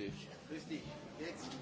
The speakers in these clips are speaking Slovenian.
Tisti, tisti, tisti.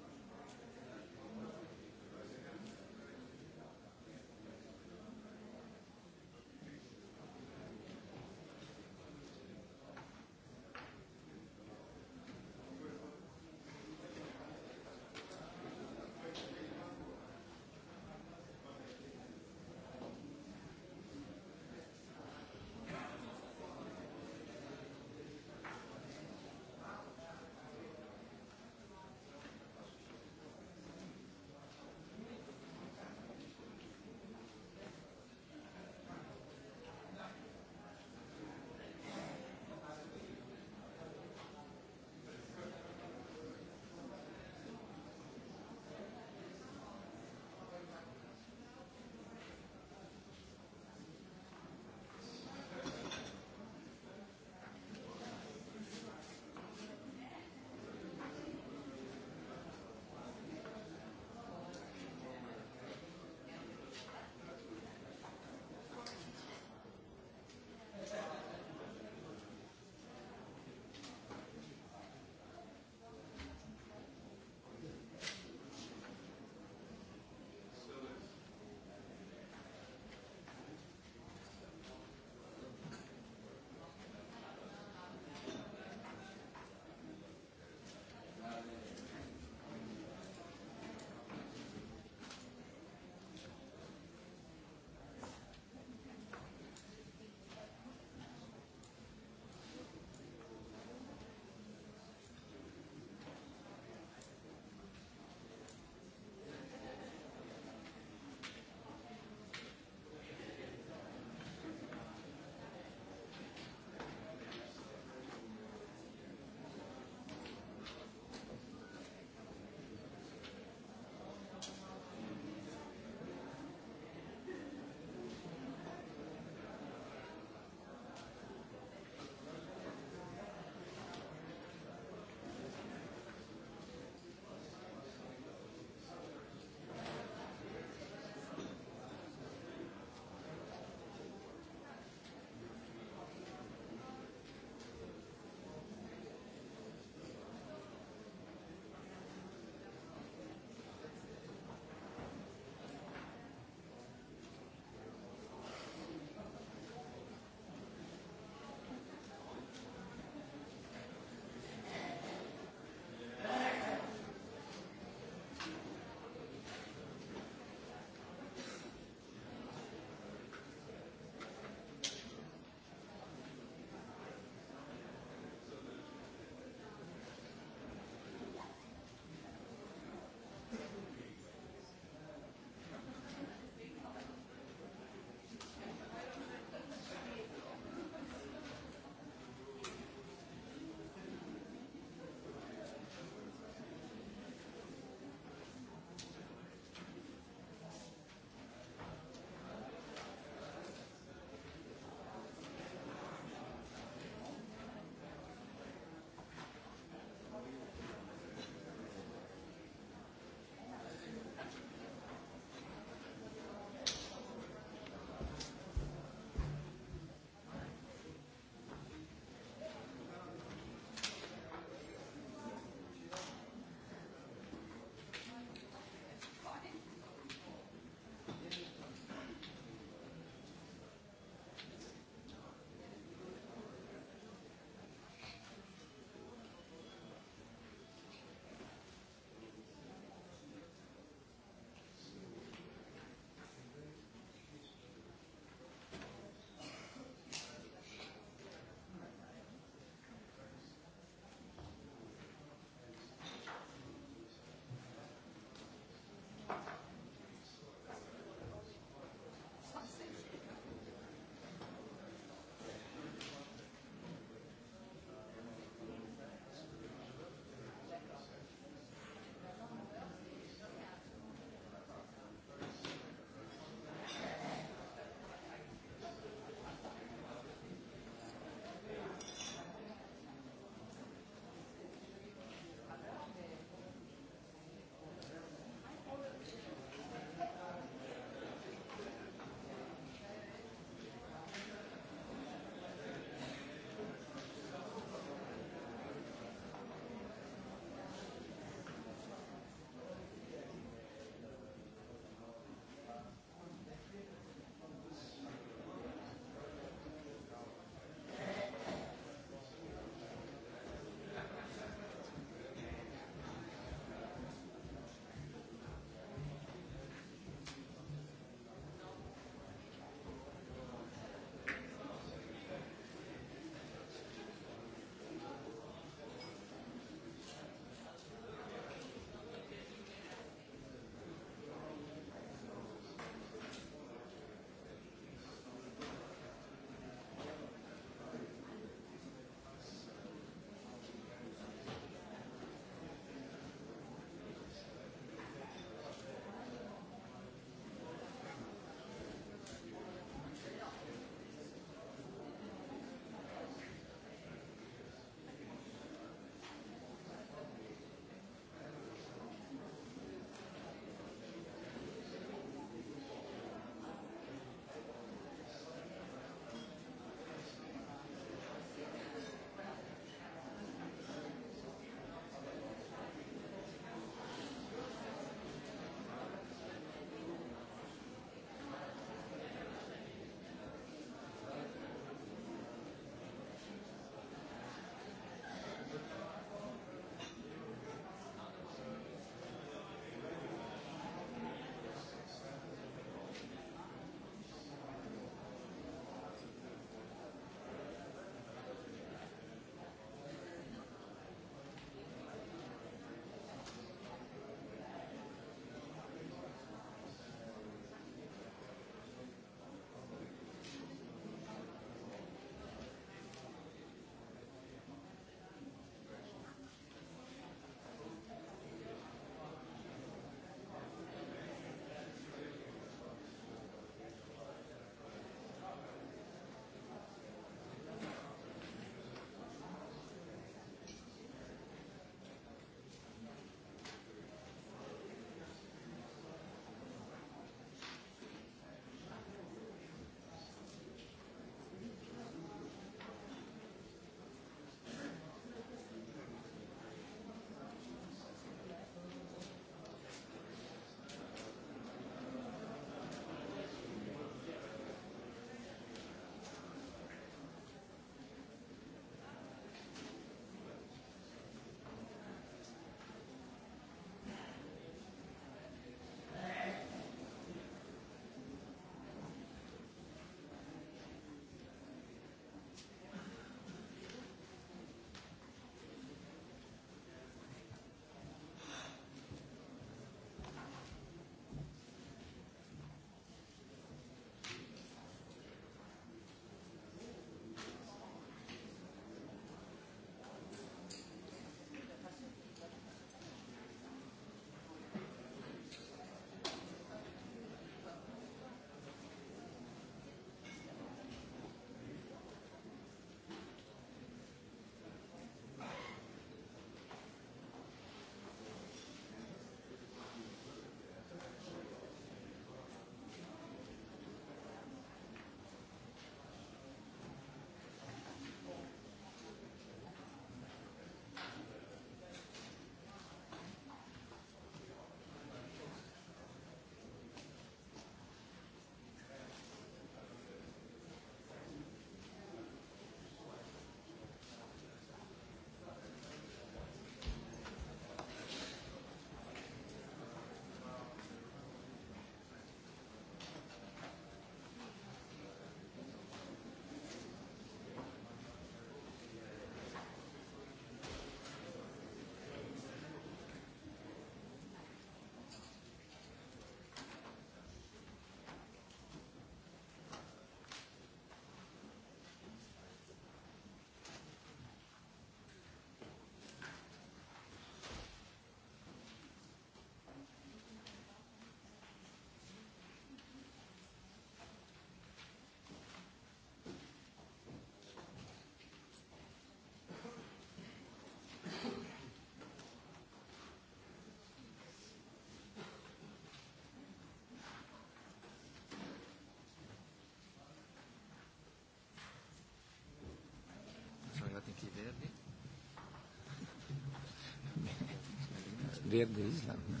vir de Islam. Ne?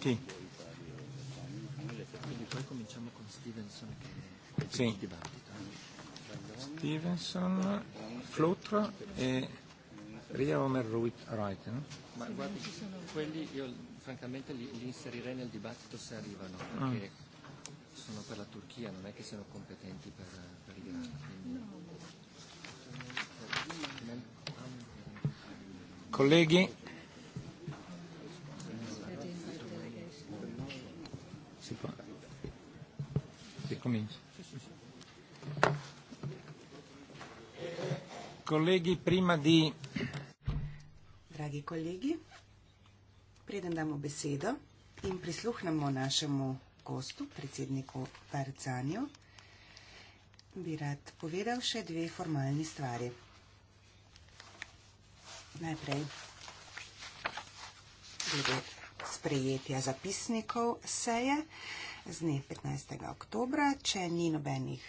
Sì. Poi cominciamo con Stevenson che è il dibattito. Stevenson, Flutro e Ria Omer Ruit Wright. No? Ma guardi, quelli io francamente li, li inserirei nel dibattito se arrivano, perché ah. sono per la Turchia, non è che siano competenti per, per l'Iran. Mm. colleghi. Si può. Si comincia. Colleghi, prima di. Dragi colleghi, preden damo besedo in prisluhnemo našemu gostu, predsedniku Barzanju, bi rad povedal še dve formalne stvari najprej glede sprejetja zapisnikov seje z dne 15. oktobra, če ni nobenih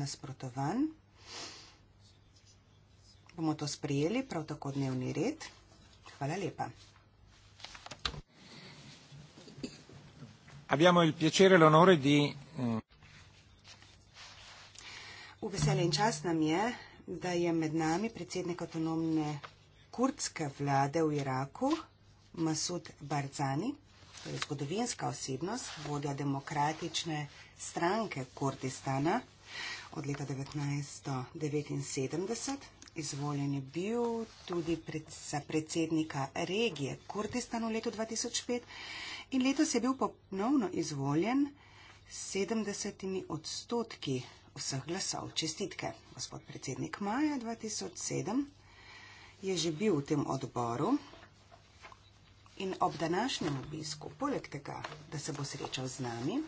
nasprotovanj. Bomo to sprejeli, prav tako dnevni red. Hvala lepa. Abbiamo il piacere e l'onore di. Uh, veselje in čas nam je da je med nami predsednik avtonomne kurdske vlade v Iraku Masud Barzani, to je zgodovinska osebnost, vodja demokratične stranke Kurdistana od leta 1979. Izvoljen je bil tudi pred, za predsednika regije Kurdistan v letu 2005 in letos je bil ponovno izvoljen s 70 odstotki vseh glasov. Čestitke, gospod predsednik. Maja 2007 je že bil v tem odboru in ob današnjem obisku, poleg tega, da se bo srečal z nami,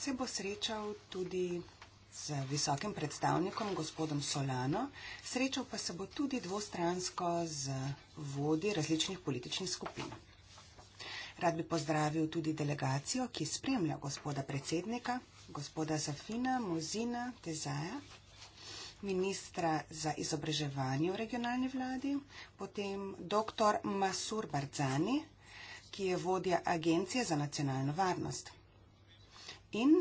se bo srečal tudi z visokim predstavnikom, gospodom Solano. Srečal pa se bo tudi dvostransko z vodi različnih političnih skupin. Rad bi pozdravil tudi delegacijo, ki spremlja gospoda predsednika, gospoda Zafina Mozina Tezaja, ministra za izobraževanje v regionalni vladi, potem dr. Masur Barzani, ki je vodja Agencije za nacionalno varnost in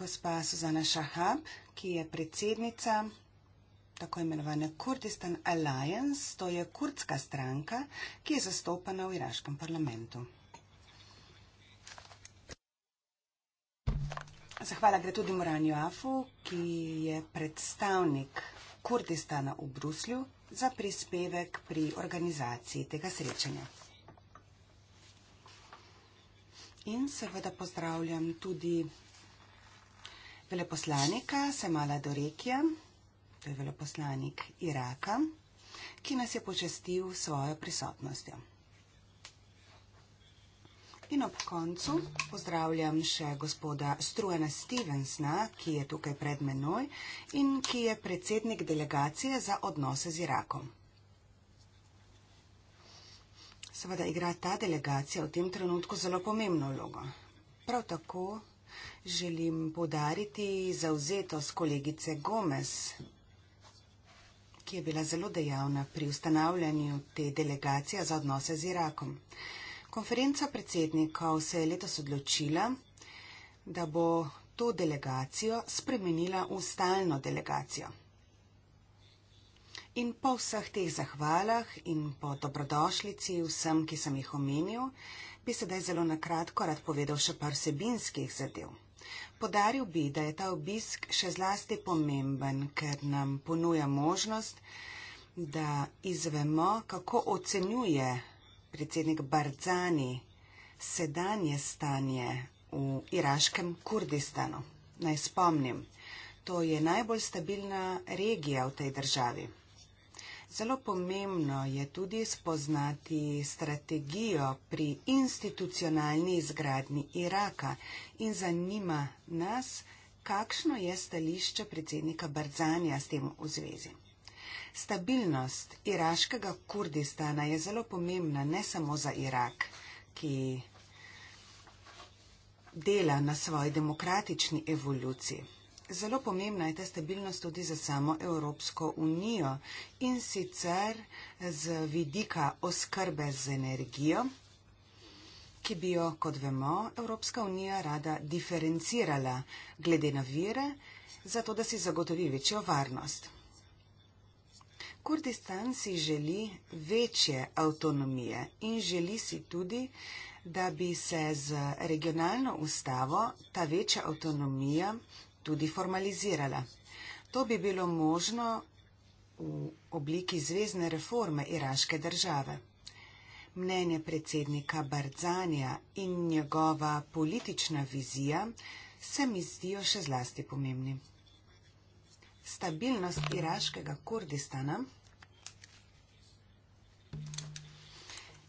gospa Suzana Šahab, ki je predsednica tako imenovane Kurdistan Alliance, to je kurdska stranka, ki je zastopana v iraškem parlamentu. Zahvala gre tudi Moranju Afu, ki je predstavnik Kurdistana v Bruslju za prispevek pri organizaciji tega srečanja. In seveda pozdravljam tudi veleposlanika Semala Dorekija, to je veleposlanik Iraka, ki nas je počestil svojo prisotnostjo. In ob koncu pozdravljam še gospoda Strujena Stevensna, ki je tukaj pred menoj in ki je predsednik delegacije za odnose z Irakom. Seveda igra ta delegacija v tem trenutku zelo pomembno vlogo. Prav tako želim podariti zauzetost kolegice Gomez, ki je bila zelo dejavna pri ustanavljanju te delegacije za odnose z Irakom. Konferenca predsednikov se je letos odločila, da bo to delegacijo spremenila v stalno delegacijo. In po vseh teh zahvalah in po dobrodošlici vsem, ki sem jih omenil, bi sedaj zelo na kratko rad povedal še par sebinskih zadev. Podaril bi, da je ta obisk še zlasti pomemben, ker nam ponuja možnost, da izvemo, kako ocenjuje predsednik Barzani sedanje stanje v iraškem Kurdistanu. Naj spomnim, to je najbolj stabilna regija v tej državi. Zelo pomembno je tudi spoznati strategijo pri institucionalni izgradni Iraka in zanima nas, kakšno je stališče predsednika Barzanja s tem v zvezi. Stabilnost iraškega Kurdistana je zelo pomembna ne samo za Irak, ki dela na svoji demokratični evoluciji. Zelo pomembna je ta stabilnost tudi za samo Evropsko unijo in sicer z vidika oskrbe z energijo, ki bi jo, kot vemo, Evropska unija rada diferencirala glede na vire, zato da si zagotovi večjo varnost. Kurdistan si želi večje avtonomije in želi si tudi, da bi se z regionalno ustavo ta večja avtonomija tudi formalizirala. To bi bilo možno v obliki zvezdne reforme iraške države. Mnenje predsednika Barzanja in njegova politična vizija se mi zdijo še zlasti pomembni stabilnost iraškega Kurdistana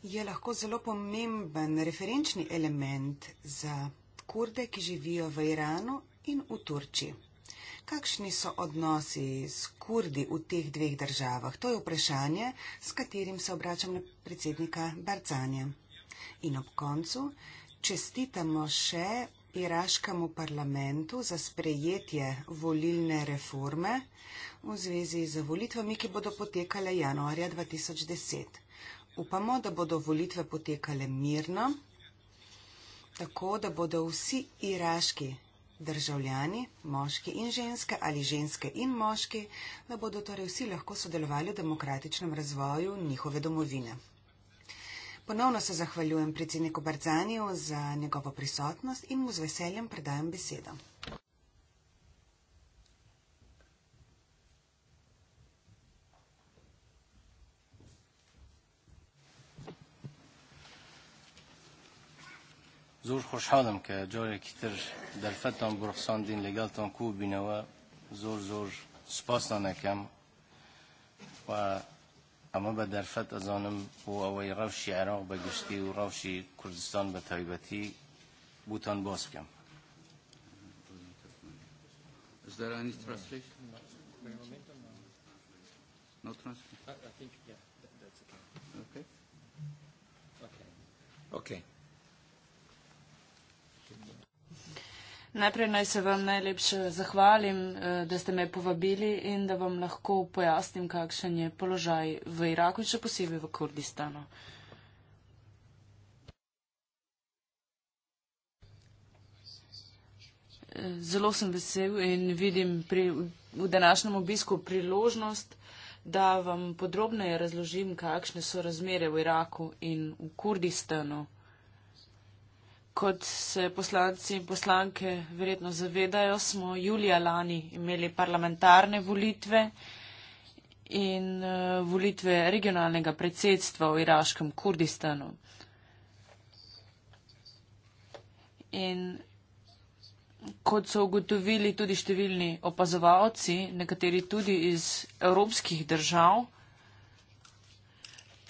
je lahko zelo pomemben referenčni element za kurde, ki živijo v Iranu in v Turčiji. Kakšni so odnosi s kurdi v teh dveh državah? To je vprašanje, s katerim se obračam na predsednika Barcanja. In ob koncu čestitamo še iraškemu parlamentu za sprejetje volilne reforme v zvezi z volitvami, ki bodo potekale januarja 2010. Upamo, da bodo volitve potekale mirno, tako da bodo vsi iraški državljani, moški in ženske ali ženske in moški, da bodo torej vsi lahko sodelovali v demokratičnem razvoju njihove domovine. Ponovno se zahvaljujem predsedniku Barzaniju za njegovo prisotnost in mu z veseljem predajam besedo. زور خوشحالم که جاری کتر دلفتان برخصان دین لگلتان کو بینوه زور زور سپاس نانکم و ئەمە بە دەرفەت ئەزانم بۆ ئەوەی ڕەوشی عێراق بە گشتی و ڕەوشی کوردستان بە تایبەتی بوتان باس بکەم no Okay. Okay. Najprej naj se vam najlepše zahvalim, eh, da ste me povabili in da vam lahko pojasnim, kakšen je položaj v Iraku in še posebej v Kurdistanu. Eh, zelo sem vesel in vidim pri, v današnjem obisku priložnost, da vam podrobneje razložim, kakšne so razmere v Iraku in v Kurdistanu. Kot se poslanci in poslanke verjetno zavedajo, smo julija lani imeli parlamentarne volitve in eh, volitve regionalnega predsedstva v iraškem Kurdistanu. In kot so ugotovili tudi številni opazovalci, nekateri tudi iz evropskih držav,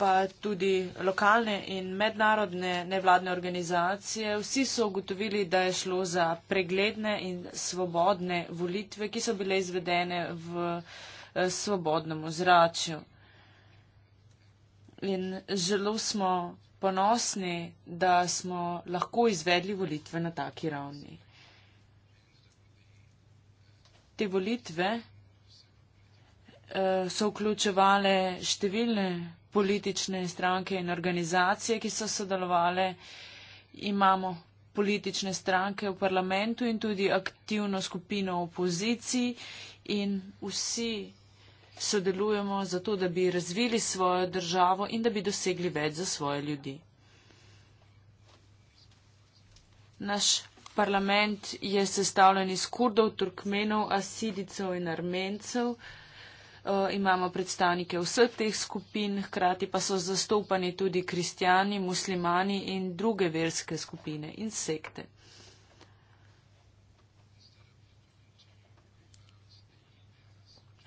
pa tudi lokalne in mednarodne nevladne organizacije, vsi so ugotovili, da je šlo za pregledne in svobodne volitve, ki so bile izvedene v eh, svobodnem ozračju. In zelo smo ponosni, da smo lahko izvedli volitve na taki ravni. Te volitve eh, so vključevale številne politične stranke in organizacije, ki so sodelovali. Imamo politične stranke v parlamentu in tudi aktivno skupino opoziciji in vsi sodelujemo za to, da bi razvili svojo državo in da bi dosegli več za svoje ljudi. Naš parlament je sestavljen iz kurdov, turkmenov, asidicov in armencev. Eh, imamo predstavnike vseh teh skupin, hkrati pa so zastopani tudi kristijani, muslimani in druge verske skupine in sekte.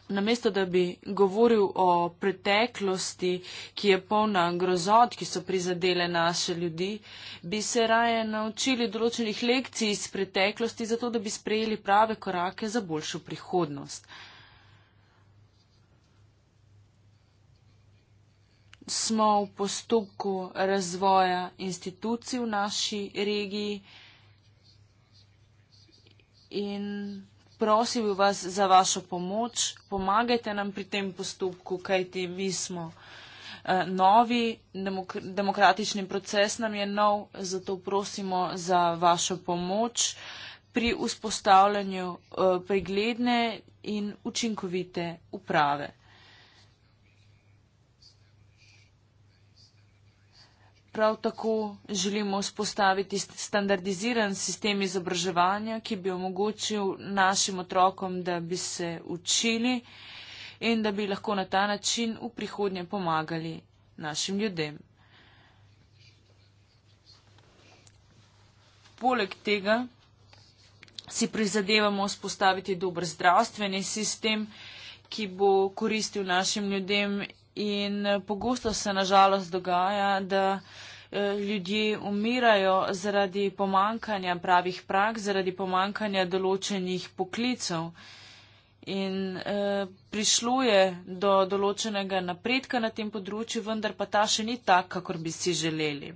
Namesto, da bi govoril o preteklosti, ki je polna grozot, ki so prizadele naše ljudi, bi se raje naučili določenih lekcij iz preteklosti, zato da bi sprejeli prave korake za boljšo prihodnost. smo v postopku razvoja institucij v naši regiji in prosil bi vas za vašo pomoč. Pomagajte nam pri tem postopku, kajti mi smo eh, novi, demok demokratični proces nam je nov, zato prosimo za vašo pomoč pri vzpostavljanju eh, pregledne in učinkovite uprave. prav tako želimo vzpostaviti standardiziran sistem izobraževanja, ki bi omogočil našim otrokom, da bi se učili in da bi lahko na ta način v prihodnje pomagali našim ljudem. Poleg tega si prizadevamo vzpostaviti dober zdravstveni sistem, ki bo koristil našim ljudem in eh, pogosto se nažalost dogaja, da eh, ljudje umirajo zaradi pomankanja pravih prak, zaradi pomankanja določenih poklicov. In eh, prišlo je do določenega napredka na tem področju, vendar pa ta še ni tak, kakor bi si želeli.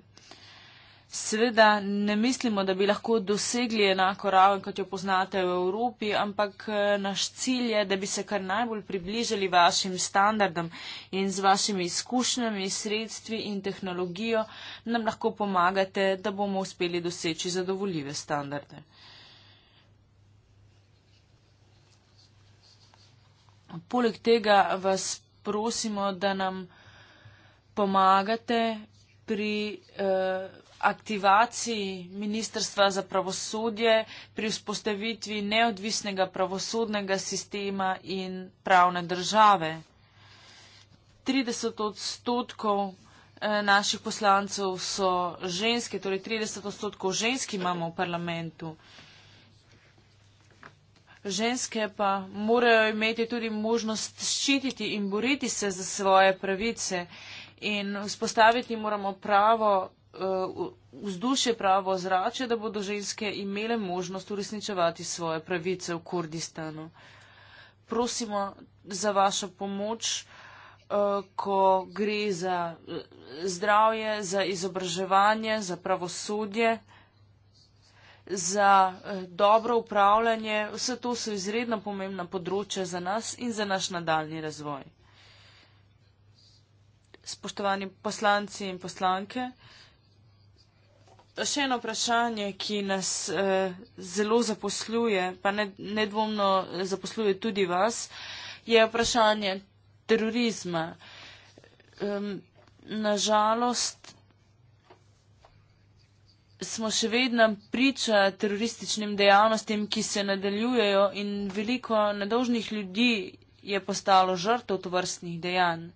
Seveda ne mislimo, da bi lahko dosegli enako raven, kot jo poznate v Evropi, ampak eh, naš cilj je, da bi se kar najbolj približali vašim standardom in z vašimi izkušnjami, sredstvi in tehnologijo nam lahko pomagate, da bomo uspeli doseči zadovoljive standarde. Poleg tega vas prosimo, da nam pomagate pri. Eh, aktivaciji Ministrstva za pravosodje pri vzpostavitvi neodvisnega pravosodnega sistema in pravne države. 30 odstotkov eh, naših poslancev so ženske, torej 30 odstotkov ženski imamo v parlamentu. Ženske pa morajo imeti tudi možnost ščititi in boriti se za svoje pravice in vzpostaviti moramo pravo Eh, vzdušje pravo zrače, da bodo ženske imele možnost uresničevati svoje pravice v Kurdistanu. Prosimo za vašo pomoč, eh, ko gre za eh, zdravje, za izobraževanje, za pravosodje, za dobro upravljanje. Vse to so izredno pomembna področja za nas in za naš nadaljni razvoj. Spoštovani poslanci in poslanke, še eno vprašanje, ki nas eh, zelo zaposluje, pa ne, nedvomno eh, zaposluje tudi vas, je vprašanje terorizma. Um, nažalost smo še vedno priča terorističnim dejavnostim, ki se nadaljujejo in veliko nedožnih ljudi je postalo žrtev tovrstnih dejanj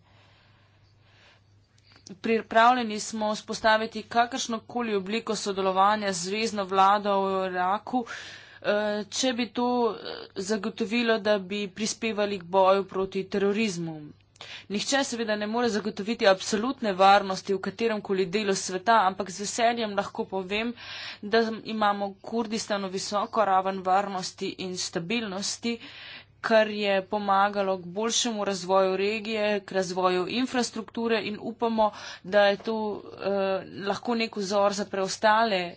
pripravljeni smo spostaviti kakršnokoli obliko sodelovanja z zvezdno vlado v Iraku, eh, če bi to eh, zagotovilo, da bi prispevali k boju proti terorizmu. Nihče seveda ne more zagotoviti absolutne varnosti v katerem koli delu sveta, ampak z veseljem lahko povem, da imamo Kurdistanu visoko raven varnosti in stabilnosti. Uh, kar je pomagalo k boljšemu razvoju regije, k razvoju infrastrukture in upamo, da je to eh, lahko nek vzor za preostale eh,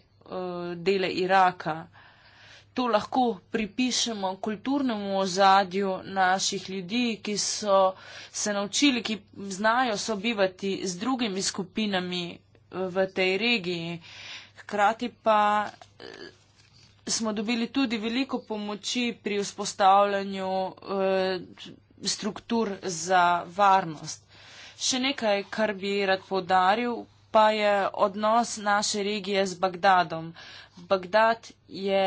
dele Iraka. To lahko pripišemo kulturnemu ozadju naših ljudi, ki so se naučili, ki znajo sobivati z drugimi skupinami eh, v tej regiji. Hkrati pa eh, smo dobili tudi veliko pomoči pri vzpostavljanju e, struktur za varnost. Še nekaj, kar bi rad podaril, pa je odnos naše regije z Bagdadom. Bagdad je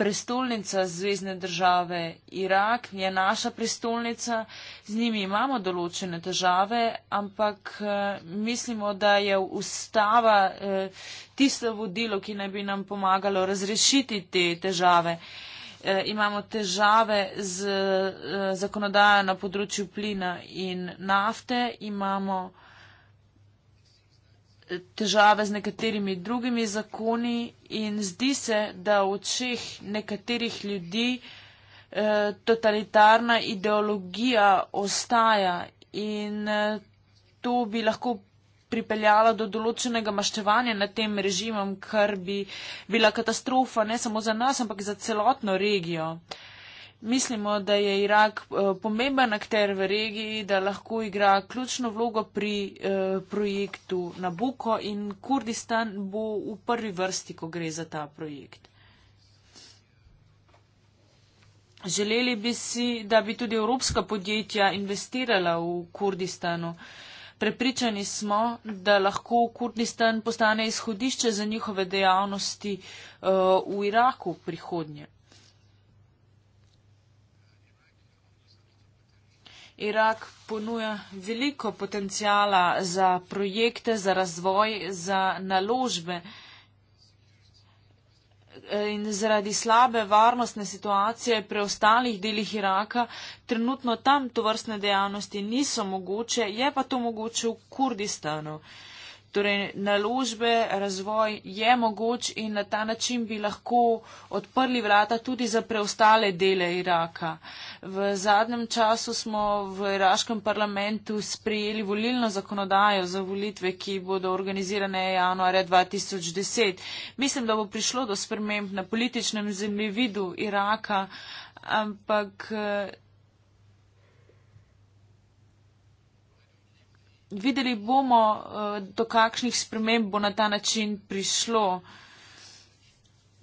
prestolnica zvezdne države Irak, je naša prestolnica, z njimi imamo določene države, ampak eh, mislimo, da je ustava eh, tisto vodilo, ki naj bi nam pomagalo razrešiti te težave. Eh, imamo težave z zakonodajo na področju plina in nafte, imamo težave z nekaterimi drugimi zakoni in zdi se, da v očeh nekaterih ljudi eh, totalitarna ideologija ostaja in eh, to bi lahko pripeljala do določenega maščevanja nad tem režimom, kar bi bila katastrofa ne samo za nas, ampak za celotno regijo mislimo, da je Irak eh, pomemben akter v regiji, da lahko igra ključno vlogo pri eh, projektu Nabuko in Kurdistan bo v prvi vrsti, ko gre za ta projekt. Želeli bi si, da bi tudi evropska podjetja investirala v Kurdistanu. Prepričani smo, da lahko Kurdistan postane izhodišče za njihove dejavnosti uh, v Iraku prihodnje. Irak ponuja veliko potencijala za projekte, za razvoj, za naložbe. In zaradi slabe varnostne situacije preostalih delih Iraka trenutno tam to vrstne dejavnosti niso mogoče, je pa to mogoče v Kurdistanu. Torej, naložbe, razvoj je mogoč in na ta način bi lahko odprli vrata tudi za preostale dele Iraka. V zadnjem času smo v iraškem parlamentu sprejeli volilno zakonodajo za volitve, ki bodo organizirane januarja 2010. Mislim, da bo prišlo do sprememb na političnem zemljevidu Iraka, ampak eh, videli bomo, eh, do kakšnih sprememb bo na ta način prišlo.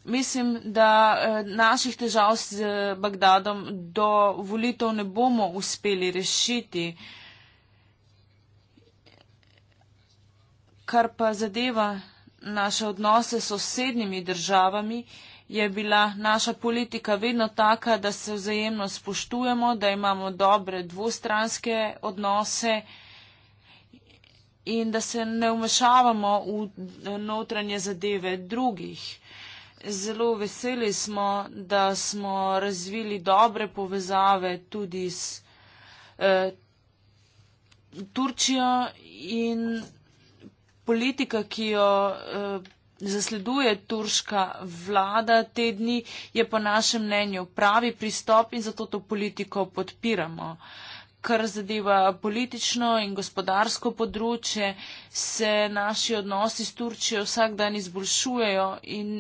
Mislim, da eh, naših težav z eh, Bagdadom do volitev ne bomo uspeli rešiti. Kar pa zadeva naše odnose s sosednjimi državami, je bila naša politika vedno taka, da se vzajemno spoštujemo, da imamo dobre dvostranske odnose in da se ne vmešavamo v notranje zadeve drugih. Zelo veseli smo, da smo razvili dobre povezave tudi s eh, Turčijo in politika, ki jo eh, zasleduje turška vlada te dni, je po našem mnenju pravi pristop in zato to politiko podpiramo. Eh, kar zadeva politično in gospodarsko področje, se naši odnosi s Turčijo vsak dan izboljšujejo in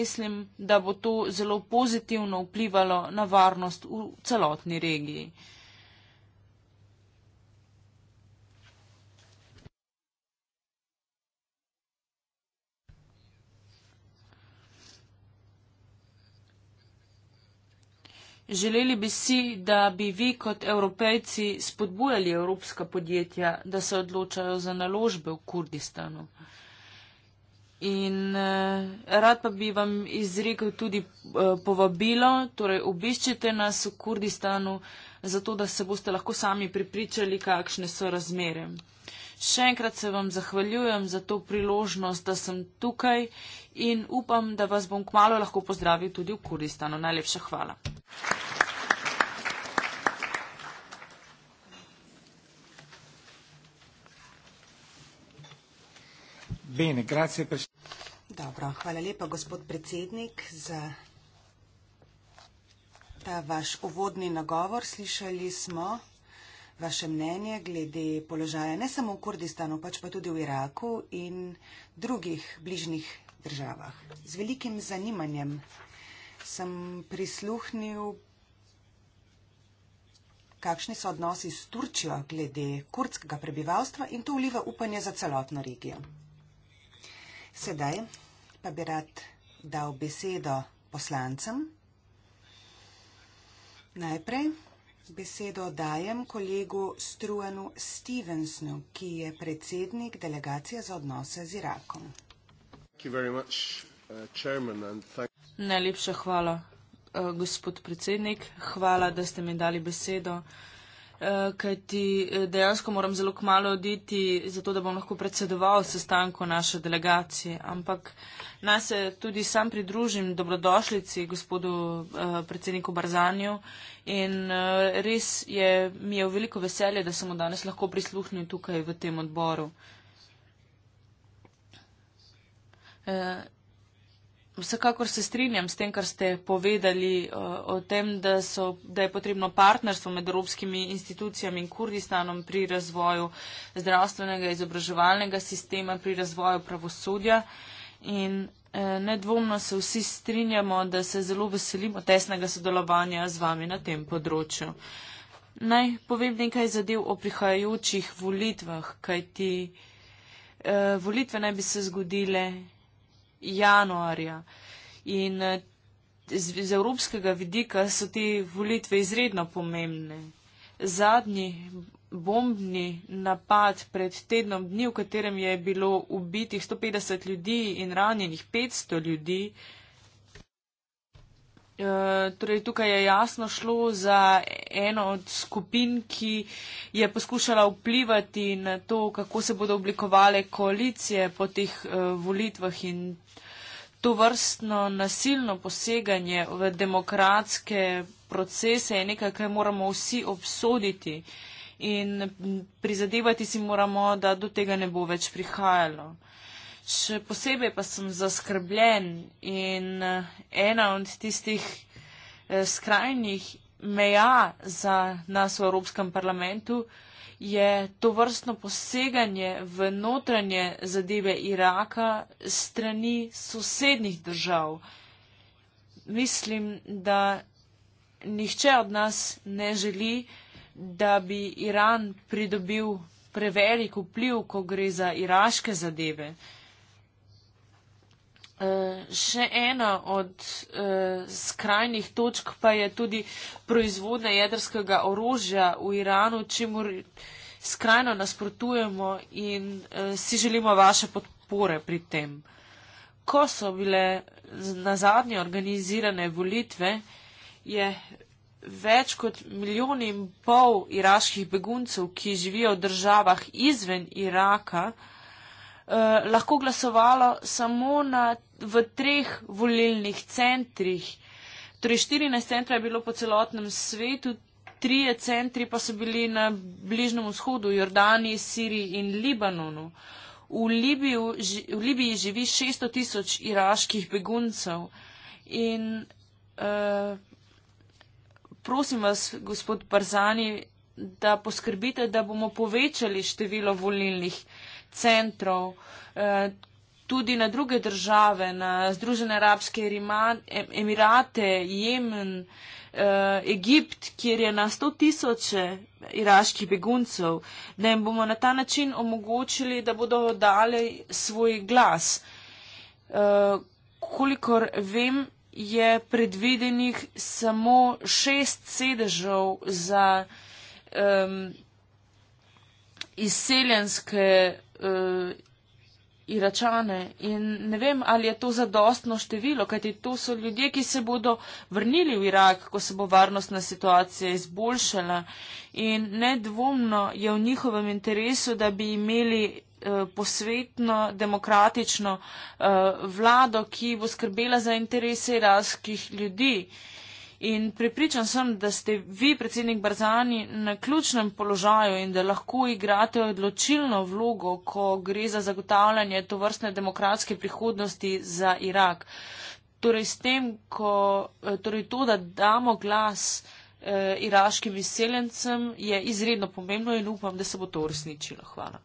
mislim, da bo to zelo pozitivno vplivalo na varnost v celotni regiji. Želeli bi si, da bi vi kot evropejci spodbujali evropska podjetja, da se odločajo za naložbe v Kurdistanu. In eh, rad pa bi vam izrekel tudi eh, povabilo, torej obiščite nas v Kurdistanu, zato da se boste lahko sami pripričali, kakšne so razmere. Še enkrat se vam zahvaljujem za to priložnost, da sem tukaj in upam, da vas bom kmalo lahko pozdravil tudi v Kurdistanu. Najlepša hvala. Bene, grazie per... Dobro, hvala lepa, gospod predsednik, za ta vaš uvodni nagovor. Slišali smo vaše mnenje glede položaja ne samo v Kurdistanu, pač pa tudi v Iraku in drugih bližnjih državah. Z velikim zanimanjem sem prisluhnil, kakšni so odnosi s Turčijo glede kurdskega prebivalstva in to vliva upanje za celotno regijo. Sedaj pa bi rad dal besedo poslancem. Najprej besedo dajem kolegu Struanu Stevensnu, ki je predsednik delegacije za odnose z Irakom. Najlepša hvala, uh, gospod predsednik. Hvala, da ste mi dali besedo. Eh, Kaj ti eh, dejansko moram zelo kmalo oditi, zato da bom lahko predsedoval sestanku naše delegacije. Ampak naj se tudi sam pridružim dobrodošlici gospodu predsedniku Barzanju in res je, mi je v veliko veselje, da sem mu danes lahko prisluhnil tukaj v tem odboru. Vsekakor se strinjam s tem, kar ste povedali uh, o tem, da, so, da je potrebno partnerstvo med evropskimi institucijami in Kurdistanom pri razvoju zdravstvenega izobraževalnega sistema, pri razvoju pravosodja. In eh, nedvomno se vsi strinjamo, da se zelo veselimo tesnega sodelovanja z vami na tem področju. Naj povem nekaj zadev o prihajajočih volitvah, kajti eh, volitve naj bi se zgodile januarja. In eh, z, z evropskega vidika so te volitve izredno pomembne. Zadnji bombni napad pred tednom dni, v katerem je bilo ubitih 150 ljudi in ranjenih 500 ljudi, Eh, torej tukaj je jasno šlo za eno od skupin, ki je poskušala vplivati na to, kako se bodo oblikovale koalicije po teh uh, volitvah in to vrstno nasilno poseganje v demokratske procese je nekaj, kar moramo vsi obsoditi in prizadevati si moramo, da do tega ne bo več prihajalo. Še posebej pa sem zaskrbljen in eh, ena od tistih eh, skrajnih meja za nas v Evropskem parlamentu je to vrstno poseganje v notranje zadeve Iraka strani sosednjih držav. Mislim, da nihče od nas ne želi, da bi Iran pridobil prevelik vpliv, ko gre za iraške zadeve. Eh, še ena od uh, skrajnih točk pa je tudi proizvodnja jedrskega orožja v Iranu, čemur skrajno nasprotujemo in uh, si želimo vaše podpore pri tem. Ko so bile na zadnje organizirane volitve, je več kot milijon in pol iraških beguncev, ki živijo v državah izven Iraka, uh, Eh, lahko glasovalo samo na, v treh volilnih centrih. Torej, 14 centra je bilo po celotnem svetu, trije centri pa so bili na Bližnjem vzhodu, Jordaniji, Siriji in Libanonu. V, Libiju, v Libiji živi 600 tisoč iraških beguncev. In uh, prosim vas, gospod Barzani, da poskrbite, da bomo povečali število volilnih uh, centrov, eh, tudi na druge države, na Združene arabske emirate, Jemen, eh, Egipt, kjer je na sto tisoče iraških beguncev, da jim bomo na ta način omogočili, da bodo dali svoj glas. Eh, kolikor vem, je predvidenih samo šest sedežev za um, izseljenske uh, Iračane. In ne vem, ali je to zadostno število, kajti to so ljudje, ki se bodo vrnili v Irak, ko se bo varnostna situacija izboljšala. In nedvomno je v njihovem interesu, da bi imeli eh, posvetno, demokratično uh, vlado, ki bo skrbela za interese iraških ljudi. Uh, in prepričan sem, da ste vi, predsednik Barzani, na ključnem položaju in da lahko igrate odločilno vlogo, ko gre za zagotavljanje tovrstne demokratske prihodnosti za Irak. Torej, s tem, ko, eh, torej to, da damo glas eh, iraškim izseljencem, je izredno pomembno in upam, da se bo to uresničilo. Hvala.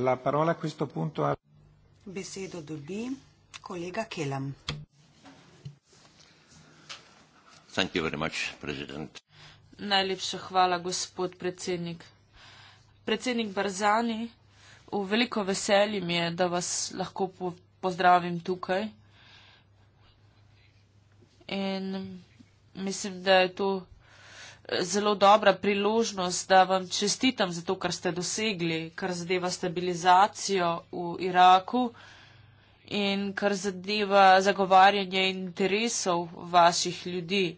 La parola a questo punto a... Besedo dobi kolega Kelam. Thank you very much, President. Najlepša hvala, gospod predsednik. Predsednik Barzani, v veliko veselje mi je, da vas lahko po pozdravim tukaj. In mislim, da je to zelo dobra priložnost, da vam čestitam za to, kar ste dosegli, kar zadeva stabilizacijo v Iraku in kar zadeva zagovarjanje interesov vaših ljudi.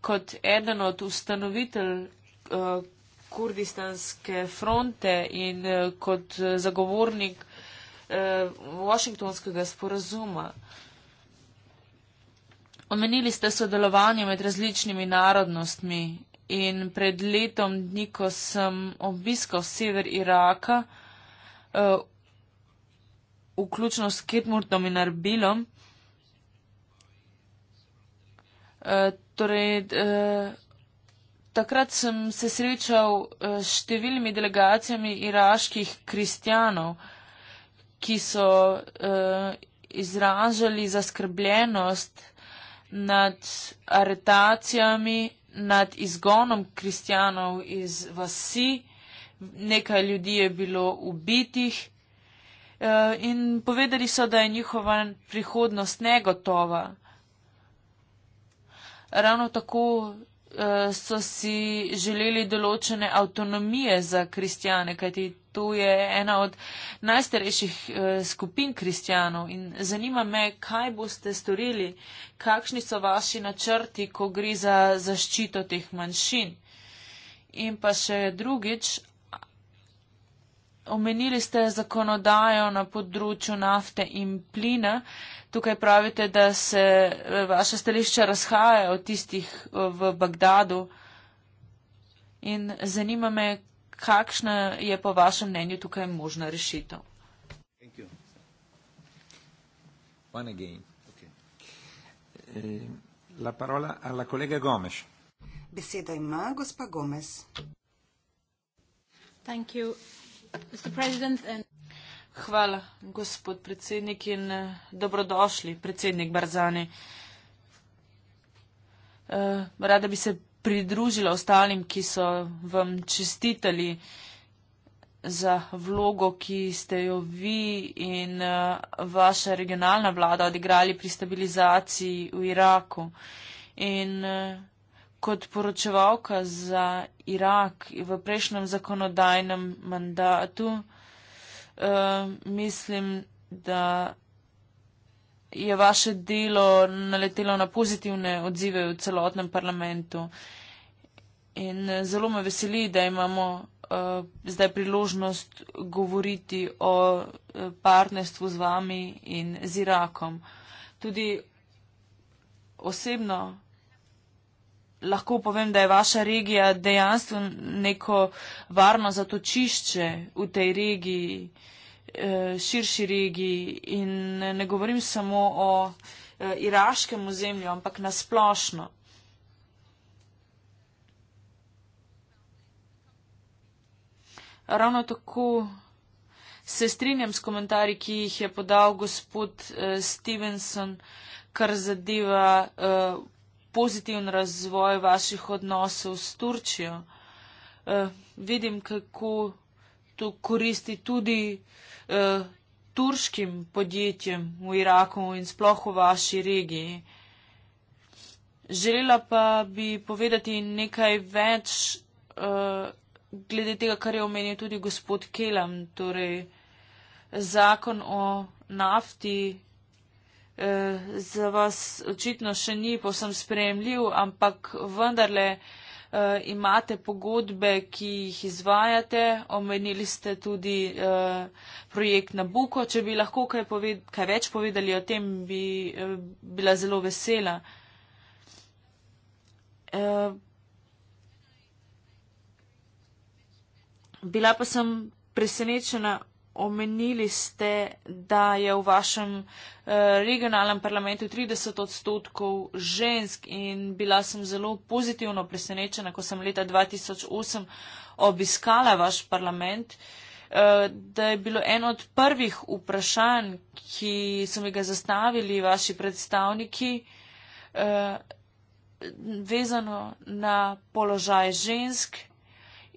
Kot eden od ustanovitelj uh, kurdistanske fronte in uh, kot zagovornik eh, Washingtonskega sporazuma. Omenili ste sodelovanje med različnimi narodnostmi in pred letom dni, ko sem obiskal sever Iraka, uh, vključno s Kitmurtom in Arbilom, uh, torej, uh, Takrat sem se srečal s številnimi delegacijami iraških kristjanov, ki so uh, izražali zaskrbljenost nad aretacijami nad izgonom kristjanov iz vasi, nekaj ljudi je bilo ubitih eh, in povedali so, da je njihova prihodnost negotova. Ravno tako eh, so si želeli določene avtonomije za kristjane, kajti To je ena od najstarejših eh, skupin kristjanov in zanima me, kaj boste storili, kakšni so vaši načrti, ko gre za zaščito teh manjšin. In pa še drugič, omenili ste zakonodajo na področju nafte in plina. Tukaj pravite, da se eh, vaše stališče razhaja od tistih eh, v Bagdadu. In zanima me, kakšna je po vašem mnenju tukaj možna rešitev? Eh, la parola alla collega Gomes. Beseda ima gospa Gomes. Thank you, Mr. President. And... Hvala, gospod predsednik in eh, dobrodošli, predsednik Barzani. Uh, rada bi se pridružila ostalim, ki so vam čestitali za vlogo, ki ste jo vi in eh, vaša regionalna vlada odigrali pri stabilizaciji v Iraku. In eh, kot poročevalka za Irak v prejšnjem zakonodajnem mandatu, eh, mislim, da je vaše delo naletelo na pozitivne odzive v celotnem parlamentu. In eh, zelo me veseli, da imamo uh, zdaj priložnost govoriti o eh, partnerstvu z vami in z Irakom. Tudi osebno lahko povem, da je vaša regija dejansko neko varno zatočišče v tej regiji. Uh, Eh, širši regiji in ne govorim samo o eh, iraškem ozemlju, ampak nasplošno. Ravno tako se strinjam s komentarji, ki jih je podal gospod eh, Stevenson, kar zadeva pozitivn razvoj vaših odnosov s Turčijo. Vidim, kako to koristi tudi eh, turškim podjetjem v Iraku in sploh v vaši regiji. Želela pa bi povedati nekaj več eh, glede tega, kar je omenil tudi gospod Kelam, torej zakon o nafti. Eh, za vas očitno še ni povsem sprejemljiv, ampak vendarle eh, uh, imate pogodbe, ki jih izvajate, omenili ste tudi uh, projekt Nabuko. Če bi lahko kaj, poved kaj več povedali o tem, bi uh, bila zelo vesela. Uh, bila pa sem presenečena omenili ste, da je v vašem eh, regionalnem parlamentu 30 odstotkov žensk in bila sem zelo pozitivno presenečena, ko sem leta 2008 obiskala vaš parlament, eh, da je bilo en od prvih vprašanj, ki so mi ga zastavili vaši predstavniki, eh, vezano na položaj žensk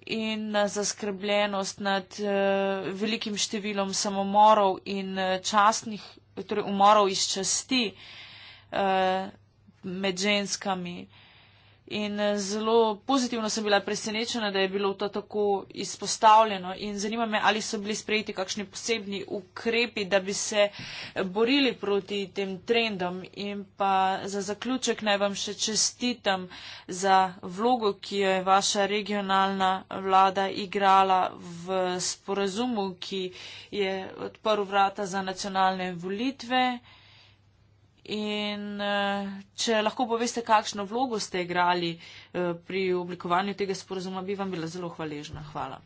in na eh, zaskrbljenost nad uh, velikim številom samomorov in eh, častnih, torej umorov iz časti uh, med ženskami. In eh, zelo pozitivno sem bila presenečena, da je bilo to tako izpostavljeno. In zanima me, ali so bili sprejeti kakšni posebni ukrepi, da bi se borili proti tem trendom. In pa za zaključek naj vam še čestitam za vlogo, ki jo je vaša regionalna vlada igrala v sporazumu, ki je odprl vrata za nacionalne volitve. In eh, če lahko poveste, kakšno vlogo ste igrali eh, pri oblikovanju tega sporozuma, bi vam bila zelo hvaležna. Hvala.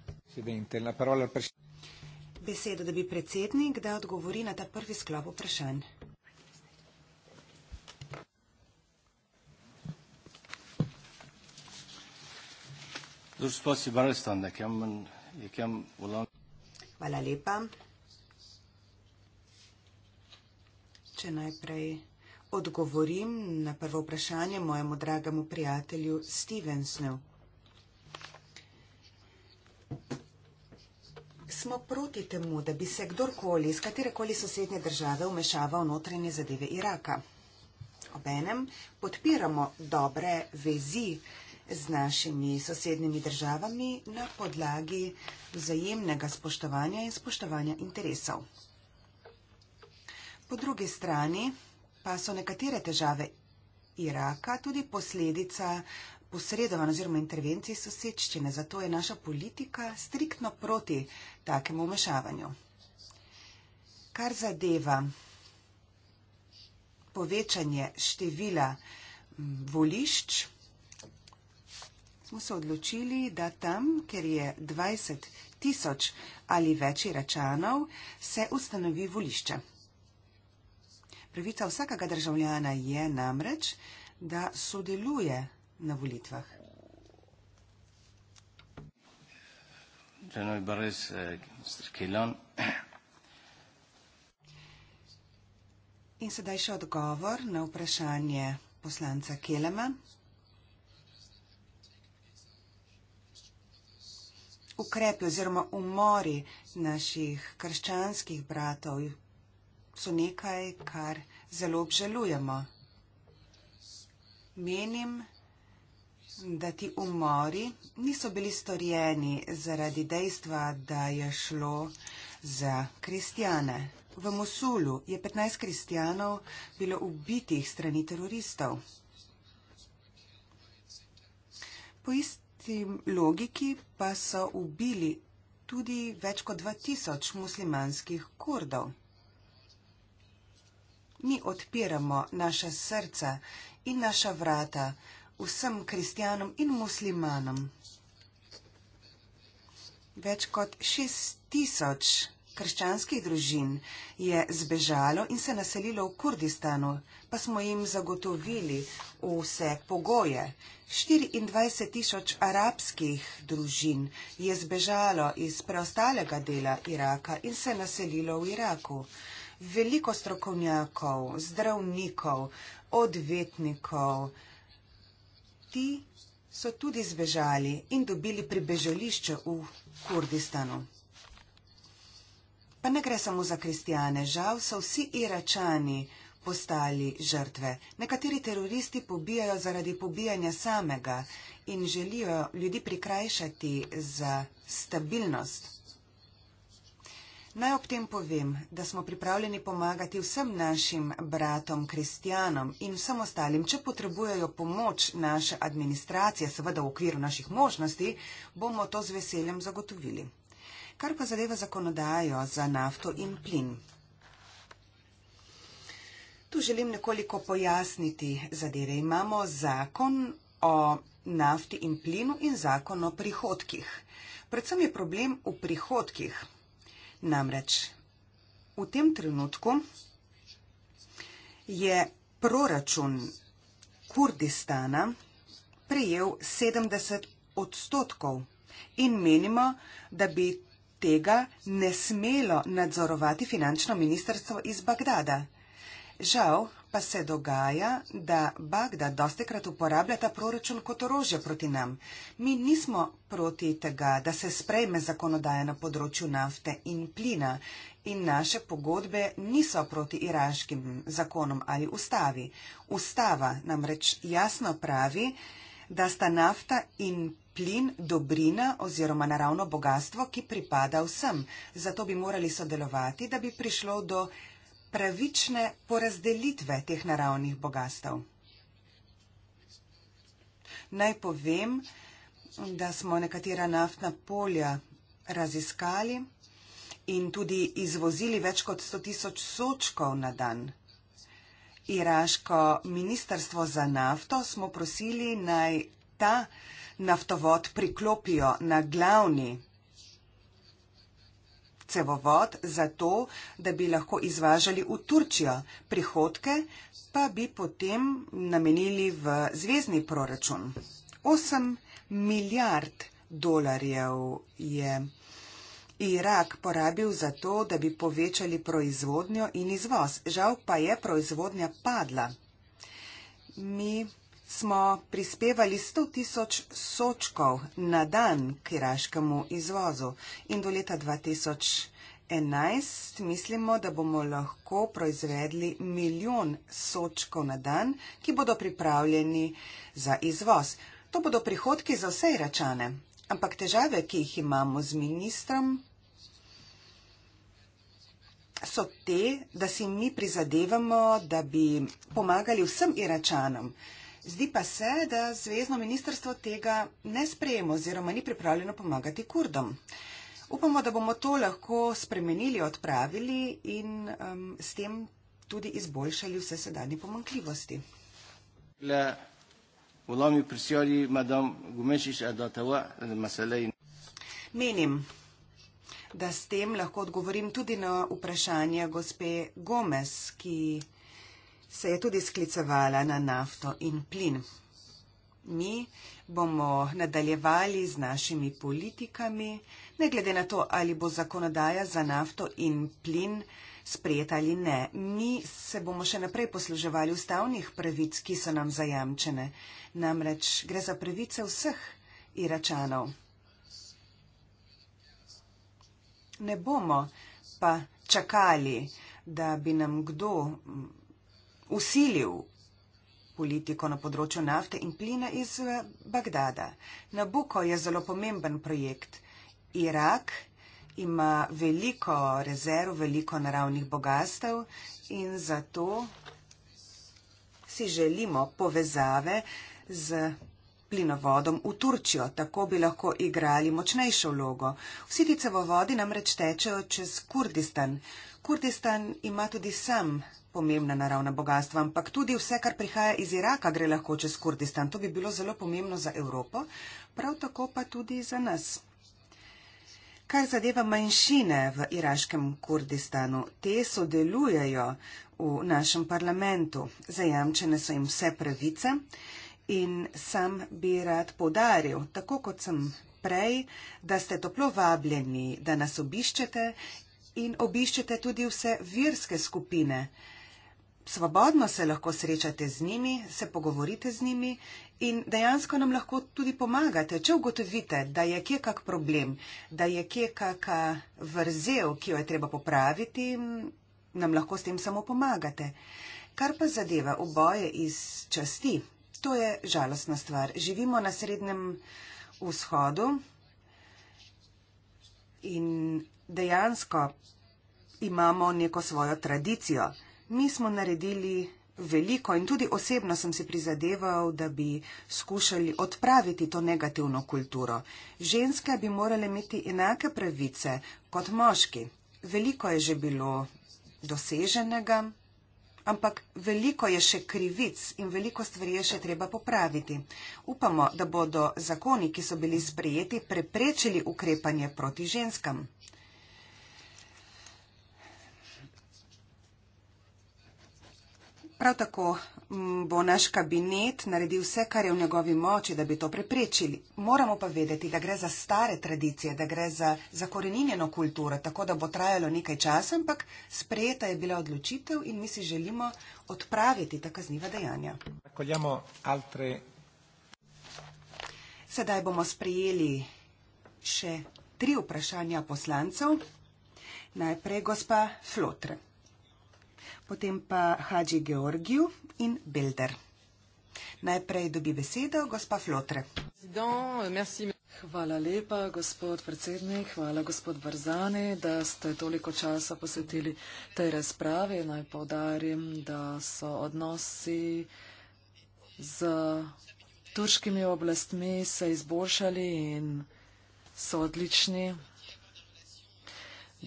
Besedo, da bi predsednik, da odgovori na ta prvi sklop vprašanj. Hvala lepa. Če najprej odgovorim na prvo vprašanje mojemu dragemu prijatelju Stevensnu. Smo proti temu, da bi se kdorkoli iz katerekoli sosednje države vmešaval v notranje zadeve Iraka. Obenem podpiramo dobre vezi z našimi sosednjimi državami na podlagi vzajemnega spoštovanja in spoštovanja interesov. Po drugi strani pa so nekatere težave Iraka tudi posledica posredovan oziroma intervencij sosedščine, zato je naša politika striktno proti takemu vmešavanju. Kar zadeva povečanje števila volišč, smo se odločili, da tam, ker je 20 tisoč ali več iračanov, se ustanovi volišče. Pravica vsakega državljana je namreč, da sodeluje na volitvah. Eh, In sedaj še odgovor na vprašanje poslanca Kelema. Ukrepi oziroma umori naših krščanskih bratov so nekaj, kar zelo obžalujemo. Menim, da ti umori niso bili storjeni zaradi dejstva, da je šlo za kristjane. V Mosulu je 15 kristjanov bilo ubitih strani teroristov. Po isti logiki pa so ubili tudi več kot 2000 muslimanskih kurdov mi odpiramo naše srca in naša vrata vsem kristjanom in muslimanom. Več kot šest tisoč krščanskih družin je zbežalo in se naselilo v Kurdistanu, pa smo jim zagotovili vse pogoje. 24 tisoč arabskih družin je zbežalo iz preostalega dela Iraka in se naselilo v Iraku veliko strokovnjakov, zdravnikov, odvetnikov. Ti so tudi zbežali in dobili pribežališče v Kurdistanu. Pa ne gre samo za kristijane, žal so vsi iračani postali žrtve. Nekateri teroristi pobijajo zaradi pobijanja samega in želijo ljudi prikrajšati za stabilnost. Naj ob tem povem, da smo pripravljeni pomagati vsem našim bratom, kristijanom in vsem ostalim. Če potrebujejo pomoč naše administracije, seveda v okviru naših možnosti, bomo to z veseljem zagotovili. Kar pa zadeva zakonodajo za nafto in plin. Tu želim nekoliko pojasniti zadeve. Imamo zakon o nafti in plinu in zakon o prihodkih. Predvsem je problem v prihodkih. Namreč v tem trenutku je proračun Kurdistana prijel 70 odstotkov in menimo, da bi tega ne smelo nadzorovati finančno ministrstvo iz Bagdada. Žal pa se dogaja, da Bagdad dosti krat uporablja ta proračun kot orožje proti nam. Mi nismo proti tega, da se sprejme zakonodaja na področju nafte in plina in naše pogodbe niso proti iraškim zakonom ali ustavi. Ustava namreč jasno pravi, da sta nafta in plin dobrina oziroma naravno bogatstvo, ki pripada vsem. Zato bi morali sodelovati, da bi prišlo do pravične porazdelitve teh naravnih bogastev. Naj povem, da smo nekatera naftna polja raziskali in tudi izvozili več kot 100 tisoč sočkov na dan. Iraško ministrstvo za nafto smo prosili naj ta naftovod priklopijo na glavni cevovod za to, da bi lahko izvažali v Turčijo. Prihodke pa bi potem namenili v zvezdni proračun. 8 milijard dolarjev je Irak porabil za to, da bi povečali proizvodnjo in izvoz. Žal pa je proizvodnja padla. Mi smo prispevali 100 tisoč sočkov na dan k iraškemu izvozu in do leta 2011 mislimo, da bomo lahko proizvedli milijon sočkov na dan, ki bodo pripravljeni za izvoz. To bodo prihodki za vse iračane, ampak težave, ki jih imamo z ministrom, so te, da si mi prizadevamo, da bi pomagali vsem iračanom. Zdi pa se, da zvezdno ministrstvo tega ne sprejemo oziroma ni pripravljeno pomagati kurdom. Upamo, da bomo to lahko spremenili, odpravili in um, s tem tudi izboljšali vse sedanje pomankljivosti. Menim, da s tem lahko odgovorim tudi na vprašanje gospe Gomez, ki se je tudi sklicevala na nafto in plin. Mi bomo nadaljevali z našimi politikami, ne glede na to, ali bo zakonodaja za nafto in plin sprejeta ali ne. Mi se bomo še naprej posluževali ustavnih pravic, ki so nam zajamčene. Namreč gre za pravice vseh iračanov. Ne bomo pa čakali, da bi nam kdo usilil politiko na področju nafte in plina iz eh, Bagdada. Nabuko je zelo pomemben projekt. Irak ima veliko rezerv, veliko naravnih bogastev in zato si želimo povezave z plinovodom v Turčijo. Tako bi lahko igrali močnejšo vlogo. Vsi ti cevovodi namreč tečejo čez Kurdistan. Kurdistan ima tudi sam pomembna naravna bogatstva, ampak tudi vse, kar prihaja iz Iraka, gre lahko čez Kurdistan. To bi bilo zelo pomembno za Evropo, prav tako pa tudi za nas. Kar zadeva manjšine v iraškem Kurdistanu, te sodelujejo v našem parlamentu, zajamčene so jim vse pravice in sam bi rad podaril, tako kot sem prej, da ste toplo vabljeni, da nas obiščete in obiščete tudi vse virske skupine svobodno se lahko srečate z njimi, se pogovorite z njimi in dejansko nam lahko tudi pomagate, če ugotovite, da je kje kak problem, da je kje kaka vrzel, ki jo je treba popraviti, nam lahko s tem samo pomagate. Kar pa zadeva oboje iz časti, to je žalostna stvar. Živimo na srednjem vzhodu in dejansko imamo neko svojo tradicijo mi smo naredili veliko in tudi osebno sem se prizadeval, da bi skušali odpraviti to negativno kulturo. Ženske bi morale imeti enake pravice kot moški. Veliko je že bilo doseženega, ampak veliko je še krivic in veliko stvari je še treba popraviti. Upamo, da bodo zakoni, ki so bili sprejeti, preprečili ukrepanje proti ženskam. Prav tako mm, bo naš kabinet naredil vse, kar je v njegovi moči, da bi to preprečili. Moramo pa vedeti, da gre za stare tradicije, da gre za zakoreninjeno kulturo, tako da bo trajalo nekaj časa, ampak sprejeta je bila odločitev in mi si želimo odpraviti ta kazniva dejanja. Sedaj bomo sprejeli še tri vprašanja poslancev. Najprej gospa Flotre potem pa Hadži Georgiju in Bilder. Najprej dobi besedo gospa Flotre. Hvala lepa, gospod predsednik, hvala gospod Barzani, da ste toliko časa posvetili tej razpravi. Naj povdarim, da so odnosi z turškimi oblastmi se izboljšali in so odlični.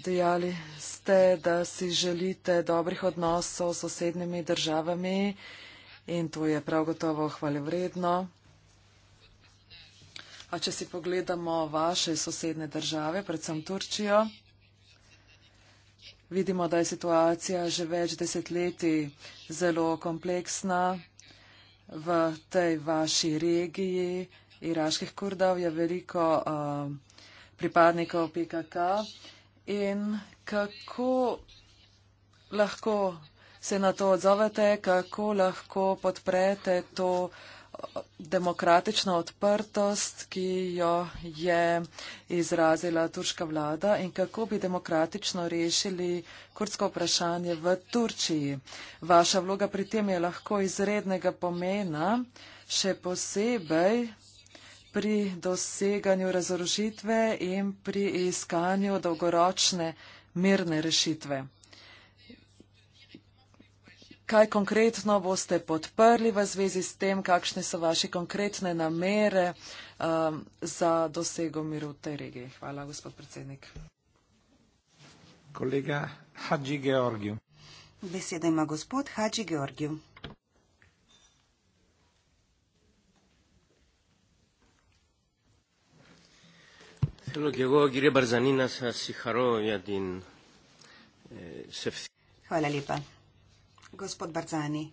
Dejali ste, da si želite dobrih odnosov s sosednjimi državami in to je prav gotovo hvalevredno. A če si pogledamo vaše sosedne države, predvsem Turčijo, vidimo, da je situacija že več desetletij zelo kompleksna v tej vaši regiji iraških kurdov je veliko uh, pripadnikov PKK. Uh, in kako lahko se na to odzovete, kako lahko podprete to eh, demokratično odprtost, ki jo je izrazila turška vlada in kako bi demokratično rešili kurdsko vprašanje v Turčiji. Vaša vloga pri tem je lahko izrednega pomena, še posebej pri doseganju razorožitve in pri iskanju dolgoročne mirne rešitve. Kaj konkretno boste podprli v zvezi s tem, kakšne so vaše konkretne namere um, za dosego miru v tej regiji? Hvala, gospod predsednik. Kolega Hadži Georgiju. Beseda ima gospod Hadži Georgiju. Θέλω και εγώ, κύριε Μπαρζανή, να σα συγχαρώ για την ε, Hvala lepa. Gospod Barzani,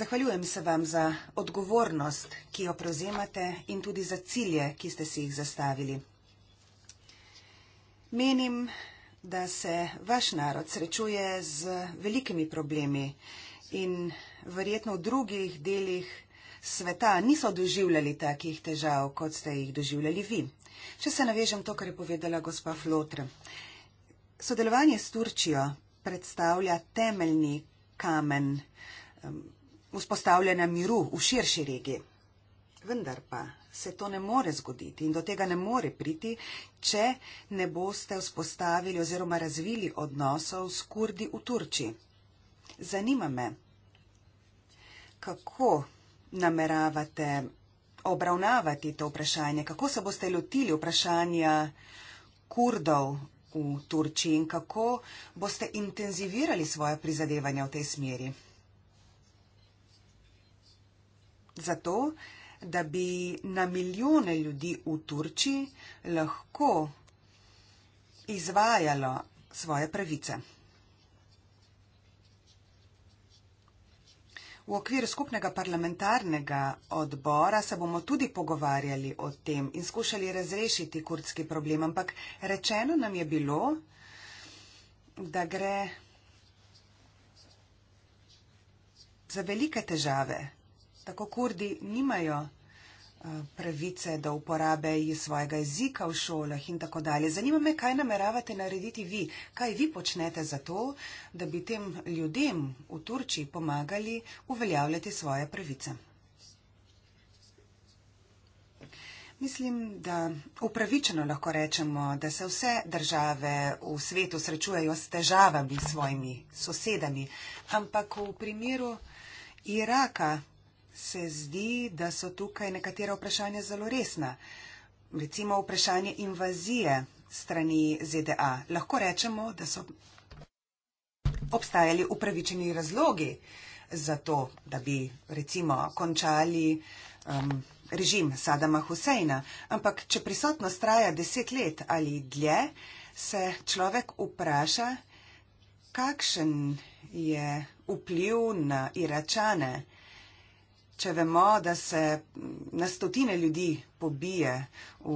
zahvaljujem se vam za odgovornost, ki jo prevzemate in tudi za cilje, ki ste si jih zastavili. Menim, da se vaš narod srečuje z velikimi problemi in verjetno v drugih delih sveta niso doživljali takih težav, kot ste jih doživljali vi. Če se navežem to, kar je povedala gospa Flotr. Sodelovanje s Turčijo predstavlja temeljni kamen um, vzpostavljanja miru v širši regiji. Vendar pa se to ne more zgoditi in do tega ne more priti, če ne boste vzpostavili oziroma razvili odnosov s kurdi v Turčiji. Zanima me, kako nameravate obravnavati to vprašanje? Kako se boste lotili vprašanja kurdov v Turčiji in kako boste intenzivirali svoje prizadevanja v tej smeri? Zato, da bi na milijone ljudi v Turčiji lahko izvajalo svoje pravice. V okviru skupnega parlamentarnega odbora se bomo tudi pogovarjali o tem in skušali razrešiti kurdski problem, ampak rečeno nam je bilo, da gre za velike težave. Tako kurdi nimajo Eh, pravice do uporabe svojega jezika v šolah in tako dalje. Zanima me, kaj nameravate narediti vi, kaj vi počnete za to, da bi tem ljudem v Turčiji pomagali uveljavljati svoje pravice. Mislim, da upravičeno lahko rečemo, da se vse države v svetu srečujejo s težavami s svojimi sosedami, ampak v primeru Iraka se zdi, da so tukaj nekatera vprašanja zelo resna. Recimo vprašanje invazije strani ZDA. Lahko rečemo, da so obstajali upravičeni razlogi za to, da bi recimo končali um, režim Sadama Huseina. Ampak, če prisotnost traja deset let ali dlje, se človek vpraša, kakšen je vpliv na Iračane. Če vemo, da se na stotine ljudi pobije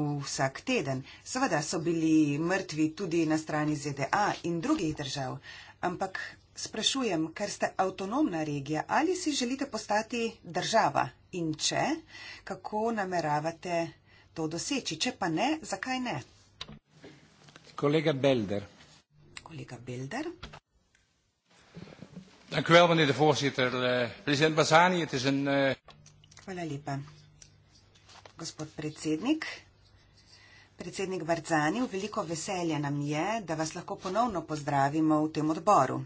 vsak teden, seveda so bili mrtvi tudi na strani ZDA in drugih držav, ampak sprašujem, ker ste avtonomna regija, ali si želite postati država in če, kako nameravate to doseči, če pa ne, zakaj ne? Kolega Belder. Kolega Belder. Dank u wel, meneer de voorzitter. Uh, president Bazani, het is een. Uh... Hvala lepa. Gospod predsednik. Predsednik Barzani, v veliko veselje nam je, da vas lahko ponovno pozdravimo v tem odboru.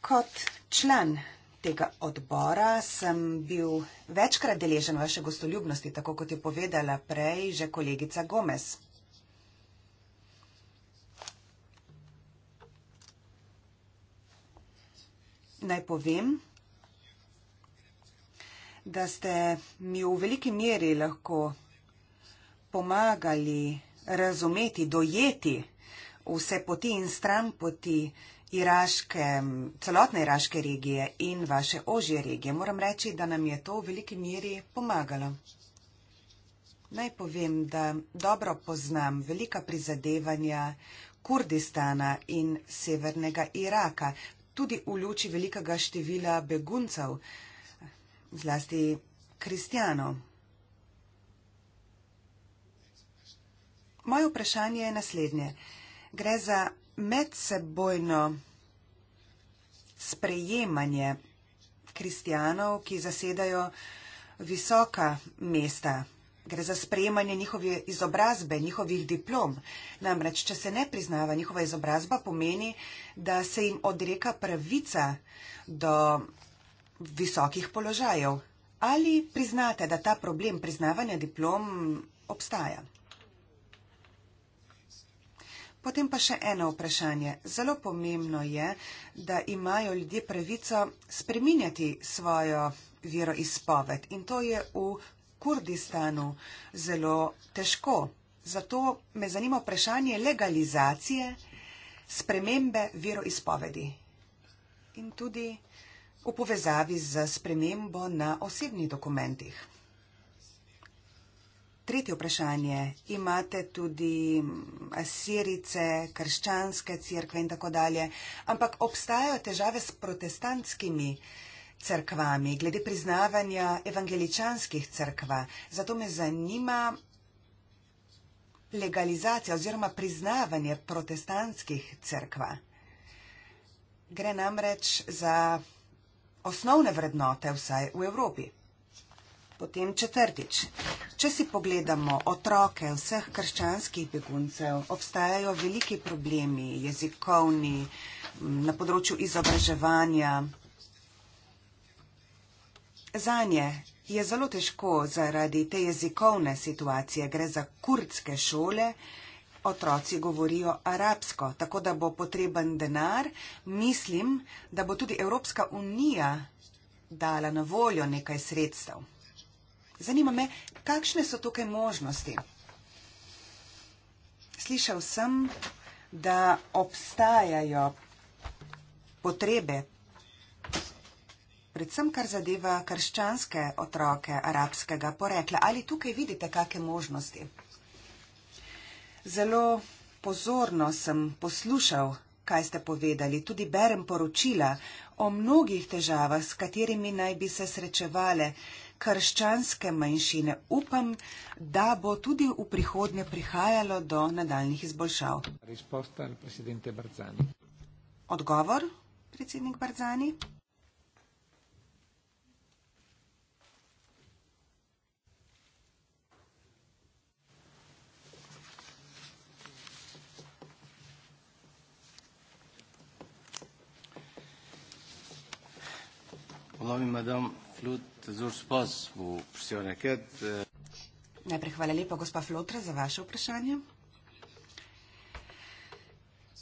Kot član tega odbora sem bil večkrat deležen vaše gostoljubnosti, tako kot je povedala prej že kolegica Gomez. naj povem, da ste mi v veliki meri lahko pomagali razumeti, dojeti vse poti in stran poti iraške, celotne iraške regije in vaše ožje regije. Moram reči, da nam je to v veliki meri pomagalo. Naj povem, da dobro poznam velika prizadevanja Kurdistana in severnega Iraka tudi v luči velikega števila beguncev, zlasti kristijanov. Moje vprašanje je naslednje. Gre za medsebojno sprejemanje kristijanov, ki zasedajo visoka mesta gre za sprejemanje njihove izobrazbe, njihovih diplom. Namreč, če se ne priznava njihova izobrazba, pomeni, da se jim odreka pravica do visokih položajev. Ali priznate, da ta problem priznavanja diplom obstaja? Potem pa še eno vprašanje. Zelo pomembno je, da imajo ljudje pravico spreminjati svojo veroizpoved in to je v Kurdistanu zelo težko. Zato me zanima vprašanje legalizacije spremembe veroizpovedi in tudi v povezavi z spremembo na osebnih dokumentih. Tretje vprašanje. Imate tudi mm, sirice, krščanske crkve in tako dalje, ampak obstajajo težave s protestantskimi crkvami crkvami, glede priznavanja evangeličanskih crkva. Zato me zanima legalizacija oziroma priznavanje protestantskih crkva. Gre namreč za osnovne vrednote vsaj v Evropi. Potem četrtič. Če si pogledamo otroke vseh krščanskih beguncev, obstajajo veliki problemi jezikovni, na področju izobraževanja, Za nje je zelo težko zaradi te jezikovne situacije. Gre za kurdske šole, otroci govorijo arabsko, tako da bo potreben denar. Mislim, da bo tudi Evropska unija dala na voljo nekaj sredstev. Zanima me, kakšne so tukaj možnosti. Slišal sem, da obstajajo potrebe predvsem kar zadeva krščanske otroke arabskega porekla. Ali tukaj vidite kakšne možnosti? Zelo pozorno sem poslušal, kaj ste povedali, tudi berem poročila o mnogih težavah, s katerimi naj bi se srečevale krščanske manjšine. Upam, da bo tudi v prihodnje prihajalo do nadaljnih izboljšav. Odgovor, predsednik Barzani. Polovi madam Flut Zurspas v presione ket. Eh. Najprej hvala lepa, gospa Flotra, za vaše vprašanje.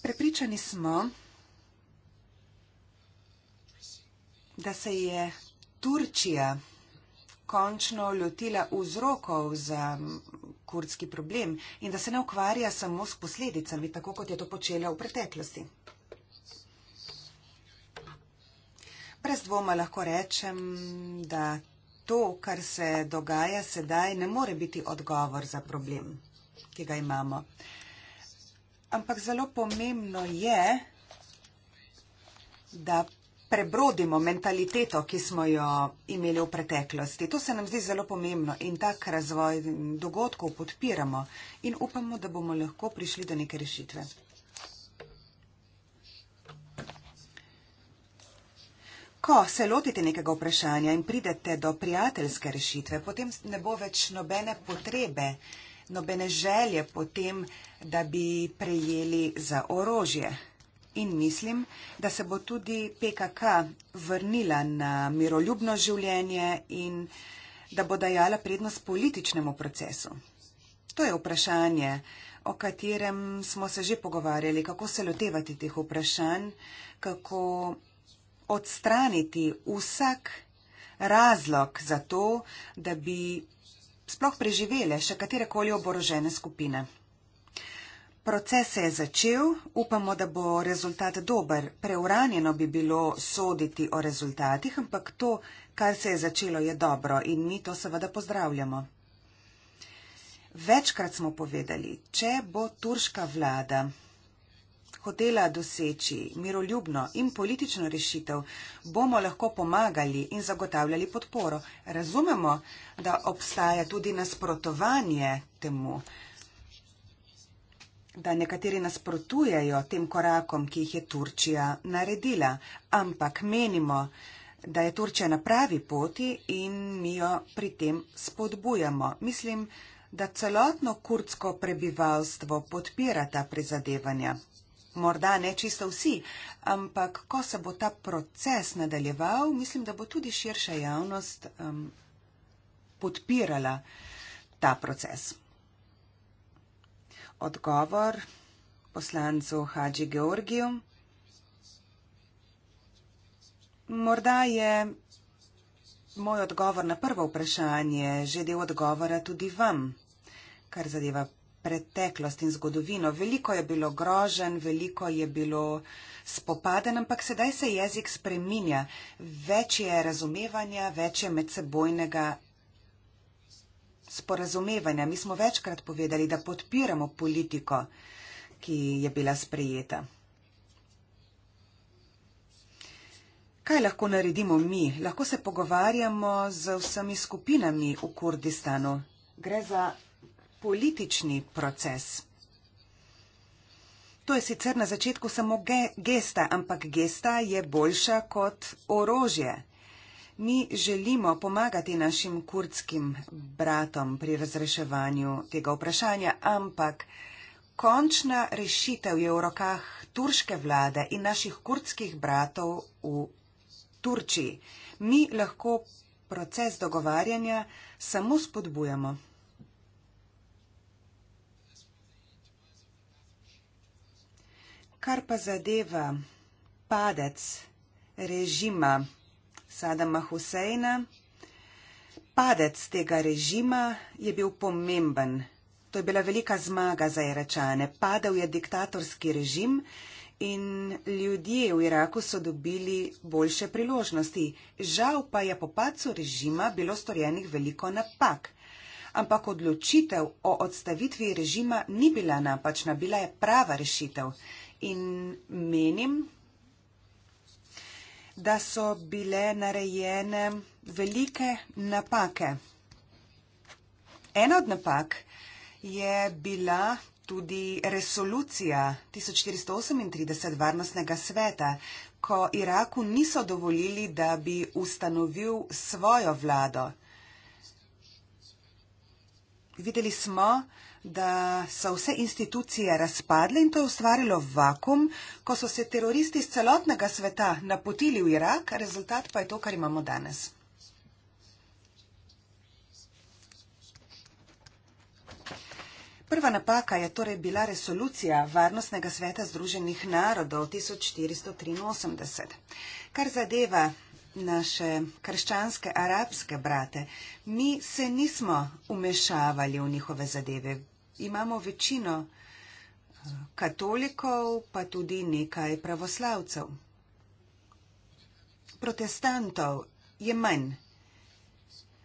Prepričani smo, da se je Turčija končno lotila vzrokov za kurdski problem in da se ne ukvarja samo s posledicami, tako kot je to počela v preteklosti. Brez dvoma lahko rečem, da to, kar se dogaja sedaj, ne more biti odgovor za problem, ki ga imamo. Ampak zelo pomembno je, da prebrodimo mentaliteto, ki smo jo imeli v preteklosti. To se nam zdi zelo pomembno in tak razvoj dogodkov podpiramo in upamo, da bomo lahko prišli do neke rešitve. Ko se lotite nekega vprašanja in pridete do prijateljske rešitve, potem ne bo več nobene potrebe, nobene želje potem, da bi prejeli za orožje. In mislim, da se bo tudi PKK vrnila na miroljubno življenje in da bo dajala prednost političnemu procesu. To je vprašanje, o katerem smo se že pogovarjali, kako se lotevati teh vprašanj, kako odstraniti vsak razlog za to, da bi sploh preživele še katerekoli oborožene skupine. Proces se je začel, upamo, da bo rezultat dober. Preuranjeno bi bilo soditi o rezultatih, ampak to, kar se je začelo, je dobro in mi to seveda pozdravljamo. Večkrat smo povedali, če bo turška vlada hotela doseči miroljubno in politično rešitev, bomo lahko pomagali in zagotavljali podporo. Razumemo, da obstaja tudi nasprotovanje temu, da nekateri nasprotujejo tem korakom, ki jih je Turčija naredila, ampak menimo, da je Turčija na pravi poti in mi jo pri tem spodbujamo. Mislim, da celotno kurdsko prebivalstvo podpira ta prizadevanja morda ne čisto vsi, ampak ko se bo ta proces nadaljeval, mislim, da bo tudi širša javnost um, podpirala ta proces. Odgovor poslancu Hadži Georgiju. Morda je moj odgovor na prvo vprašanje že del odgovora tudi vam, kar zadeva preteklost in zgodovino. Veliko je bilo grožen, veliko je bilo spopaden, ampak sedaj se jezik spreminja. Več je razumevanja, več je medsebojnega sporazumevanja. Mi smo večkrat povedali, da podpiramo politiko, ki je bila sprejeta. Kaj lahko naredimo mi? Lahko se pogovarjamo z vsemi skupinami v Kurdistanu. Gre za politični proces. To je sicer na začetku samo ge gesta, ampak gesta je boljša kot orožje. Mi želimo pomagati našim kurdskim bratom pri razreševanju tega vprašanja, ampak končna rešitev je v rokah turške vlade in naših kurdskih bratov v Turčiji. Mi lahko proces dogovarjanja samo spodbujamo. kar pa zadeva padec režima Sadama Huseina, padec tega režima je bil pomemben. To je bila velika zmaga za Iračane. Padel je diktatorski režim in ljudje v Iraku so dobili boljše priložnosti. Žal pa je po pacu režima bilo storjenih veliko napak. Ampak odločitev o odstavitvi režima ni bila napačna, bila je prava rešitev in menim, da so bile narejene velike napake. Ena od napak je bila tudi resolucija 1438 Varnostnega sveta, ko Iraku niso dovolili, da bi ustanovil svojo vlado. Videli smo, da da so vse institucije razpadle in to je ustvarilo vakum, ko so se teroristi iz celotnega sveta napotili v Irak, rezultat pa je to, kar imamo danes. Prva napaka je torej bila resolucija Varnostnega sveta Združenih narodov 1483. Kar zadeva naše krščanske arabske brate, mi se nismo umešavali v njihove zadeve imamo večino eh, katolikov, pa tudi nekaj pravoslavcev. Protestantov je manj.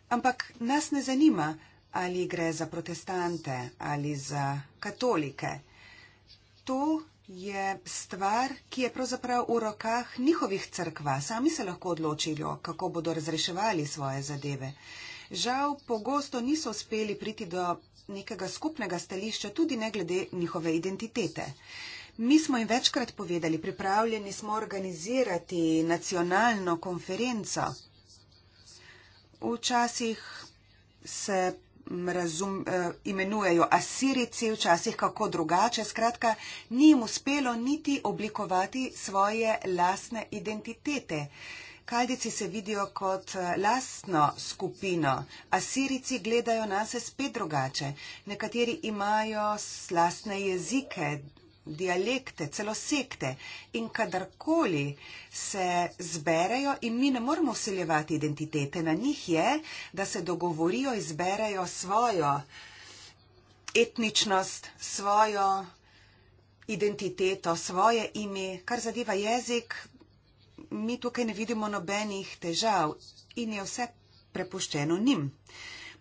Ampak nas ne zanima, ali gre za protestante ali za katolike. To je stvar, ki je pravzaprav v rokah njihovih crkva. Sami se lahko odločijo, kako bodo razreševali svoje zadeve. Žal, pogosto niso uspeli priti do nekega skupnega stališča, tudi ne glede njihove identitete. Mi smo jim večkrat povedali, pripravljeni smo organizirati nacionalno konferenco. Včasih se razum, eh, imenujejo Asirici, včasih kako drugače. Skratka, ni jim uspelo niti oblikovati svoje lasne identitete. Eh, Kaldici se vidijo kot eh, lastno skupino, a Sirici gledajo na se spet drugače. Nekateri imajo lastne jezike, dialekte, celo sekte in kadarkoli se zberejo in mi ne moremo vseljevati identitete. Na njih je, da se dogovorijo, izberejo svojo etničnost, svojo identiteto, svoje ime, kar zadeva jezik, mi tukaj ne vidimo nobenih težav in je vse prepuščeno njim.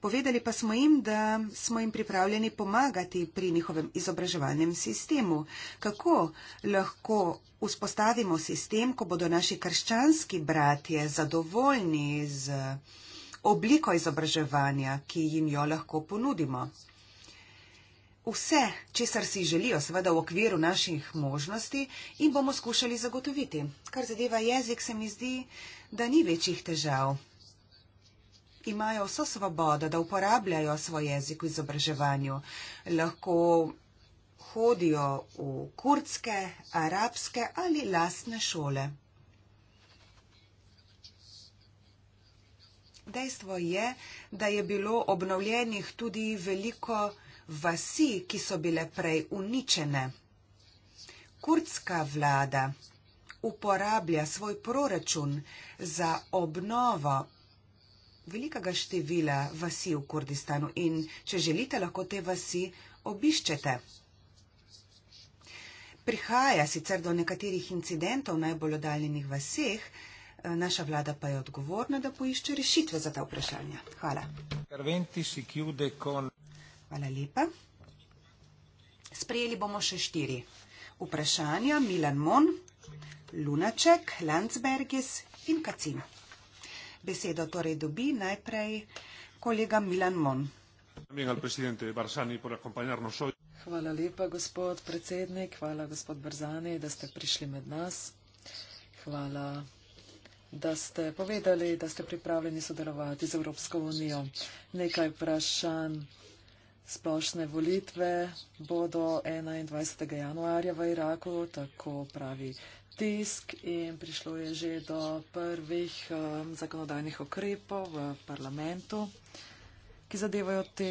Povedali pa smo jim, da smo jim pripravljeni pomagati pri njihovem izobraževalnem sistemu. Kako lahko vzpostavimo sistem, ko bodo naši krščanski bratje zadovoljni z obliko izobraževanja, ki jim jo lahko ponudimo? vse, česar si želijo, seveda v okviru naših možnosti in bomo skušali zagotoviti. Kar zadeva jezik, se mi zdi, da ni večjih težav. Imajo vso svobodo, da uporabljajo svoj jezik v izobraževanju. Lahko hodijo v kurdske, arabske ali lastne šole. Dejstvo je, da je bilo obnovljenih tudi veliko vasi, ki so bile prej uničene. Kurdska vlada uporablja svoj proračun za obnovo velikega števila vasi v Kurdistanu in če želite, lahko te vasi obiščete. Prihaja sicer do nekaterih incidentov v najbolj oddaljenih vaseh, eh, naša vlada pa je odgovorna, da poišče rešitve za ta vprašanja. Hvala. Hvala lepa. Sprejeli bomo še štiri vprašanja. Milan Mon, Lunaček, Landsbergis in Kacin. Besedo torej dobi najprej kolega Milan Mon. Hvala lepa, gospod predsednik, hvala gospod Brzani, da ste prišli med nas. Hvala, da ste povedali, da ste pripravljeni sodelovati z Evropsko unijo. Nekaj vprašanj. Splošne volitve bodo 21. januarja v Iraku, tako pravi tisk in prišlo je že do prvih um, zakonodajnih okrepov v parlamentu, ki zadevajo te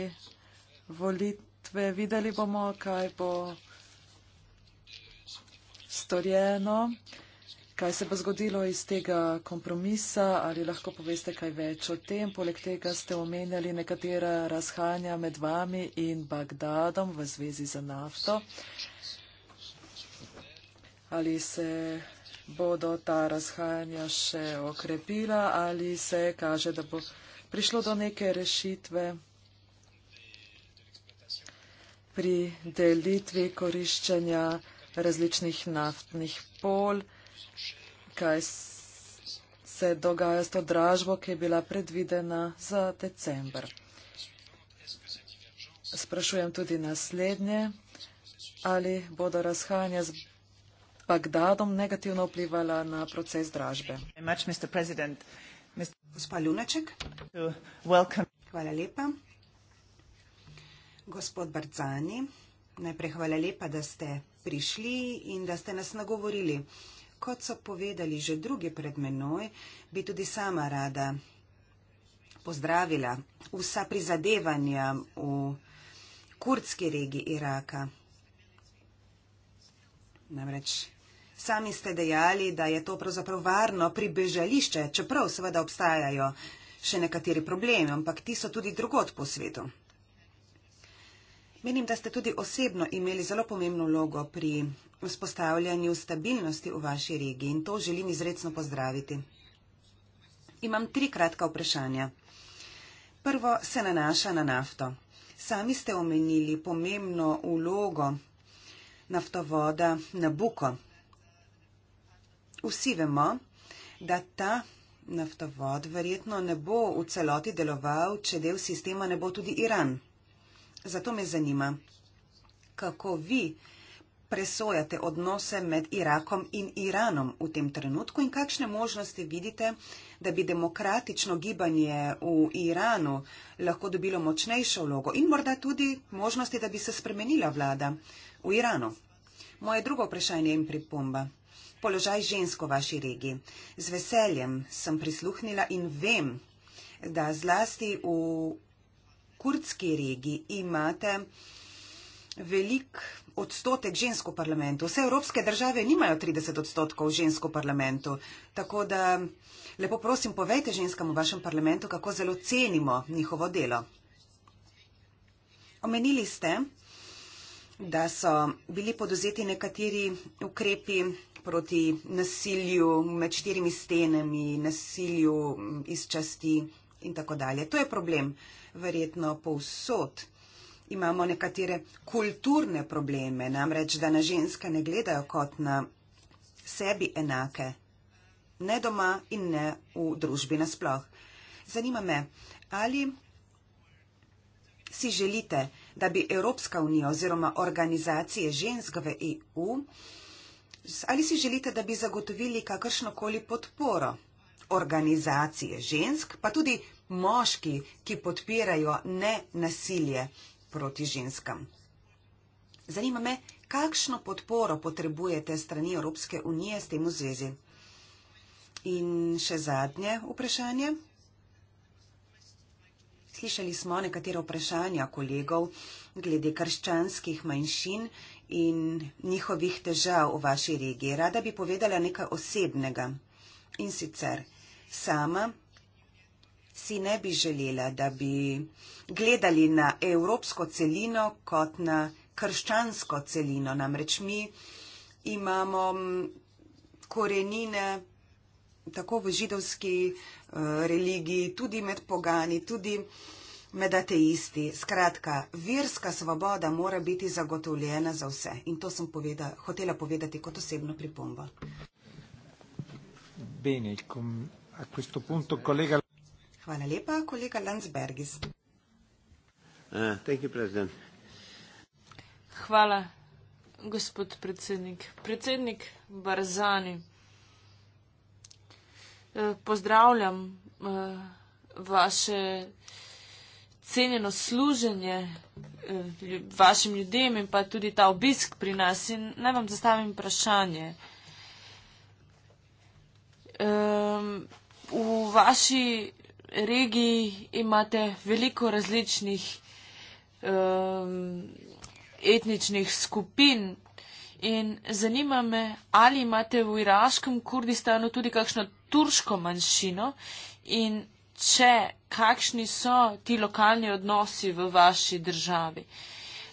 volitve. Videli bomo, kaj bo storjeno. Kaj se bo zgodilo iz tega kompromisa? Ali lahko poveste kaj več o tem? Poleg tega ste omenjali nekatera razhanja med vami in Bagdadom v zvezi za nafto. Ali se bodo ta razhanja še okrepila ali se kaže, da bo prišlo do neke rešitve pri delitvi koriščenja različnih naftnih polj? kaj se dogaja s to dražbo, ki je bila predvidena za decembr. Sprašujem tudi naslednje, ali bodo razhajanja z Bagdadom negativno vplivala na proces dražbe. Gospa Luneček. Hvala lepa. Gospod Barcani, najprej hvala lepa, da ste prišli in da ste nas nagovorili. Uh, kot so povedali že drugi pred menoj, bi tudi sama rada pozdravila vsa prizadevanja v kurdski regiji Iraka. Namreč sami ste dejali, da je to pravzaprav varno pribežališče, čeprav seveda obstajajo še nekateri problemi, ampak ti so tudi drugot po svetu. Menim, da ste tudi osebno imeli zelo pomembno vlogo pri vzpostavljanju stabilnosti v vaši regiji in to želim izredno pozdraviti. Imam tri kratka vprašanja. Prvo se nanaša na nafto. Sami ste omenili pomembno vlogo naftovoda Nabuko. Vsi vemo, da ta naftovod verjetno ne bo v celoti deloval, če del sistema ne bo tudi Iran. Zato me zanima, kako vi presojate odnose med Irakom in Iranom v tem trenutku in kakšne možnosti vidite, da bi demokratično gibanje v Iranu lahko dobilo močnejšo vlogo in morda tudi možnosti, da bi se spremenila vlada v Iranu. Moje drugo vprašanje in pripomba. Položaj žensko v vaši regiji. Z veseljem sem prisluhnila in vem, da zlasti v kurdski regiji imate velik odstotek žensk v parlamentu. Vse evropske države nimajo 30 odstotkov žensk v parlamentu. Tako da lepo prosim, povejte ženskam v vašem parlamentu, kako zelo cenimo njihovo delo. Omenili ste, da so bili podozeti nekateri ukrepi proti nasilju med štirimi stenami, nasilju iz časti in tako dalje. To je problem verjetno povsod. Imamo nekatere kulturne probleme, namreč, da na ženske ne gledajo kot na sebi enake, ne doma in ne v družbi nasploh. Zanima me, ali si želite, da bi Evropska unija oziroma organizacije žensk v EU, ali si želite, da bi zagotovili kakršnokoli podporo organizacije žensk, pa tudi moški, ki podpirajo ne nasilje proti ženskam. Zanima me, kakšno podporo potrebujete strani Evropske unije s tem v zvezi. In še zadnje vprašanje. Slišali smo nekatere vprašanja kolegov glede krščanskih manjšin in njihovih težav v vaši regiji. Rada bi povedala nekaj osebnega. In sicer sama si ne bi želela, da bi gledali na evropsko celino kot na krščansko celino. Namreč mi imamo mm, korenine tako v židovski uh, religiji, tudi med pogani, tudi med ateisti. Skratka, virska svoboda mora biti zagotovljena za vse. In to sem poveda, hotela povedati kot osebno pripombo. Bene, com, a questo punto, kolega. Hvala lepa, kolega Landsbergis. Uh, Hvala, gospod predsednik. Predsednik Barzani, eh, pozdravljam eh, vaše cenjeno služenje eh, vašim ljudem in pa tudi ta obisk pri nas in naj vam zastavim vprašanje. V vaši regiji imate veliko različnih um, etničnih skupin in zanima me, ali imate v iraškem Kurdistanu tudi kakšno turško manjšino in če, kakšni so ti lokalni odnosi v vaši državi.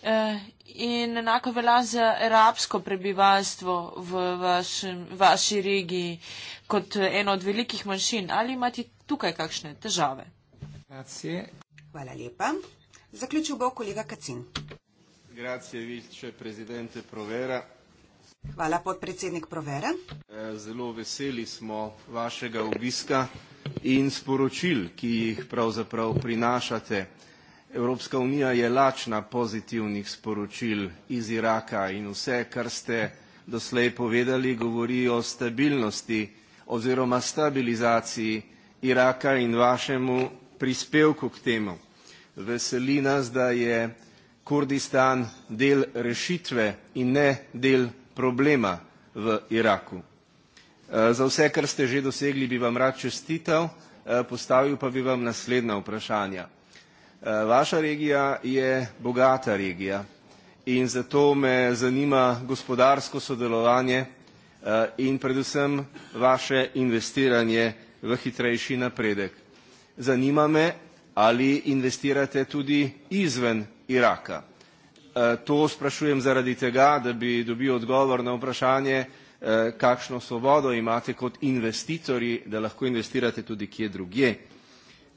Eh, in enako velja za arabsko prebivalstvo v vašem, vaši regiji kot eno od velikih manjšin. Ali imate tukaj kakšne težave. Grazie. Hvala lepa. Zaključil bo kolega Kacin. Grazie, vice, Hvala, podpredsednik Provera. Eh, zelo veseli smo vašega obiska in sporočil, ki jih pravzaprav prinašate. Evropska unija je lačna pozitivnih sporočil iz Iraka in vse, kar ste doslej povedali, govori o stabilnosti oziroma stabilizaciji Iraka in vašemu prispevku k temu. Veseli nas, da je Kurdistan del rešitve in ne del problema v Iraku. Eh, za vse, kar ste že dosegli, bi vam rad čestitev, eh, postavil pa bi vam naslednja vprašanja. Eh, vaša regija je bogata regija in zato me zanima gospodarsko sodelovanje in predvsem vaše investiranje vsega v hitrejši napredek. Zanima me, ali investirate tudi izven Iraka. E, to sprašujem zaradi tega, da bi dobil odgovor na vprašanje, e, kakšno svobodo imate kot investitorji, da lahko investirate tudi kje drugje.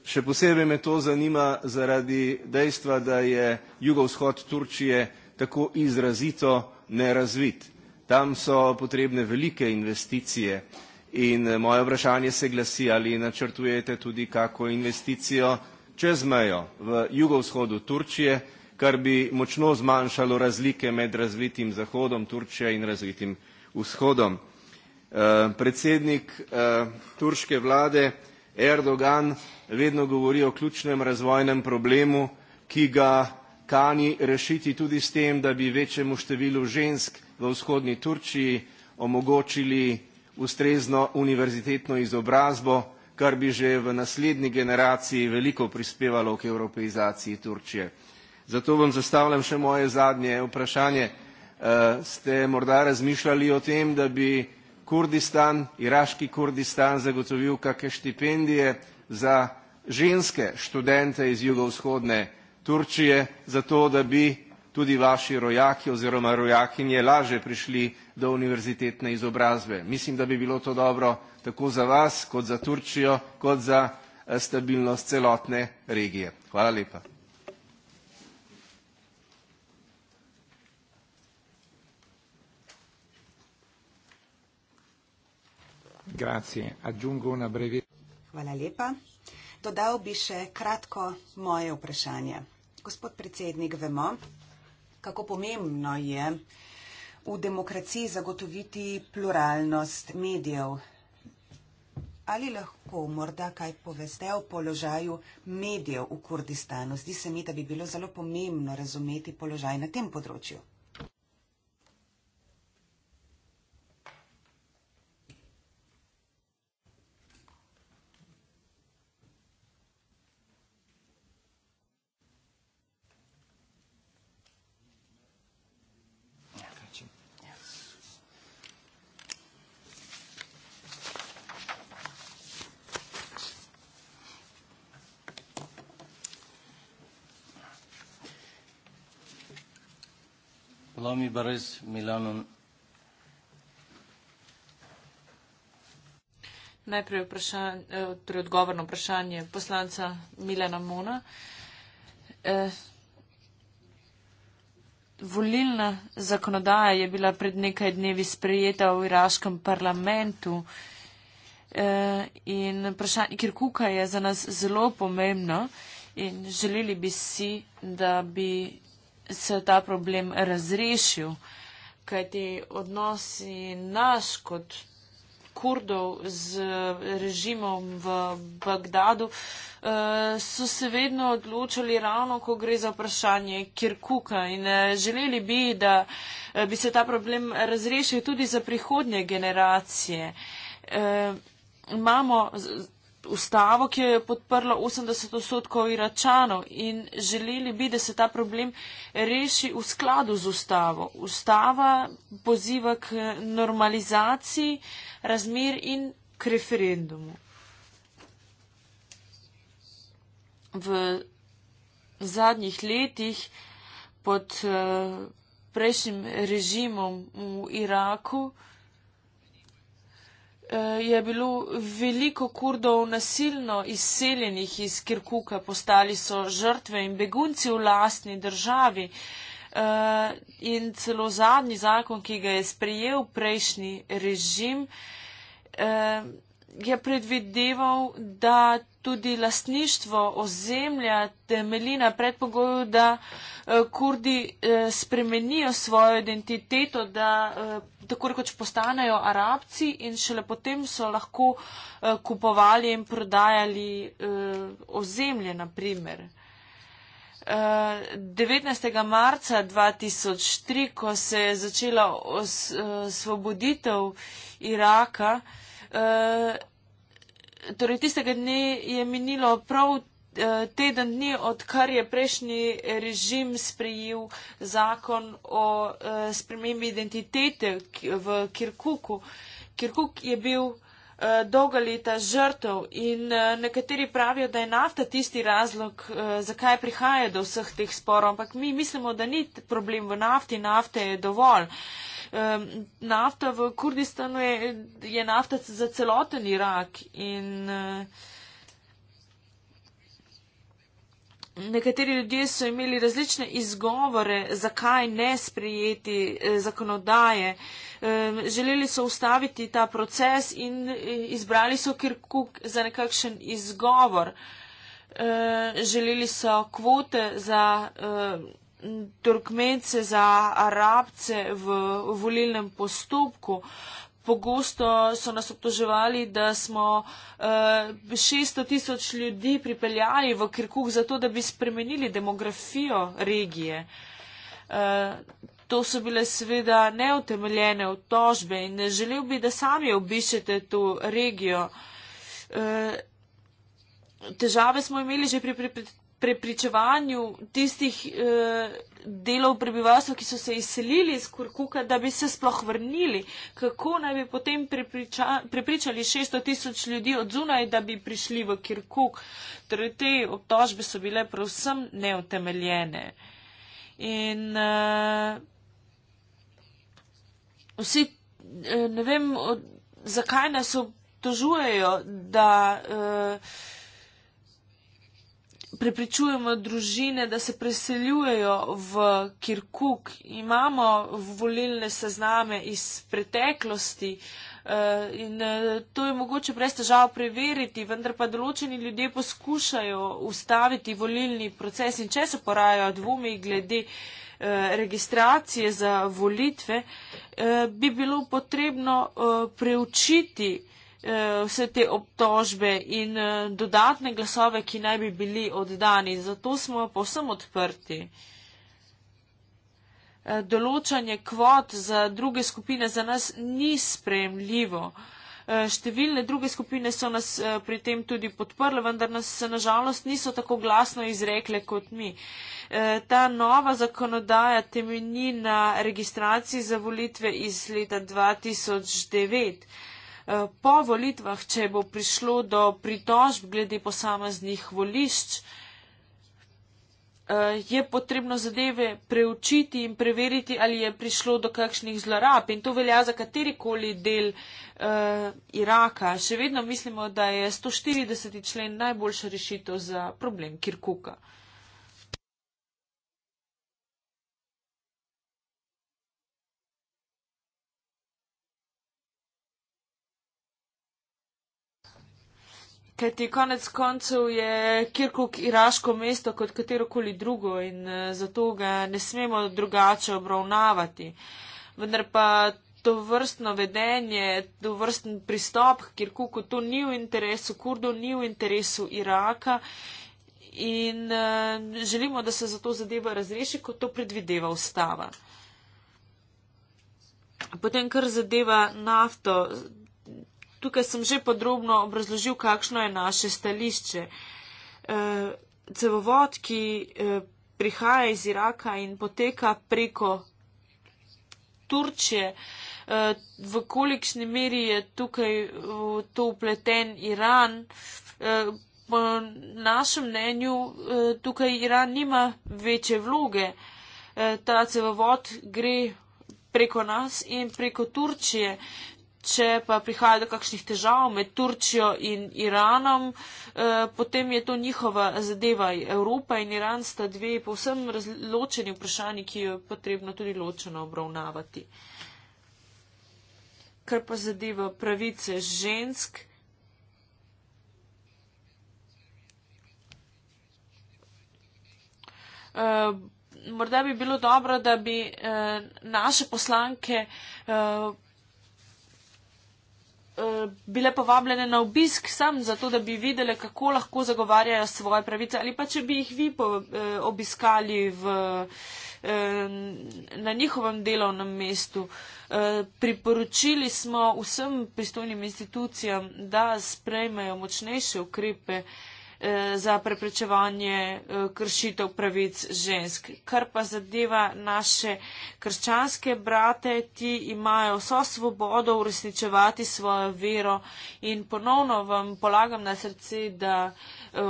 Še posebej me to zanima zaradi dejstva, da je jugovzhod Turčije tako izrazito nerazvit. Tam so potrebne velike investicije. In eh, moje vprašanje se glasi, ali načrtujete tudi kako investicijo čez mejo v jugovzhodu Turčije, kar bi močno zmanjšalo razlike med razvitim zahodom Turčije in razvitim vzhodom. Eh, predsednik eh, turške vlade Erdogan vedno govori o ključnem razvojnem problemu, ki ga kani rešiti tudi s tem, da bi večjemu številu žensk v vzhodni Turčiji omogočili ustrezno univerzitetno izobrazbo, kar bi že v naslednji generaciji veliko prispevalo k evropeizaciji Turčije. Zato vam zastavljam še moje zadnje vprašanje. Eh, ste morda razmišljali o tem, da bi Kurdistan, iraški Kurdistan zagotovil kakšne štipendije za ženske študente iz jugovzhodne Turčije, zato da bi tudi vaši rojaki oziroma rojakinje laže prišli do univerzitetne izobrazbe. Mislim, da bi bilo to dobro tako za vas, kot za Turčijo, kot za eh, stabilnost celotne regije. Hvala lepa. Hvala lepa. Dodal bi še kratko moje vprašanje. Gospod predsednik, vemo, kako pomembno je v demokraciji zagotoviti pluralnost medijev. Ali lahko morda kaj poveste o položaju medijev v Kurdistanu? Zdi se mi, da bi bilo zelo pomembno razumeti položaj na tem področju. Tomi Barez, Milanon. Najprej eh, torej odgovor na vprašanje poslanca Milena Mona. Eh, volilna zakonodaja je bila pred nekaj dnevi sprejeta v iraškem parlamentu eh, in vprašanje Kirkuka je za nas zelo pomembno in želeli bi si, da bi se ta problem razrešil, kajti odnosi nas kot kurdov z režimom v Bagdadu eh, so se vedno odločali ravno, ko gre za vprašanje Kirkuka in eh, želeli bi, da eh, bi se ta problem razrešil tudi za prihodnje generacije. Imamo ustavo, ki jo je podprlo 80 odstotkov iračanov in želeli bi, da se ta problem reši v skladu z ustavo. Ustava poziva k normalizaciji razmer in k referendumu. V zadnjih letih pod eh, prejšnjim režimom v Iraku Eh, je bilo veliko kurdov nasilno izseljenih iz Kirkuka, postali so žrtve in begunci v lastni državi. Eh, in celo zadnji zakon, ki ga je sprejel prejšnji režim, eh, je predvideval, da tudi lastništvo ozemlja temelji na predpogoju, da eh, kurdi eh, spremenijo svojo identiteto, da eh, tako rekoč postanejo arabci in šele potem so lahko kupovali in prodajali ozemlje, na primer. 19. marca 2003, ko se je začela osvoboditev Iraka, Eh, torej tistega dne je minilo prav eh, teden dni, odkar je prejšnji režim sprejel zakon o eh, spremembi identitete v Kirkuku. Kirkuk je bil dolga leta žrtev in nekateri pravijo, da je nafta tisti razlog, zakaj prihaja do vseh teh sporov, ampak mi mislimo, da ni problem v nafti, nafte je dovolj um, nafta v Kurdistanu je, je nafta za celoten Irak in uh, nekateri ljudje so imeli različne izgovore, zakaj ne sprijeti uh, eh, zakonodaje. Um, želeli so ustaviti ta proces in uh, izbrali so Kirkuk za nekakšen izgovor. Uh, želeli so kvote za. Uh, Turkmence za Arabce v volilnem postopku. Pogosto so nas obtoževali, da smo uh, eh, 600 tisoč ljudi pripeljali v Kirkuk zato, da bi spremenili demografijo regije. Uh, to so bile seveda neutemeljene otožbe in ne želel bi, da sami obišete to regijo. Uh, težave smo imeli že pri, pri, pri prepričevanju tistih eh, delov prebivalstva, ki so se izselili iz Kurkuka, da bi se sploh vrnili. Kako naj bi potem prepriča, prepričali 600 tisoč ljudi od zunaj, da bi prišli v Kirkuk? Torej, te obtožbe so bile prav neutemeljene. In eh, vsi, eh, ne vem, od, zakaj nas obtožujejo, da. Eh, prepričujemo družine, da se preseljujejo v Kirkuk. Imamo volilne sezname iz preteklosti eh, in eh, to je mogoče brez težav preveriti, vendar pa določeni ljudje poskušajo ustaviti volilni proces in če se porajajo dvomi glede eh, registracije za volitve, bi bilo potrebno preučiti Eh, vse te obtožbe in eh, dodatne glasove, ki naj bi bili oddani. Zato smo povsem odprti. Eh, določanje kvot za druge skupine za nas ni sprejemljivo. Številne druge skupine so nas pri tem tudi podprle, vendar nas se nažalost niso tako glasno izrekle kot mi. Ta nova zakonodaja temeni na registraciji za volitve iz leta 2009. Eh, po volitvah, če bo prišlo do pritožb glede posameznih volišč, eh, je potrebno zadeve preučiti in preveriti, ali je prišlo do kakšnih zlorab. In to velja za katerikoli del uh, Iraka. Še vedno mislimo, da je 140. člen najboljša rešitev za problem Kirkuka. Kajti konec koncev je Kirkuk iraško mesto kot katerokoli drugo in eh, zato ga ne smemo drugače obravnavati. Vendar pa to vrstno vedenje, to vrstni pristop k Kirkuku, to ni v interesu Kurdov, ni v interesu Iraka in eh, želimo, da se za to zadeva razreši, kot to predvideva ustava. Potem, kar zadeva nafto, tukaj sem že podrobno obrazložil, kakšno je naše stališče. Uh, cevovod, ki uh, prihaja iz Iraka in poteka preko Turčje, uh, e, v kolikšni meri je tukaj v to upleten Iran. Uh, Po našem mnenju tukaj Iran nima večje vloge. Ta cevovod gre preko nas in preko Turčije. Če pa prihaja do kakšnih težav med Turčjo in Iranom, eh, potem je to njihova zadeva. Evropa in Iran sta dve povsem ločeni vprašanji, ki jo je potrebno tudi ločeno obravnavati. Kar pa zadeva pravice žensk. Uh, morda bi bilo dobro, da bi uh, naše poslanke uh, Eh, bile povabljene na obisk sam, zato da bi videli, kako lahko zagovarjajo svoje pravice ali pa če bi jih vi po, eh, obiskali v, eh, na njihovem delovnem mestu. Eh, priporočili smo vsem pristojnim institucijam, da sprejmejo močnejše ukrepe eh, za preprečevanje e, kršitev pravic žensk. Kar pa zadeva naše krščanske brate, ti imajo vso svobodo uresničevati svojo vero in ponovno vam polagam na srce, da e,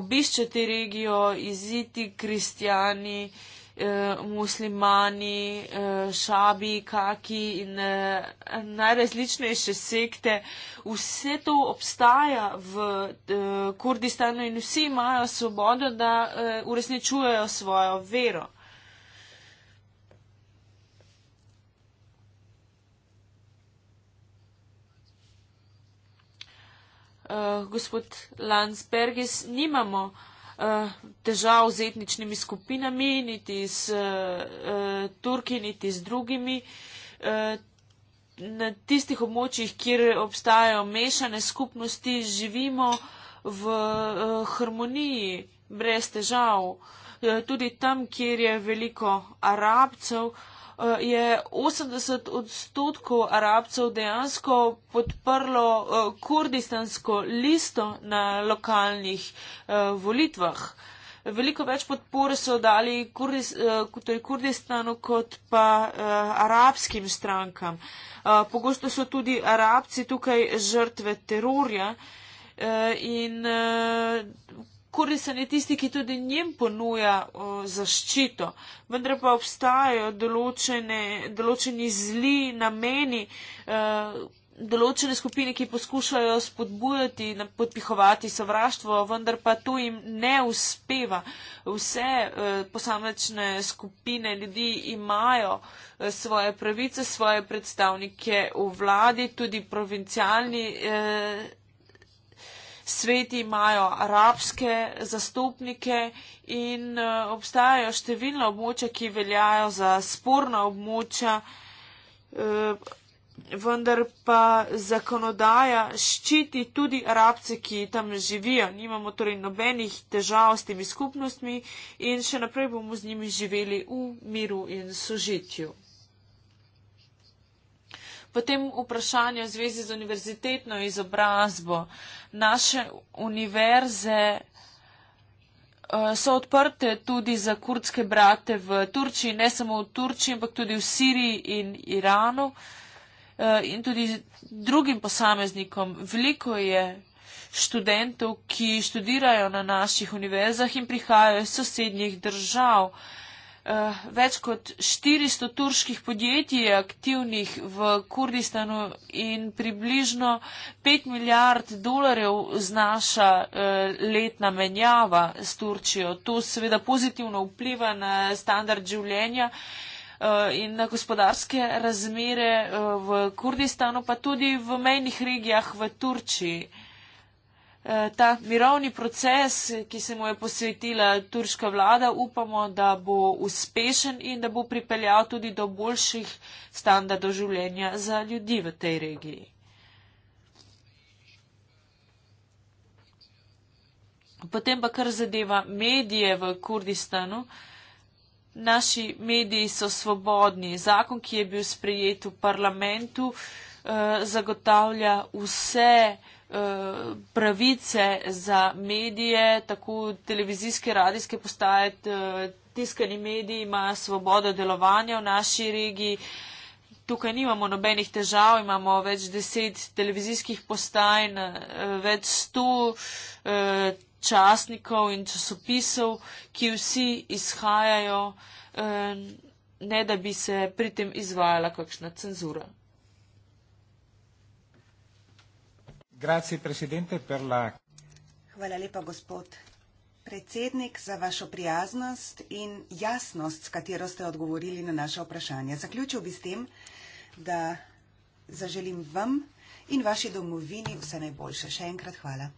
obiščete regijo, iziti kristijani, Eh, muslimani, eh, šabi, kaki in eh, najrazličnejše sekte. Vse to obstaja v Kurdistanu in vsi imajo svobodo, da uresničujejo svojo vero. Uh, gospod Landsbergis, nimamo uh, Eh, težav z etničnimi skupinami, niti z uh, eh, Turki, niti z drugimi. Uh, na tistih območjih, kjer obstajajo mešane skupnosti, živimo v uh, harmoniji, brez težav. Uh, tudi tam, kjer je veliko arabcev, uh, Eh, je 80 odstotkov arabcev dejansko podprlo eh, kurdistansko listo na lokalnih eh, volitvah. Veliko več podpore so dali Kurdist, torej Kurdistanu kot pa uh, arabskim strankam. Uh, pogosto so tudi arabci tukaj žrtve terorja uh, in uh, Korisen je tisti, ki tudi njim ponuja o, uh, zaščito, vendar pa obstajajo določene, določeni zli nameni, e, določene skupine, ki poskušajo spodbujati, podpihovati sovraštvo, vendar pa to jim ne uspeva. Vse e, posamečne skupine ljudi imajo e, svoje pravice, svoje predstavnike v vladi, tudi provincialni. E, sveti imajo arabske zastopnike in eh, obstajajo številna območja, ki veljajo za sporna območja, eh, vendar pa zakonodaja ščiti tudi arabce, ki tam živijo. Nimamo torej nobenih težav s temi skupnostmi in še naprej bomo z njimi živeli v miru in sožitju. V tem vprašanju v zvezi z univerzitetno izobrazbo naše univerze eh, so odprte tudi za kurdske brate v Turčiji, ne samo v Turčiji, ampak tudi v Siriji in Iranu eh, in tudi drugim posameznikom. Veliko je študentov, ki študirajo na naših univerzah in prihajajo iz sosednjih držav. Eh, več kot 400 turških podjetij je aktivnih v Kurdistanu in približno 5 milijard dolarjev znaša eh, letna menjava s Turčijo. To seveda pozitivno vpliva na standard življenja eh, in na gospodarske razmere v Kurdistanu, pa tudi v mejnih regijah v Turčiji. Eh, ta mirovni proces, ki se mu je posvetila turška vlada, upamo, da bo uspešen in da bo pripeljal tudi do boljših standardov življenja za ljudi v tej regiji. Potem pa kar zadeva medije v Kurdistanu. Naši mediji so svobodni. Zakon, ki je bil sprejet v parlamentu, eh, zagotavlja vse Eh, pravice za medije, tako televizijske, radijske postaje, eh, tiskani mediji imajo svobodo delovanja v naši regiji. Tukaj nimamo nobenih težav, imamo več deset televizijskih postaj, eh, več sto časnikov in časopisov, ki vsi izhajajo, ne da bi se pri tem izvajala kakšna cenzura. Hvala lepa, gospod predsednik, za vašo prijaznost in jasnost, s katero ste odgovorili na naše vprašanje. Zaključil bi s tem, da zaželim vam in vaši domovini vse najboljše. Še enkrat hvala.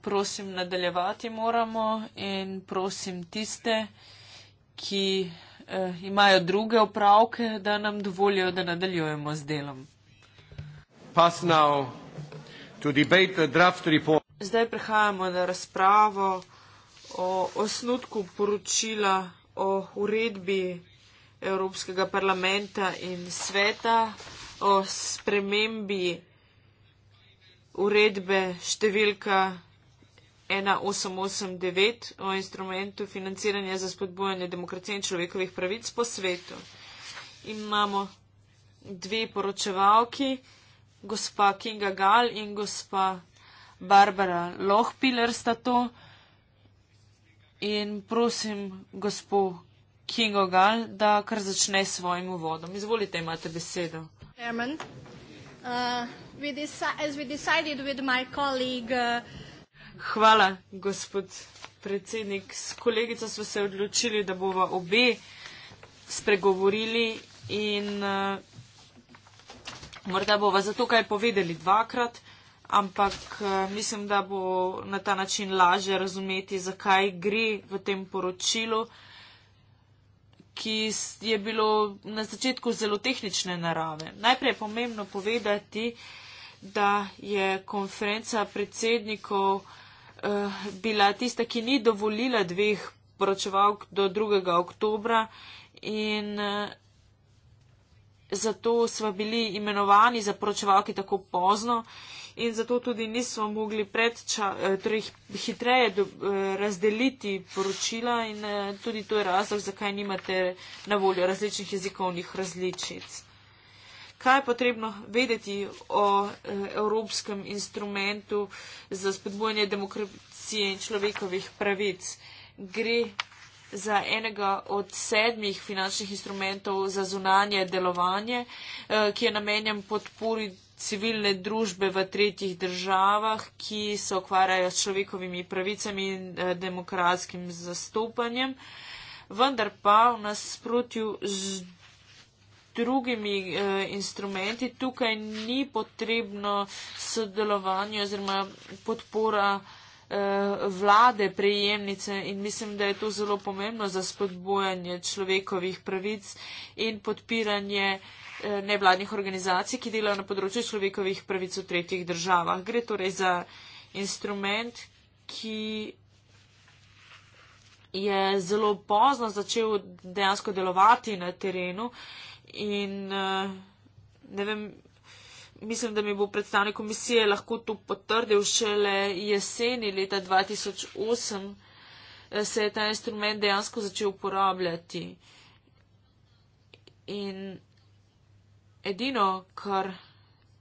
Prosim, nadaljevati moramo in prosim tiste, ki eh, imajo druge opravke, da nam dovolijo, da nadaljujemo z delom. Zdaj prehajamo na razpravo o osnutku poročila o uredbi Evropskega parlamenta in sveta o spremembi uredbe številka 1889 o instrumentu financiranja za spodbujanje demokracije in človekovih pravic po svetu. Imamo dve poročevalki, gospa Kinga Gal in gospa Barbara Lohpiller sta to. In prosim, gospod Kingo Gal, da kar začne s svojim uvodom. Izvolite, imate besedo. Chairman. Uh, we as we decided with my colleague. Uh, Hvala, gospod predsednik. S kolegico smo se odločili, da bova obe spregovorili in uh, morda bova zato kaj povedali dvakrat, ampak uh, mislim, da bo na ta način laže razumeti, zakaj gre v tem poročilu. Uh, ki je bilo na začetku zelo tehnične narave. Najprej je pomembno povedati, da je konferenca predsednikov uh, bila tista, ki ni dovolila dveh poročevalk do 2. oktobra in uh, zato smo bili imenovani za poročevalke tako pozno. Uh, in zato tudi nismo mogli predča, eh, torej hitreje do, eh, razdeliti poročila in eh, tudi to je razlog, zakaj nimate na voljo različnih jezikovnih različic. Kaj je potrebno vedeti o evropskem instrumentu za spodbojanje demokracije in človekovih pravic? Gre za enega od sedmih finančnih instrumentov za zunanje delovanje, ki je namenjen podpori civilne družbe v tretjih državah, ki se ukvarjajo s človekovimi pravicami in eh, demokratskim zastopanjem, vendar pa v nasprotju z drugimi eh, instrumenti tukaj ni potrebno sodelovanje oziroma podpora eh, Eh, vlade, prejemnice in mislim, da je to zelo pomembno za spodbojanje človekovih pravic in podpiranje eh, nevladnih organizacij, ki delajo na področju človekovih pravic v tretjih državah. Gre torej za instrument, ki je zelo pozno začel dejansko delovati na terenu in eh, ne vem, mislim, da mi bo predstavnik komisije lahko to potrdil šele jeseni leta 2008, eh, se je ta instrument dejansko začel uporabljati. In edino, kar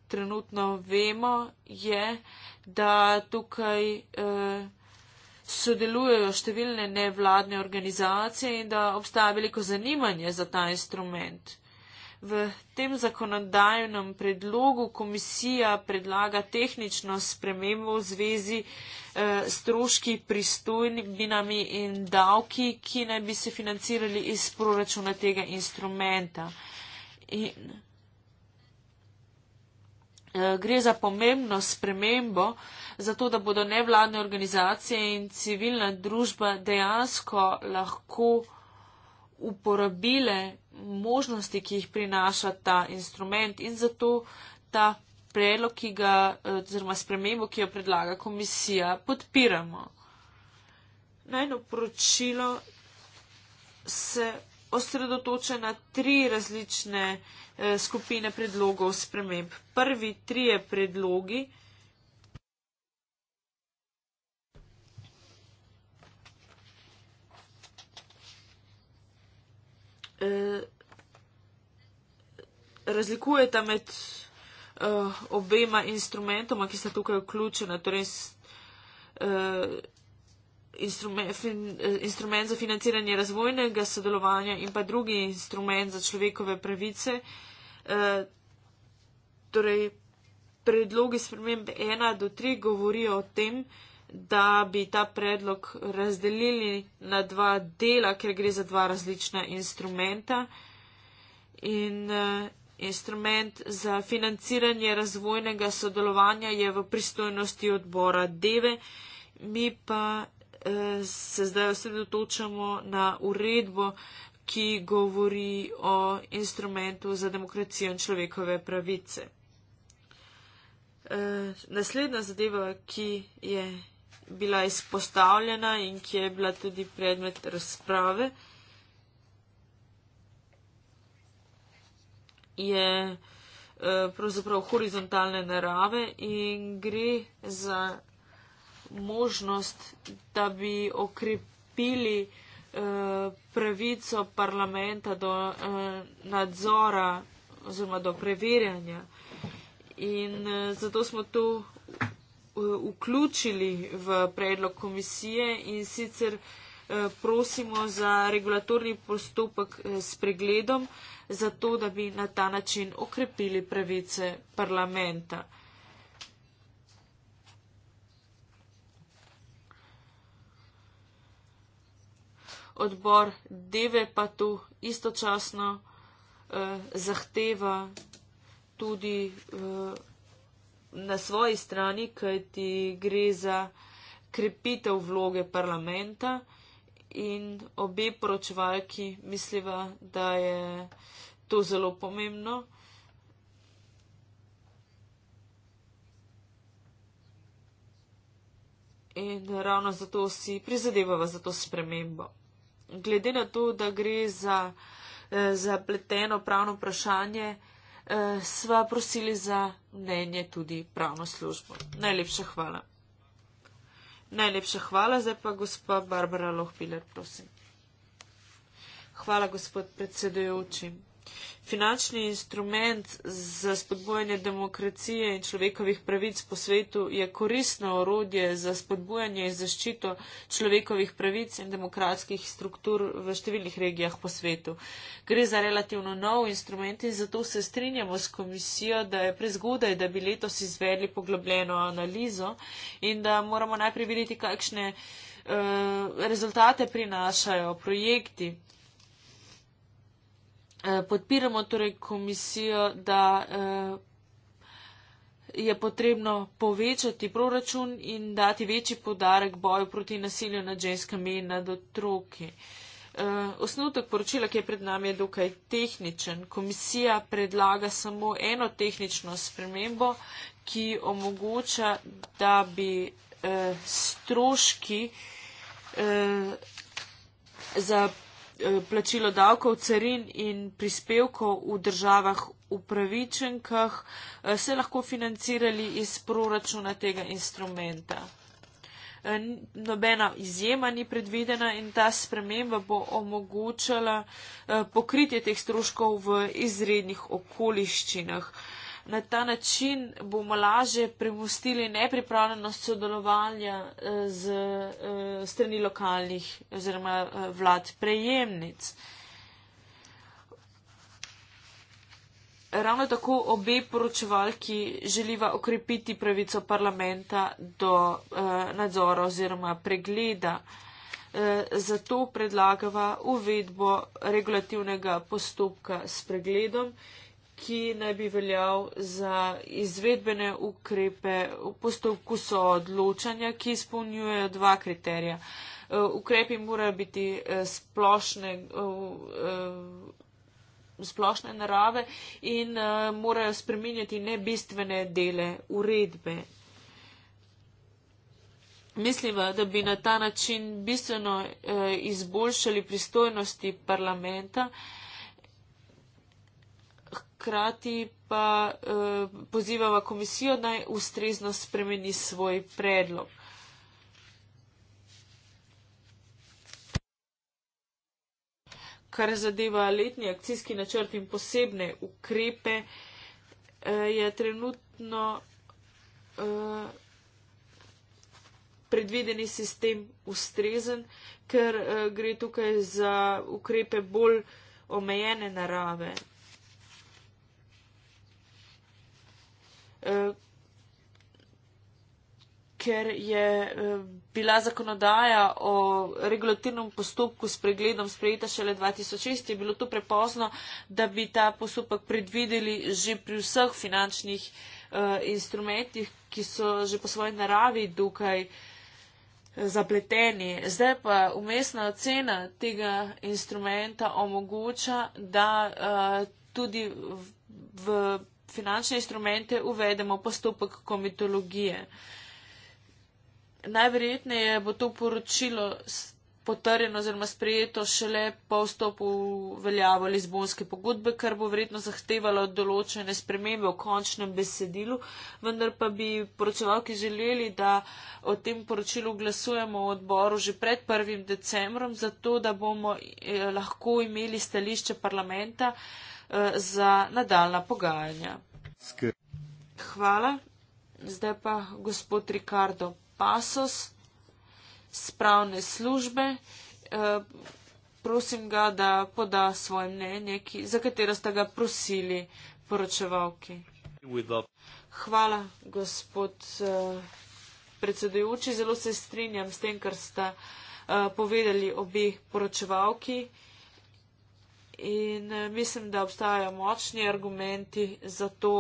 trenutno vemo, je, da tukaj eh, sodelujejo številne nevladne organizacije in da obstaja veliko zanimanje za ta instrument. Eh, v tem zakonodajnem predlogu komisija predlaga tehnično spremembo v zvezi eh, s troški pristojnimi in davki, ki naj bi se financirali iz proračuna tega instrumenta. In eh, gre za pomembno spremembo, zato da bodo nevladne organizacije in civilna družba dejansko lahko uporabile možnosti, ki jih prinaša ta instrument in zato ta predlog, ki ga, eh, oziroma spremembo, ki jo predlaga komisija, podpiramo. Najno poročilo se osredotoča na tri različne eh, skupine predlogov sprememb. Prvi tri predlogi Eh, razlikujeta med uh, obema instrumentoma, ki sta tukaj vključena, torej eh, instrument za financiranje razvojnega sodelovanja in pa drugi instrument za človekove pravice. Torej, predlogi spremembe 1 do 3 govorijo o tem, da bi ta predlog razdelili na dva dela, ker gre za dva različna instrumenta. In uh, instrument za financiranje razvojnega sodelovanja je v pristojnosti odbora Deve, mi pa uh, se zdaj osredotočamo na uredbo, ki govori o instrumentu za demokracijo in človekove pravice. Uh, naslednja zadeva, ki je bila izpostavljena in ki je bila tudi predmet razprave, je eh, pravzaprav horizontalne narave in gre za možnost, da bi okrepili eh, pravico parlamenta do eh, nadzora oziroma do preverjanja. In zato smo tu Eh, vključili v predlog komisije in sicer eh, prosimo za regulatorni postopek eh, s pregledom, zato da bi na ta način okrepili pravice parlamenta. Odbor Deve pa tu istočasno eh, zahteva tudi eh, na svoji strani, kaj ti gre za krepitev vloge parlamenta in obe poročevalki misliva, da je to zelo pomembno. In ravno zato si prizadevava za to spremembo. Glede na to, da gre za eh, zapleteno pravno vprašanje, eh, sva prosili za mnenje tudi pravno službo. Najlepša hvala. Najlepša hvala, zdaj pa gospa Barbara Lohpiler, prosim. Hvala, gospod predsedujoči. Finančni instrument za spodbujanje demokracije in človekovih pravic po svetu je koristno orodje za spodbujanje in zaščito človekovih pravic in demokratskih struktur v številnih regijah po svetu. Gre za relativno nov instrument in zato se strinjamo s komisijo, da je prezgodaj, da bi letos izvedli poglobljeno analizo in da moramo najprej videti, kakšne uh, rezultate prinašajo projekti. Eh, podpiramo torej komisijo, da eh, je potrebno povečati proračun in dati večji podarek boju proti nasilju nad ženskami in nad otroki. Eh, osnutek poročila, ki je pred nami, je dokaj tehničen. Komisija predlaga samo eno tehnično spremembo, ki omogoča, da bi stroški za Eh, plačilo davkov, carin in prispevkov v državah upravičenkah eh, se lahko financirali iz proračuna tega instrumenta. Eh, nobena izjema ni predvidena in ta sprememba bo omogočala pokritje teh stroškov v izrednih okoliščinah na ta način bomo laže premustili nepripravljenost sodelovanja eh, z eh, strani lokalnih oziroma eh, vlad prejemnic. Ravno tako obe poročevalki želiva okrepiti pravico parlamenta do nadzora oziroma pregleda. Zato predlagava uvedbo regulativnega postopka s pregledom ki naj bi veljal za izvedbene ukrepe v postopku soodločanja, ki izpolnjujejo dva kriterija. Eh, ukrepi morajo biti eh, splošne, eh, splošne narave in morajo spreminjati nebistvene dele uredbe. Mislim, da bi na ta način bistveno izboljšali pristojnosti parlamenta, hkrati pa eh, pozivava komisijo naj ustrezno spremeni svoj predlog. Kar zadeva letni akcijski načrt in posebne ukrepe, eh, je trenutno eh, predvideni sistem ustrezen, ker eh, gre tukaj za ukrepe bolj omejene narave. Eh, ker je eh, bila zakonodaja o regulativnem postopku s pregledom sprejeta šele 2006, je bilo to prepozno, da bi ta postopek predvideli že pri vseh finančnih eh, instrumentih, ki so že po svoji naravi dokaj zapleteni. Zdaj pa umestna ocena tega instrumenta omogoča, da tudi v. v finančne instrumente uvedemo postopek komitologije. Najverjetneje bo to poročilo potrjeno oziroma sprejeto šele po vstopu v veljavo Lizbonske pogodbe, kar bo verjetno zahtevalo določene spremembe v končnem besedilu, vendar pa bi poročevalki želeli, da o tem poročilu glasujemo v odboru že pred 1. decembrom, zato da bomo eh, lahko imeli stališče parlamenta eh, za nadaljna pogajanja. Hvala. Zdaj pa gospod Ricardo Pasos, spravne službe. Eh, prosim ga, da poda svoje mnenje, ki, za katero ste ga prosili poročevalki. Hvala, gospod eh, predsedujoči. Zelo se strinjam s tem, kar sta eh, povedali obi poročevalki. In eh, mislim, da obstajajo močni argumenti za to,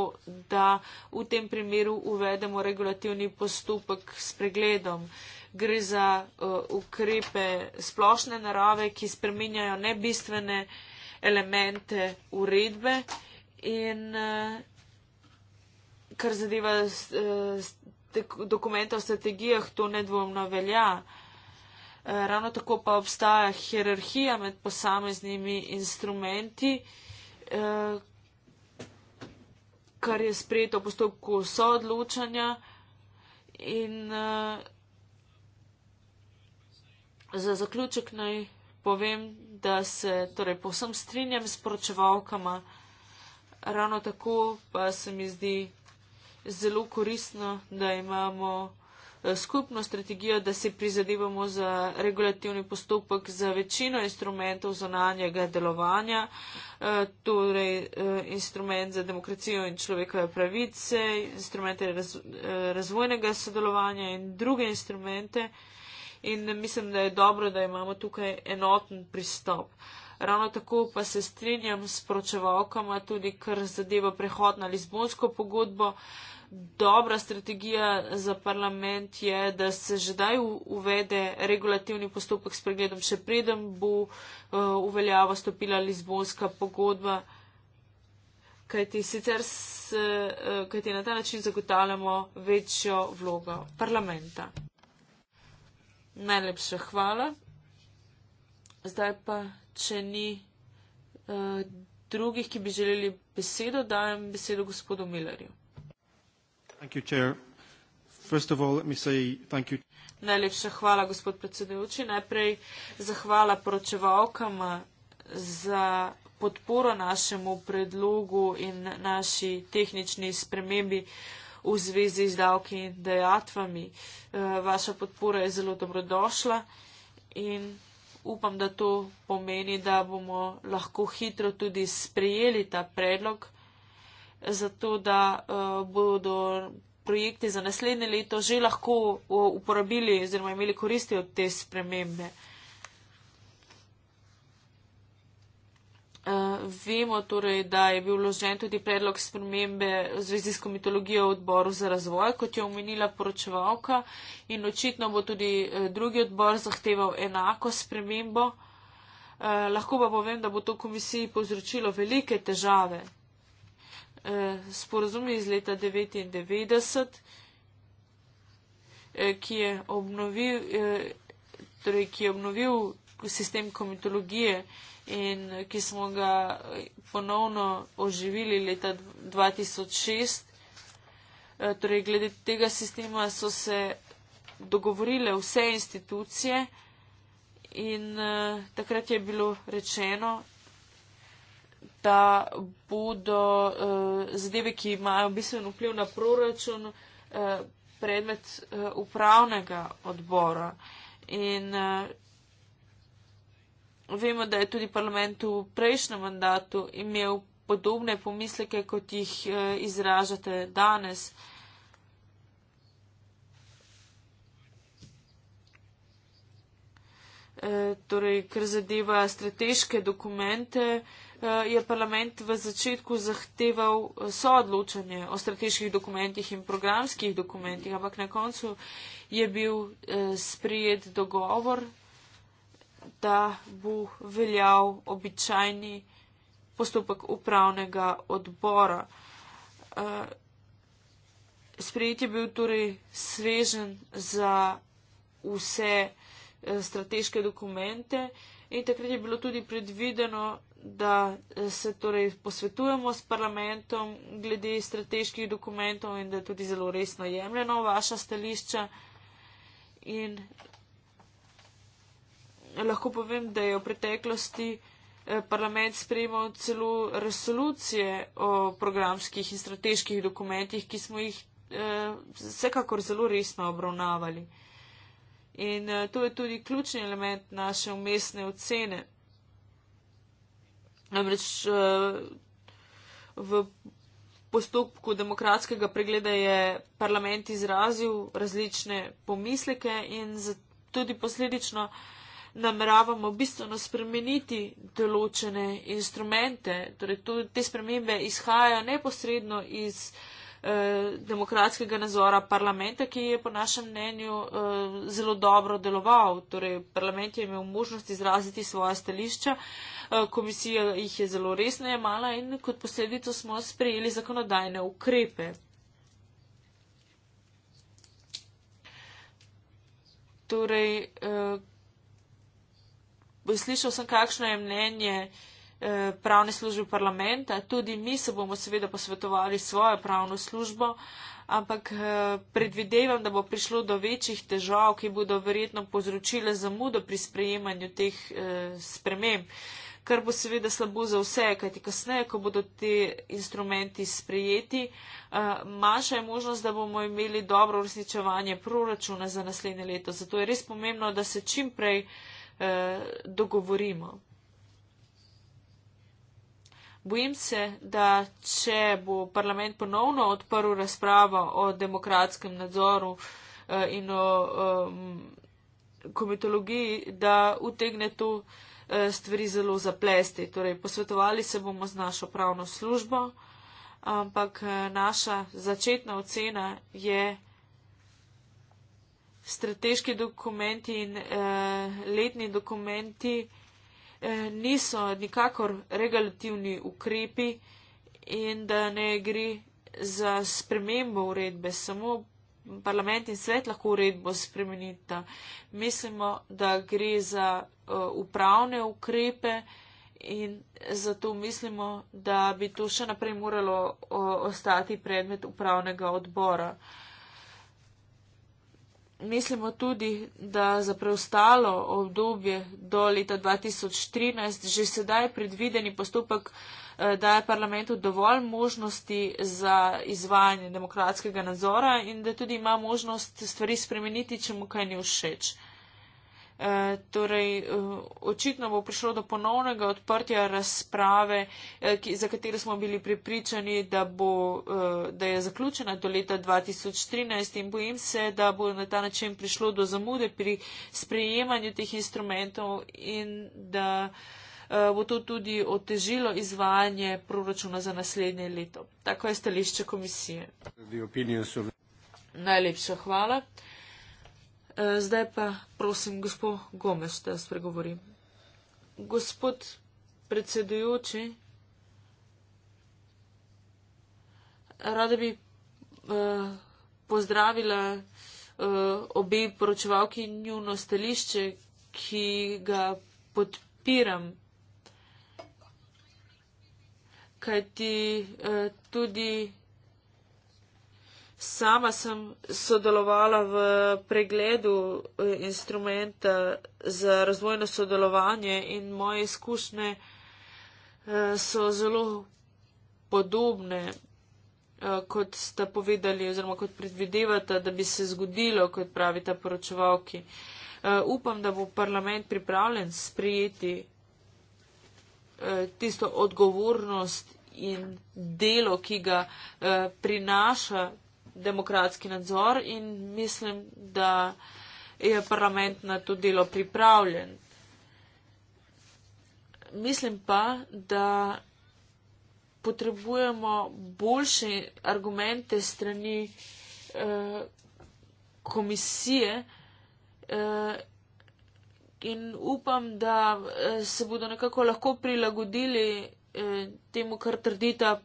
da v tem primeru uvedemo regulativni postopek s pregledom. Gre za uh, ukrepe splošne narave, ki spreminjajo ne bistvene elemente uredbe in uh, kar zadeva uh, dokumenta o strategijah, to nedvomno velja. Uh, ravno tako pa obstaja hierarhija med posameznimi instrumenti, eh, kar je sprejeto v postopku soodločanja in eh, za zaključek naj povem, da se torej povsem strinjam s poročevalkama, ravno tako pa se mi zdi zelo koristno, da imamo Eh, skupno strategijo, da si prizadevamo za regulativni postopek za večino instrumentov zonanjega delovanja, eh, torej eh, instrument za demokracijo in človekove pravice, instrumente razvojnega sodelovanja in druge instrumente. In mislim, da je dobro, da imamo tukaj enoten pristop. Ravno tako pa se strinjam s pročevalkama tudi, kar zadeva prehod na Lizbonsko pogodbo, dobra strategija za parlament je, da se že daj uvede regulativni postopek s pregledom, še preden bo uveljava eh, stopila Lizbonska pogodba, kajti sicer se, eh, kajti na ta način zagotavljamo večjo vlogo parlamenta. Najlepša hvala. Zdaj pa, če ni uh, drugih, ki bi želeli besedo, dajem besedo gospodu Millerju. Najlepša hvala, gospod predsedujoči. Najprej zahvala poročevalkam eh, za podporo našemu predlogu in naši tehnični spremembi v zvezi z davki in dejatvami. Eh, vaša podpora je zelo dobrodošla in upam, da to pomeni, da bomo lahko hitro tudi sprejeli ta predlog zato da uh, bodo projekti za naslednje leto že lahko eh, uporabili oziroma imeli koristi od te spremembe. Uh, vemo torej, da je bil vložen tudi predlog spremembe v zvezi s komitologijo odboru za razvoj, kot je omenila poročevalka in očitno bo tudi uh, drugi odbor zahteval enako spremembo. Uh, lahko pa povem, da bo to komisiji povzročilo velike težave, eh, sporozum iz leta 99, eh, ki, je obnovil, eh, torej, ki je obnovil sistem komitologije in eh, ki smo ga eh, ponovno oživili leta 2006. Eh, torej, glede tega sistema so se dogovorile vse institucije in eh, takrat je bilo rečeno, da bodo uh, zadeve, ki imajo bistven vpliv na proračun, uh, predmet uh, upravnega odbora. In uh, vemo, da je tudi parlament v prejšnjem mandatu imel podobne pomisleke, kot jih uh, izražate danes. E, torej, kar zadeva strateške dokumente, e, Eh, je parlament v začetku zahteval eh, soodločanje o strateških dokumentih in programskih dokumentih, ampak na koncu je bil eh, sprijet dogovor, da bo veljal običajni postopek upravnega odbora. Sprijet je bil torej svežen za vse strateške dokumente, In takrat je bilo tudi predvideno, da eh, se torej posvetujemo s parlamentom glede strateških dokumentov in da je tudi zelo resno jemljeno vaša stališča. In lahko povem, da je v preteklosti eh, parlament sprejemal celo resolucije o programskih in strateških dokumentih, ki smo jih eh, vsekakor zelo resno obravnavali. In uh, to je tudi ključni element naše umestne ocene. Namreč uh, v postopku demokratskega pregleda je parlament izrazil različne pomisleke in tudi posledično nameravamo bistveno spremeniti določene instrumente. Torej, tudi te spremembe izhajajo neposredno iz uh, eh, demokratskega nazora parlamenta, ki je po našem mnenju eh, zelo dobro deloval. Torej, parlament je imel možnost izraziti svoja stališča, eh, komisija jih je zelo resno jemala in kot posledico smo sprejeli zakonodajne ukrepe. Torej, eh, slišal sem, kakšno je mnenje eh, Eh, pravne službe parlamenta. Tudi mi se bomo seveda posvetovali svojo pravno službo, ampak eh, predvidevam, da bo prišlo do večjih težav, ki bodo verjetno povzročile zamudo pri sprejemanju teh eh, sprememb, kar bo seveda slabo za vse, kajti kasneje, ko bodo te instrumenti sprejeti, manjša je možnost, da bomo imeli dobro uresničevanje proračuna za naslednje leto. Zato je res pomembno, da se čim prej dogovorimo. Bojim se, da če bo parlament ponovno odprl razpravo o demokratskem nadzoru eh, in o eh, komitologiji, da utegne to eh, stvari zelo zaplesti. Torej, posvetovali se bomo z našo pravno službo, ampak naša začetna ocena je strateški dokumenti in letni dokumenti. Eh, niso nikakor regulativni ukrepi in da ne gre za spremembo uredbe, samo parlament in svet lahko uredbo spremenita. Mislimo, da gre za uh, upravne ukrepe in zato mislimo, da bi to še naprej moralo uh, ostati predmet upravnega odbora. Uh, mislimo tudi, da za preostalo obdobje do leta 2013 že sedaj predvideni postopek eh, daje parlamentu dovolj možnosti za izvajanje demokratskega nadzora in da tudi ima možnost stvari spremeniti, če mu kaj ni všeč. Eh, torej, eh, očitno bo prišlo do ponovnega odprtja razprave, eh, ki, za katero smo bili pripričani, da, bo, da je zaključena do leta 2013 in bojim se, da bo na ta način prišlo do zamude pri sprejemanju teh instrumentov in da bo to tudi otežilo izvajanje proračuna za naslednje leto. Tako je stališče komisije. Najlepša hvala. Eh, zdaj pa prosim, gospod Gomes, da spregovorim. Gospod predsedujoči, rada bi eh, pozdravila eh, obe poročevalki in njuno stališče, ki ga podpiram. Kajti eh, tudi Sama sem sodelovala v pregledu eh, instrumenta za razvojno sodelovanje in moje izkušnje eh, so zelo podobne, eh, kot ste povedali oziroma kot predvidevate, da bi se zgodilo, kot pravite poročevalki. Upam, da bo parlament pripravljen sprijeti tisto odgovornost in delo, ki ga prinaša demokratski nadzor in mislim, da je parlament na to delo pripravljen. Mislim pa, da potrebujemo boljše argumente strani eh, komisije eh, in upam, da eh, se bodo nekako lahko prilagodili eh, temu, kar trdita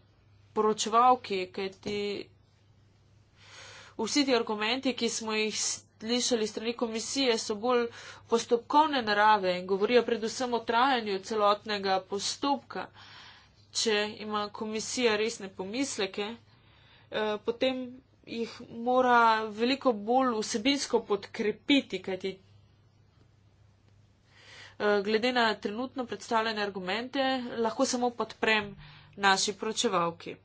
poročevalki, kajti vsi ti argumenti, ki smo jih slišali strani komisije, so bolj postopkovne narave in govorijo predvsem o trajanju celotnega postopka. Če ima komisija resne pomisleke, eh, potem jih mora veliko bolj vsebinsko podkrepiti, kajti eh, glede na trenutno predstavljene argumente lahko samo podprem naši pročevalki.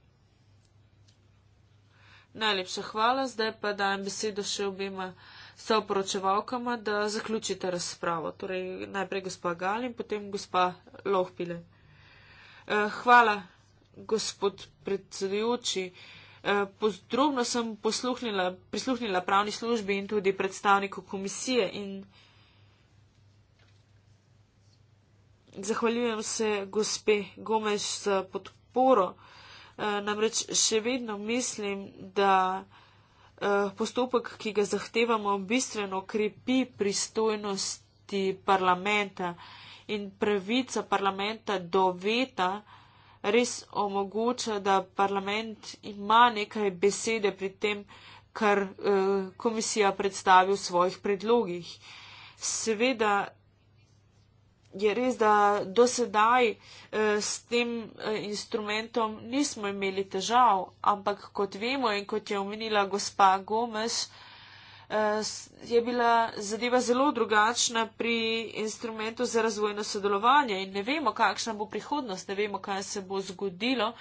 Najlepša hvala, zdaj pa dajem besedo še obima soporočevalkama, da zaključite razpravo. Torej, najprej gospa Gal in potem gospa Lohpile. Eh, hvala, gospod predsedujoči. Eh, podrobno sem posluhnila, prisluhnila pravni službi in tudi predstavniku komisije in zahvaljujem se gospe Gomez za podporo. Eh, namreč še vedno mislim, da eh, postopek, ki ga zahtevamo, bistveno krepi pristojnosti parlamenta in pravica parlamenta do veta res omogoča, da parlament ima nekaj besede pri tem, kar eh, komisija predstavi v svojih predlogih. Seveda je res, da do sedaj eh, s tem eh, instrumentom nismo imeli težav, ampak kot vemo in kot je omenila gospa Gomes, eh, je bila zadeva zelo drugačna pri instrumentu za razvojno sodelovanje in ne vemo, kakšna bo prihodnost, ne vemo, kaj se bo zgodilo.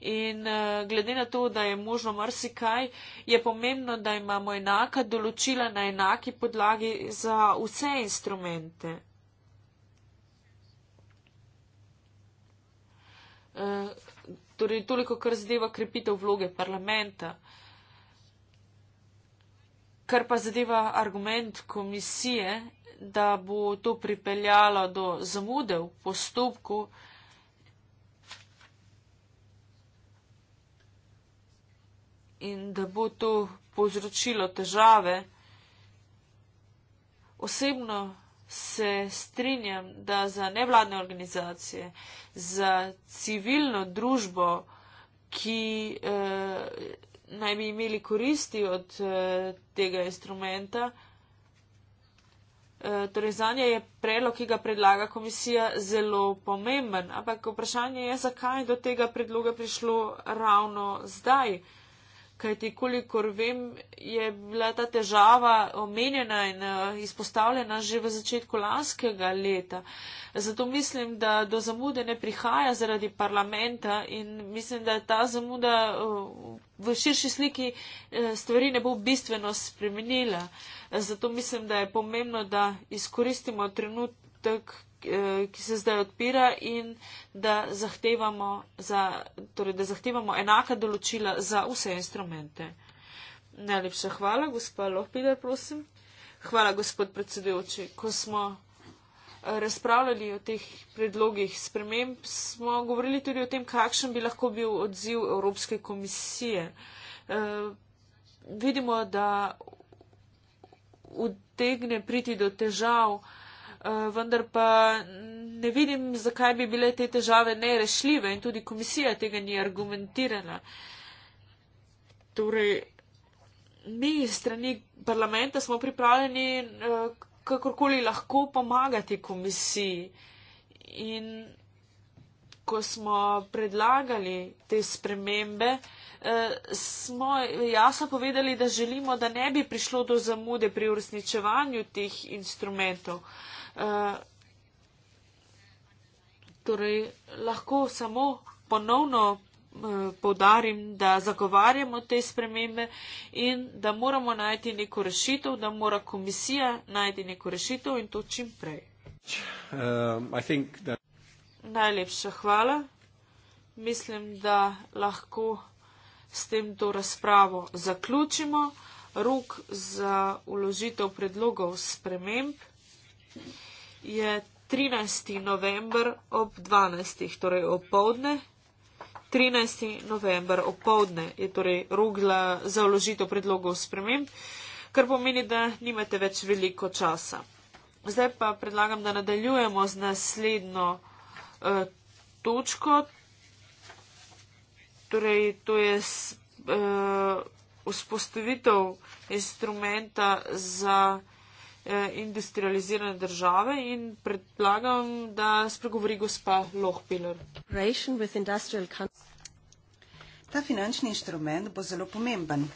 In glede na to, da je možno marsikaj, je pomembno, da imamo enaka določila na enaki podlagi za vse instrumente. Eh, torej toliko, kar zadeva krepitev vloge parlamenta. Kar pa zadeva argument komisije, da bo to pripeljalo do zamude v postopku, In da bo to povzročilo težave. Osebno se strinjam, da za nevladne organizacije, za civilno družbo, ki eh, naj bi imeli koristi od eh, tega instrumenta, eh, torej za nje je predlog, ki ga predlaga komisija, zelo pomemben. Ampak vprašanje je, zakaj je do tega predloga prišlo ravno zdaj. Eh, kajti kolikor vem, je bila ta težava omenjena in eh, izpostavljena že v začetku lanskega leta. Zato mislim, da do zamude ne prihaja zaradi parlamenta in mislim, da ta zamuda eh, v širši sliki eh, stvari ne bo bistveno spremenila. Zato mislim, da je pomembno, da izkoristimo trenutek, Eh, ki se zdaj odpira in da zahtevamo, za, torej, da zahtevamo enaka določila za vse instrumente. Najlepša hvala, gospa Lohpider, prosim. Hvala, gospod predsedujoči. Ko smo eh, razpravljali o teh predlogih sprememb, smo govorili tudi o tem, kakšen bi lahko bil odziv Evropske komisije. E, vidimo, da utegne priti do težav, Eh, vendar pa ne vidim, zakaj bi bile te težave nerešljive in tudi komisija tega ni argumentirana. Torej, mi strani parlamenta smo pripravljeni eh, kakorkoli lahko pomagati komisiji. In ko smo predlagali te spremembe, eh, smo jasno povedali, da želimo, da ne bi prišlo do zamude pri uresničevanju teh instrumentov. Eh, torej, lahko samo ponovno uh, eh, povdarim, da zagovarjamo te spremembe in da moramo najti neko rešitev, da mora komisija najti neko rešitev in to čim prej. Uh, that... Najlepša hvala. Mislim, da lahko s tem to razpravo zaključimo. Rok za uložitev predlogov sprememb. Thank you je 13. november ob 12. torej opoldne. 13. november opoldne je torej rok za vložitev predlogov sprememb, kar pomeni, da nimate več veliko časa. Zdaj pa predlagam, da nadaljujemo z naslednjo eh, točko. Torej, to je eh, vzpostavitev instrumenta za. Eh, industrializirane države in predlagam, da spregovori gospa Lohpiller. Ta finančni inštrument bo zelo pomemben.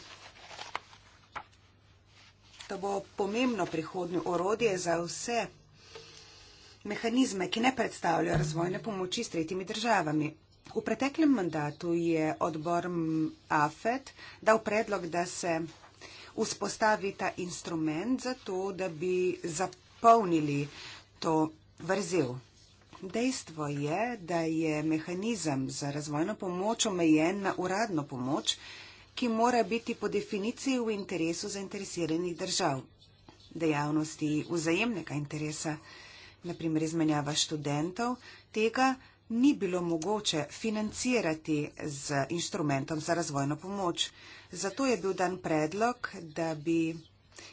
To bo pomembno prihodnjo orodje za vse mehanizme, ki ne predstavljajo razvojne pomoči s tretjimi državami. V preteklem mandatu je odbor AFED dal predlog, da se vzpostavi ta instrument za to, da bi zapolnili to vrzel. Dejstvo je, da je mehanizem za razvojno pomoč omejen na uradno pomoč, ki mora biti po definiciji v interesu zainteresiranih držav, dejavnosti vzajemnega interesa, naprimer izmenjava študentov, tega, ni bilo mogoče financirati z inštrumentom za razvojno pomoč. Zato je bil dan predlog, da bi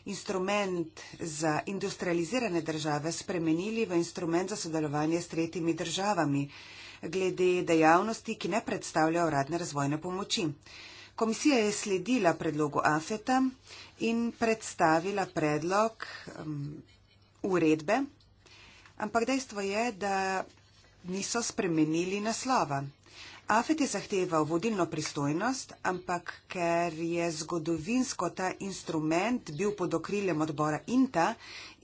instrument za industrializirane države spremenili v instrument za sodelovanje s tretjimi državami, glede dejavnosti, ki ne predstavlja uradne razvojne pomoči. Komisija je sledila predlogu AFETA in predstavila predlog um, uredbe, ampak dejstvo je, da niso spremenili naslova. Afet je zahteval vodilno pristojnost, ampak ker je zgodovinsko ta instrument bil pod okriljem odbora INTA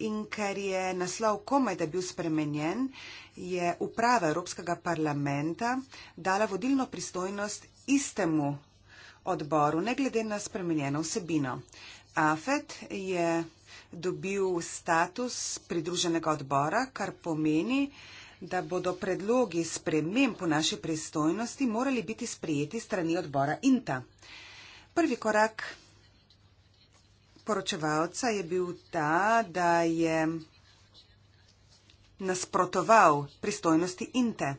in ker je naslov komaj da bil spremenjen, je uprava Evropskega parlamenta dala vodilno pristojnost istemu odboru, ne glede na spremenjeno vsebino. Afet je dobil status pridruženega odbora, kar pomeni, da bodo predlogi sprememb v naši pristojnosti morali biti sprijeti strani odbora INTA. Prvi korak poročevalca je bil ta, da je nasprotoval pristojnosti INTE.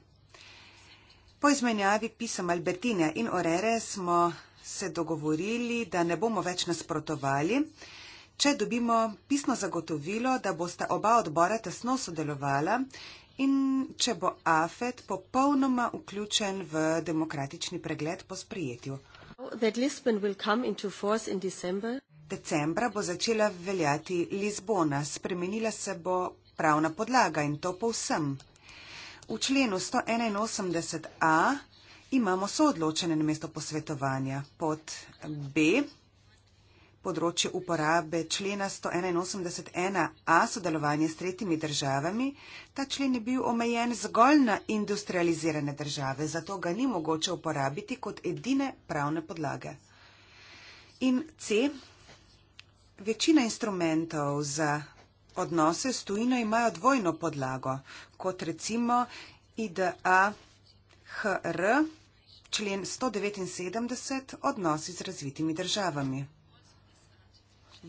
Po izmenjavi pisem Albertine in Orere smo se dogovorili, da ne bomo več nasprotovali, če dobimo pisno zagotovilo, da boste oba odbora tesno sodelovala in če bo AFED popolnoma vključen v demokratični pregled po sprijetju. Decembra bo začela veljati Lizbona, spremenila se bo pravna podlaga in to povsem. V členu 181a imamo soodločene namesto posvetovanja pod B področje uporabe člena 181a sodelovanje s tretjimi državami, ta člen je bil omejen zgolj na industrializirane države, zato ga ni mogoče uporabiti kot edine pravne podlage. In C. Večina instrumentov za odnose s tujino imajo dvojno podlago, kot recimo IDAHR člen 179 odnosi z razvitimi državami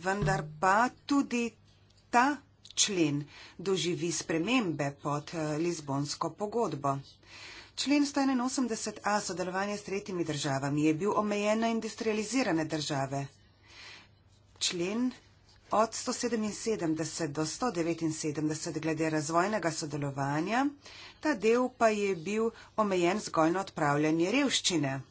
vendar pa tudi ta člen doživi spremembe pod eh, Lizbonsko pogodbo. Člen 181a sodelovanje s tretjimi državami je bil omejen na industrializirane države. Člen od 177 do 179 glede razvojnega sodelovanja, ta del pa je bil omejen zgolj na odpravljanje revščine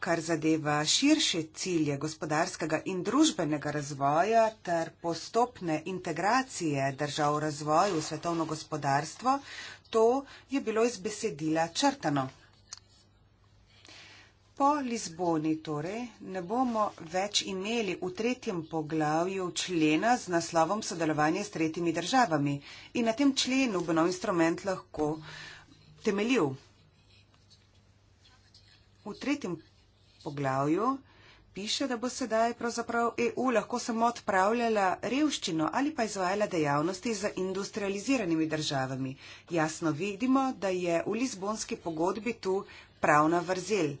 kar zadeva širše cilje gospodarskega in družbenega razvoja ter postopne integracije držav v razvoju v svetovno gospodarstvo, to je bilo iz besedila črtano. Po Lizboni torej ne bomo več imeli v tretjem poglavju člena z naslovom sodelovanje s tretjimi državami in na tem členu bo nov instrument lahko temeljil. V tretjem poglavju piše, da bo sedaj pravzaprav EU lahko samo odpravljala revščino ali pa izvajala dejavnosti za industrializiranimi državami. Jasno vidimo, da je v Lizbonski pogodbi tu pravna vrzel.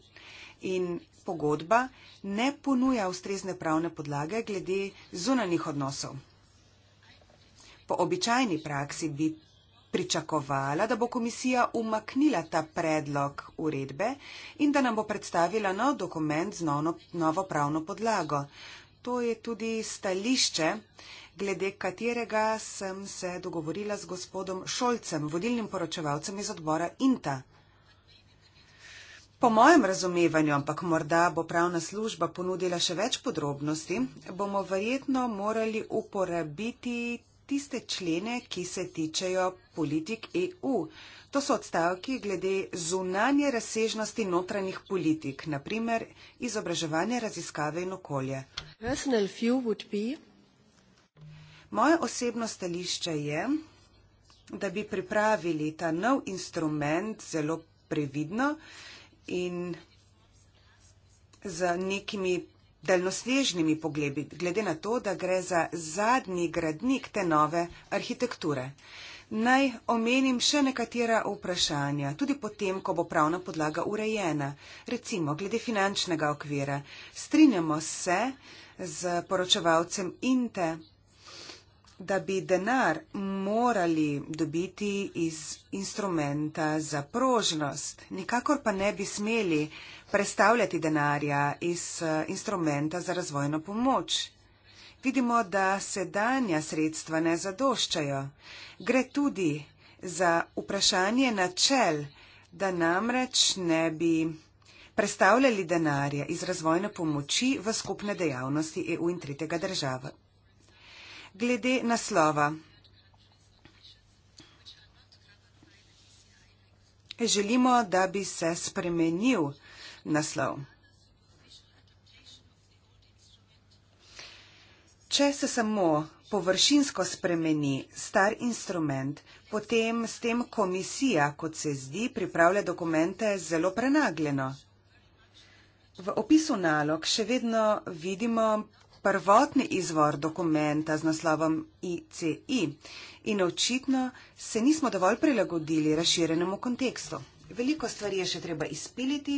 In pogodba ne ponuja ustrezne pravne podlage glede zunanjih odnosov. Po običajni praksi bi pričakovala, da bo komisija umaknila ta predlog uredbe in da nam bo predstavila nov dokument z novo, novo pravno podlago. To je tudi stališče, glede katerega sem se dogovorila z gospodom Šolcem, vodilnim poročevalcem iz odbora INTA. Po mojem razumevanju, ampak morda bo pravna služba ponudila še več podrobnosti, bomo verjetno morali uporabiti tiste člene, ki se tičejo politik EU. To so odstavki glede zunanje razsežnosti notranjih politik, naprimer izobraževanje, raziskave in okolje. Moje osebno stališče je, da bi pripravili ta nov instrument zelo previdno in z nekimi daljnosnežnimi poglebi, glede na to, da gre za zadnji gradnik te nove arhitekture. Naj omenim še nekatera vprašanja, tudi potem, ko bo pravna podlaga urejena, recimo glede finančnega okvira. Strinjamo se z poročevalcem Inte, da bi denar morali dobiti iz instrumenta za prožnost, nikakor pa ne bi smeli uh, prestavljati denarja iz eh, instrumenta za razvojno pomoč. Vidimo, da sedanja sredstva ne zadoščajo. Gre tudi za vprašanje načel, da namreč ne bi predstavljali denarja iz razvojne pomoči v skupne dejavnosti EU in tretjega država. Glede naslova. Želimo, da bi se spremenil naslov. Če se samo površinsko spremeni star instrument, potem s tem komisija, kot se zdi, pripravlja dokumente zelo prenagljeno. V opisu nalog še vedno vidimo prvotni izvor dokumenta z naslovom ICI in očitno se nismo dovolj prilagodili razširjenemu kontekstu. Veliko stvari je še treba izpiliti,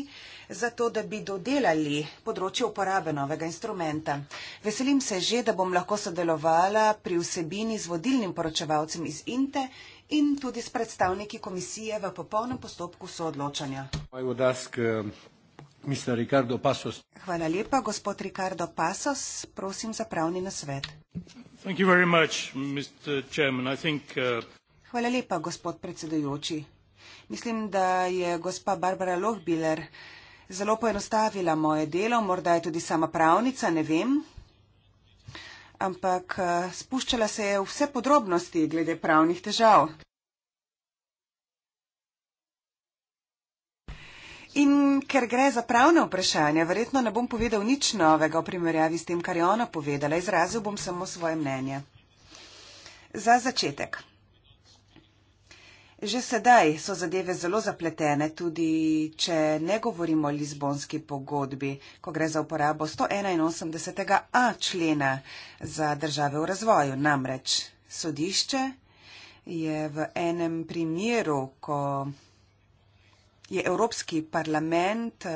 zato da bi dodelali področje uporabe novega instrumenta. Veselim se že, da bom lahko sodelovala pri vsebini z vodilnim poročevalcem iz INTE in tudi s predstavniki komisije v popolnem postopku soodločanja. Uh, Hvala lepa, gospod Ricardo Pasos. Prosim za pravni nasvet. Uh, Hvala lepa, gospod predsedujoči. Mislim, da je gospa Barbara Lohbiler zelo poenostavila moje delo, morda je tudi sama pravnica, ne vem, ampak eh, spuščala se je v vse podrobnosti glede pravnih težav. In ker gre za pravne vprašanja, verjetno ne bom povedal nič novega v primerjavi s tem, kar je ona povedala, izrazil bom samo svoje mnenje. Za začetek. Že sedaj so zadeve zelo zapletene, tudi če ne govorimo o Lizbonski pogodbi, ko gre za uporabo 181a člena za države v razvoju. Namreč sodišče je v enem primeru, ko je Evropski parlament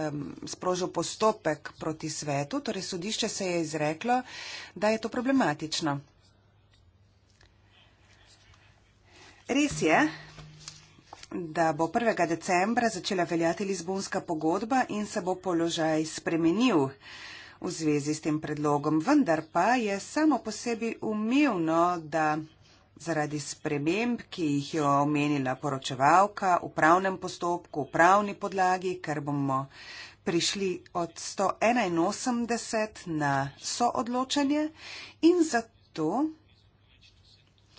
sprožil postopek proti svetu, torej sodišče se je izreklo, da je to problematično. Res je, da bo 1. decembra začela veljati Lizbonska pogodba in se bo položaj spremenil v zvezi s tem predlogom. Vendar pa je samo po sebi umevno, da zaradi sprememb, ki jih je omenila poročevalka, v pravnem postopku, v pravni podlagi, ker bomo prišli od 181 na soodločanje in zato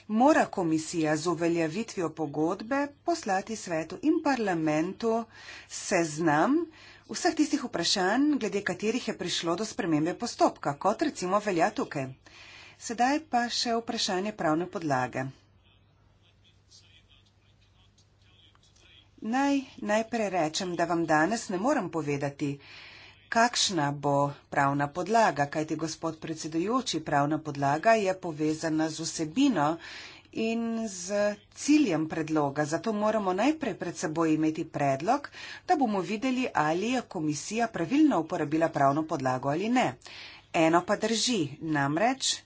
mora komisija z uveljavitvijo pogodbe poslati svetu in parlamentu seznam vseh tistih vprašanj, glede katerih je prišlo do spremembe postopka, kot recimo velja tukaj. Sedaj pa še vprašanje pravne podlage. Naj najprej rečem, da vam danes ne morem povedati, kakšna bo pravna podlaga, kajti gospod predsedujoči, pravna podlaga je povezana z vsebino in z ciljem predloga. Zato moramo najprej pred seboj imeti predlog, da bomo videli, ali je komisija pravilno uporabila pravno podlago ali ne. Eno pa drži, namreč,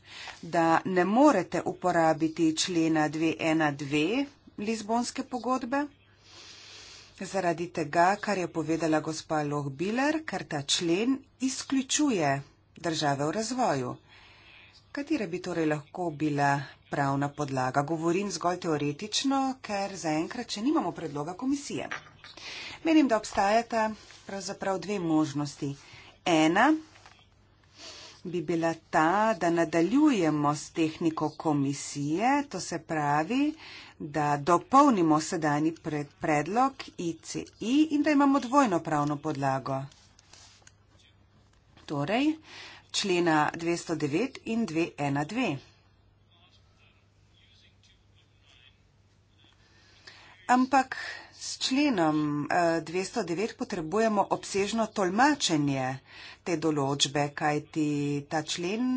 da ne morete uporabiti člena 212 Lizbonske pogodbe zaradi tega, kar je povedala gospa Lohbiler, ker ta člen izključuje države v razvoju. Katera bi torej lahko bila pravna podlaga? Govorim zgolj teoretično, ker zaenkrat še nimamo predloga komisije. Menim, da obstajata pravzaprav dve možnosti. Ena, bi bila ta, da nadaljujemo s tehniko komisije, to se pravi, da dopolnimo sedajni predlog ICI in da imamo dvojno pravno podlago. Torej, člena 209 in 212. Ampak S členom 209 eh, potrebujemo obsežno tolmačenje te določbe, kajti ta člen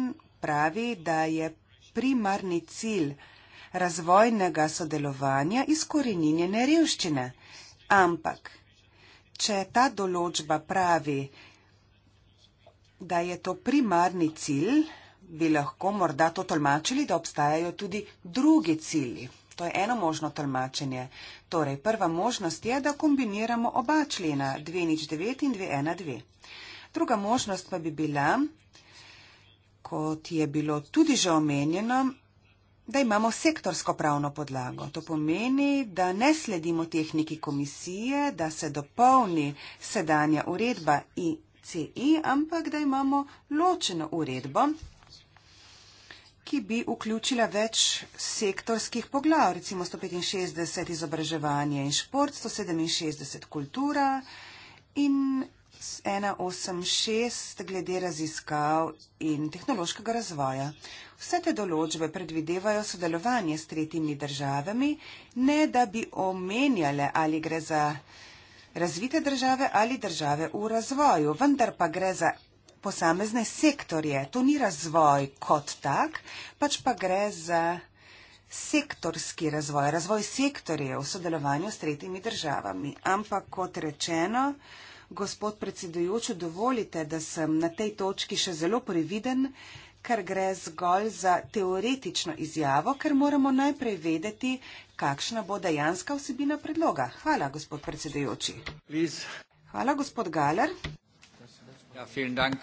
pravi, da je primarni cilj razvojnega sodelovanja izkoreninjene revščine. Ampak, če ta določba pravi, da je to primarni cilj, bi lahko morda to tolmačili, da obstajajo tudi drugi cilji. To je eno možno tolmačenje. Torej, prva možnost je, da kombiniramo oba člena 209 in 212. Druga možnost pa bi bila, kot je bilo tudi že omenjeno, da imamo sektorsko pravno podlago. To pomeni, da ne sledimo tehniki komisije, da se dopolni sedanja uredba ICI, ampak da imamo ločeno uredbo, ki bi vključila več sektorskih poglav, recimo 165 izobraževanje in šport, 167 kultura in 186 glede raziskav in tehnološkega razvoja. Vse te določbe predvidevajo sodelovanje s tretjimi državami, ne da bi omenjale, ali gre za razvite države ali države v razvoju, vendar pa gre za posamezne sektorje. To ni razvoj kot tak, pač pa gre za sektorski razvoj, razvoj sektorjev v sodelovanju s tretjimi državami. Ampak kot rečeno, gospod predsedujoči, dovolite, da sem na tej točki še zelo previden, ker gre zgolj za teoretično izjavo, ker moramo najprej vedeti, kakšna bo dejanska vsebina predloga. Hvala, gospod predsedujoči. Hvala, gospod Galer. Ja, vielen Dank,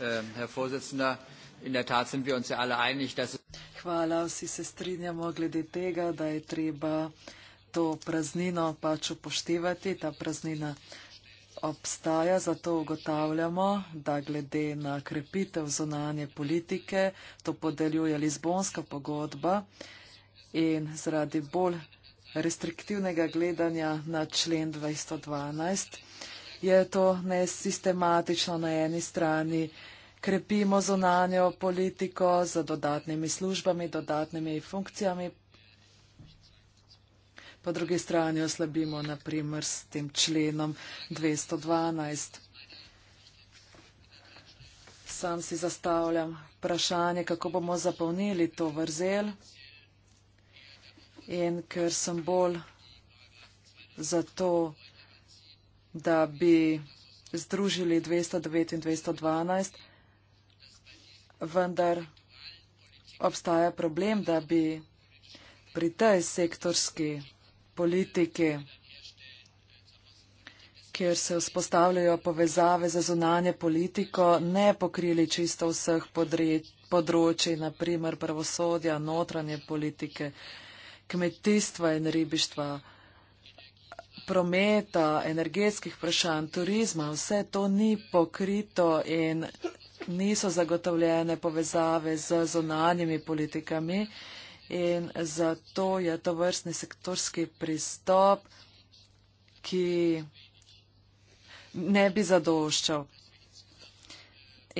äh, Herr Vorsitzender. In der Tat sind wir uns ja alle einig, dass Hvala, vsi se strinjamo glede tega, da je treba to praznino pač upoštevati. Ta praznina obstaja, zato ugotavljamo, da glede na krepitev zonanje politike to podeljuje Lizbonska pogodba in zaradi bolj restriktivnega gledanja na člen 212 je to nesistematično na eni strani. Krepimo zonanjo politiko z dodatnimi službami, dodatnimi funkcijami, po drugi strani oslabimo naprimer s tem členom 212. Sam si zastavljam vprašanje, kako bomo zapolnili to vrzel in ker sem bolj za to vrzel, da bi združili 209 in 212, vendar obstaja problem, da bi pri tej sektorski politiki, kjer se vzpostavljajo povezave za zunanje politiko, ne pokrili čisto vseh področji, naprimer pravosodja, notranje politike, kmetijstva in ribištva prometa, energetskih vprašanj, turizma, vse to ni pokrito in niso zagotovljene povezave z zonanjimi politikami in zato je to vrstni sektorski pristop, ki ne bi zadoščal.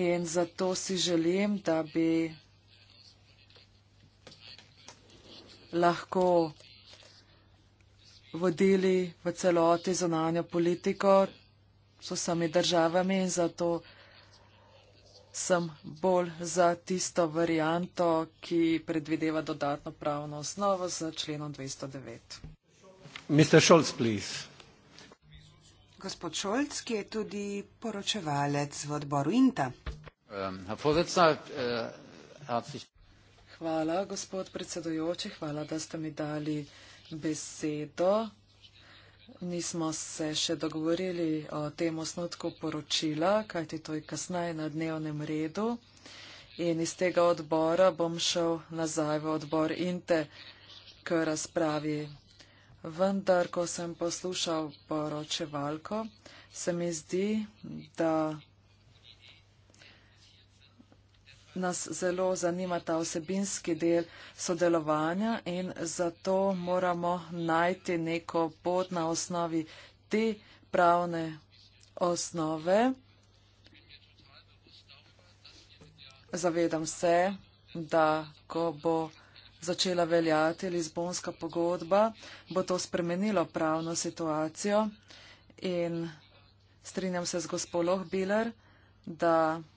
In zato si želim, da bi lahko vodili v celoti zunanjo politiko s vsemi državami in zato sem bolj za tisto varianto, ki predvideva dodatno pravno osnovo z členom 209. Scholz, Gospod Šolc, ki je tudi poročevalec v odboru INTA. Ähm, äh, hvala, gospod predsedujoči, hvala, da ste mi dali besedo. Nismo se še dogovorili o tem osnutku poročila, kajti to je kasneje na dnevnem redu. In iz tega odbora bom šel nazaj v odbor INTE k razpravi. Vendar, ko sem poslušal poročevalko, se mi zdi, da nas zelo zanima ta osebinski del sodelovanja in zato moramo najti neko pot na osnovi te pravne osnove. Zavedam se, da ko bo začela veljati Lizbonska pogodba, bo to spremenilo pravno situacijo in strinjam se z gospod Lohbiler, da bo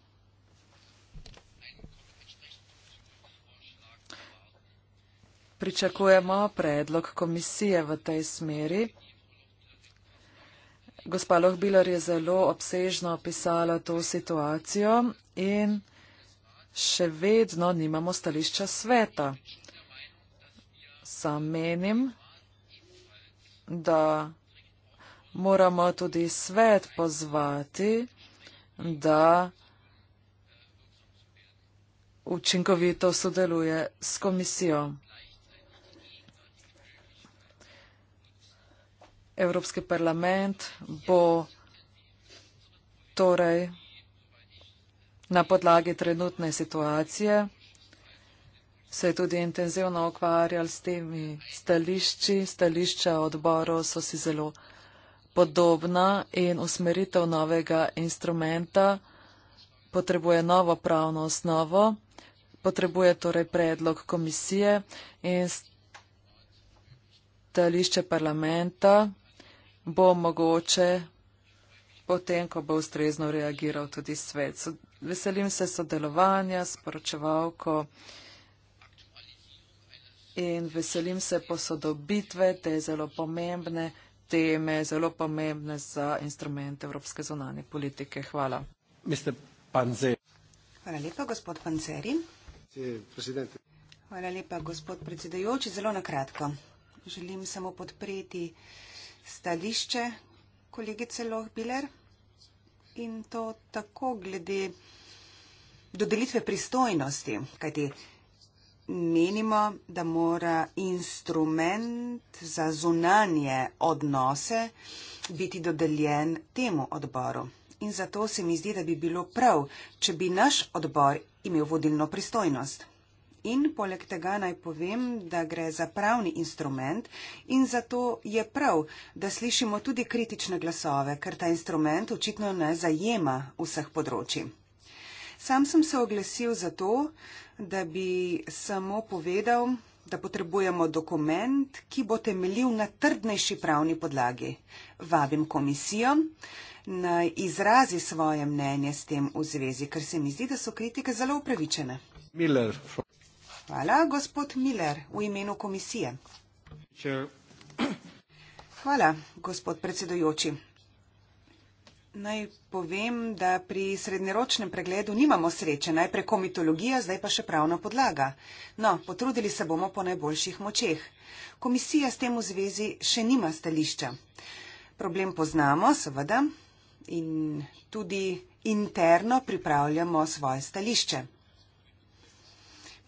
Pričakujemo predlog komisije v tej smeri. Gospa Lohbiler je zelo obsežno opisala to situacijo in še vedno nimamo stališča sveta. Sam menim, da moramo tudi svet pozvati, da učinkovito sodeluje s komisijo. Evropski parlament bo torej na podlagi trenutne situacije se je tudi intenzivno ukvarjal s temi stališči. Stališča odborov so si zelo podobna in usmeritev novega instrumenta potrebuje novo pravno osnovo, potrebuje torej predlog komisije in stališče parlamenta bo mogoče potem, ko bo ustrezno reagiral tudi svet. Veselim se sodelovanja s poročevalko in veselim se posodobitve te zelo pomembne teme, zelo pomembne za instrumente evropske zunanje politike. Hvala. Hvala lepa, gospod Panzeri. Hvala lepa, gospod predsedajoči. Zelo na kratko. Želim samo podpreti stališče kolegice Loh Biler in to tako glede dodelitve pristojnosti, kajti menimo, da mora instrument za zunanje odnose biti dodeljen temu odboru. In zato se mi zdi, da bi bilo prav, če bi naš odbor imel vodilno pristojnost in poleg tega naj povem, da gre za pravni instrument in zato je prav, da slišimo tudi kritične glasove, ker ta instrument očitno ne zajema vseh področji. Sam sem se oglesil zato, da bi samo povedal, da potrebujemo dokument, ki bo temeljil na trdnejši pravni podlagi. Vabim komisijo naj izrazi svoje mnenje s tem v zvezi, ker se mi zdi, da so kritike zelo upravičene. Miller. Hvala, gospod Miller, v imenu komisije. Hvala, gospod predsedujoči. Naj povem, da pri srednjeročnem pregledu nimamo sreče, najprej komitologija, zdaj pa še pravna podlaga. No, potrudili se bomo po najboljših močeh. Komisija s tem v zvezi še nima stališča. Problem poznamo, seveda, in tudi interno pripravljamo svoje stališče.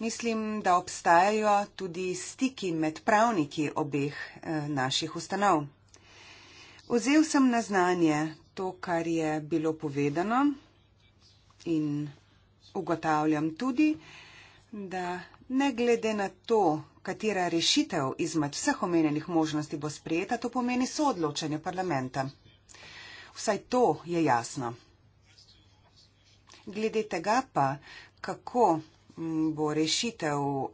Mislim, da obstajajo tudi stiki med pravniki obeh eh, naših ustanov. Vzel sem na znanje to, kar je bilo povedano in ugotavljam tudi, da ne glede na to, katera rešitev izmed vseh omenjenih možnosti bo sprejeta, to pomeni soodločanje parlamenta. Vsaj to je jasno. Glede tega pa, kako bo rešitev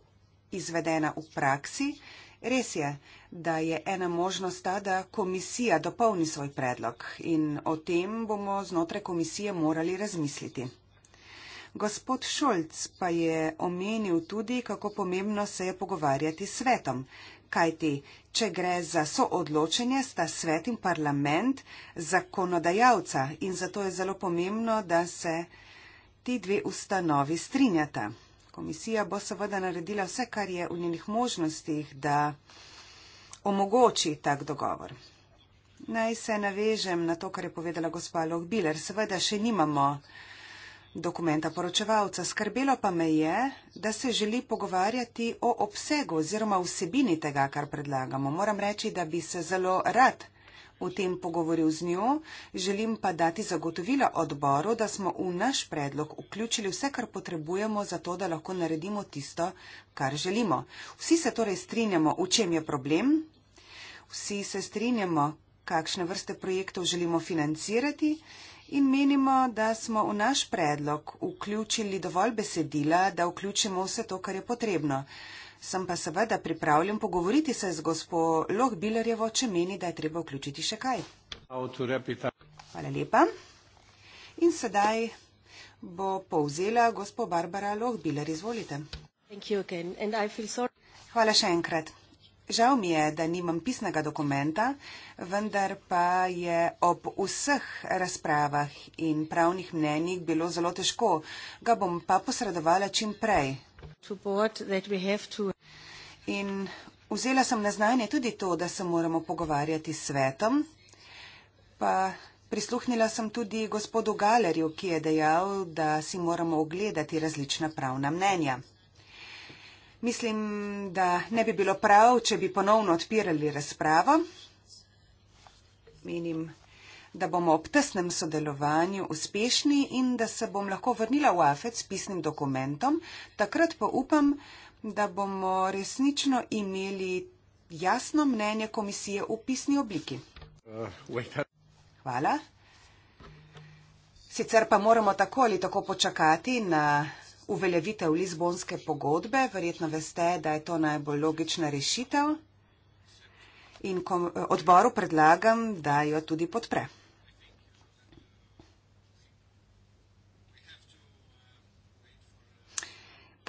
izvedena v praksi. Res je, da je ena možnost ta, da komisija dopolni svoj predlog in o tem bomo znotraj komisije morali razmisliti. Gospod Šolc pa je omenil tudi, kako pomembno se je pogovarjati s svetom, kajti, če gre za soodločenje, sta svet in parlament zakonodajalca in zato je zelo pomembno, da se ti dve ustanovi strinjata komisija bo seveda naredila vse, kar je v njenih možnostih, da omogoči tak dogovor. Naj se navežem na to, kar je povedala gospa Lohbiler. Seveda še nimamo dokumenta poročevalca. Skrbelo pa me je, da se želi pogovarjati o obsegu oziroma vsebini tega, kar predlagamo. Moram reči, da bi se zelo rad o tem pogovoril z njo, želim pa dati zagotovila odboru, da smo v naš predlog vključili vse, kar potrebujemo za to, da lahko naredimo tisto, kar želimo. Vsi se torej strinjamo, v čem je problem. Vsi se strinjamo, kakšne vrste projektov želimo financirati. In menimo, da smo v naš predlog vključili dovolj besedila, da vključimo vse to, kar je potrebno sem pa seveda pripravljen pogovoriti se z gospod Lohbilerjevo, če meni, da je treba vključiti še kaj. Hvala lepa. In sedaj bo povzela gospod Barbara Lohbiler, izvolite. Hvala še enkrat. Žal mi je, da nimam pisnega dokumenta, vendar pa je ob vseh razpravah in pravnih mnenjih bilo zelo težko. Ga bom pa posredovala čim prej, In vzela sem na znanje tudi to, da se moramo pogovarjati s svetom, pa prisluhnila sem tudi gospodu Galerju, ki je dejal, da si moramo ogledati različna pravna mnenja. Mislim, da ne bi bilo prav, če bi ponovno odpirali razpravo. Menim, da bomo ob tesnem sodelovanju uspešni in da se bom lahko vrnila v AFEC s pisnim dokumentom. Takrat pa upam, da bomo resnično imeli jasno mnenje komisije v pisni obliki. Hvala. Sicer pa moramo tako ali tako počakati na uveljavitev Lizbonske pogodbe. Verjetno veste, da je to najbolj logična rešitev. In odboru predlagam, da jo tudi podpre.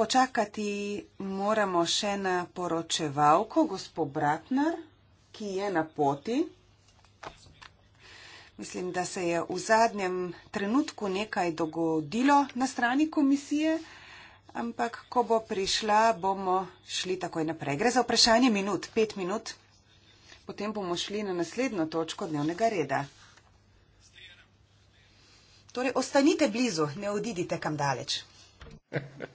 počakati moramo še na poročevalko, gospod Bratner, ki je na poti. Mislim, da se je v zadnjem trenutku nekaj dogodilo na strani komisije, ampak ko bo prišla, bomo šli takoj naprej. Gre za vprašanje minut, pet minut, potem bomo šli na naslednjo točko dnevnega reda. Torej, ostanite blizu, ne odidite kam daleč. Ha ha ha.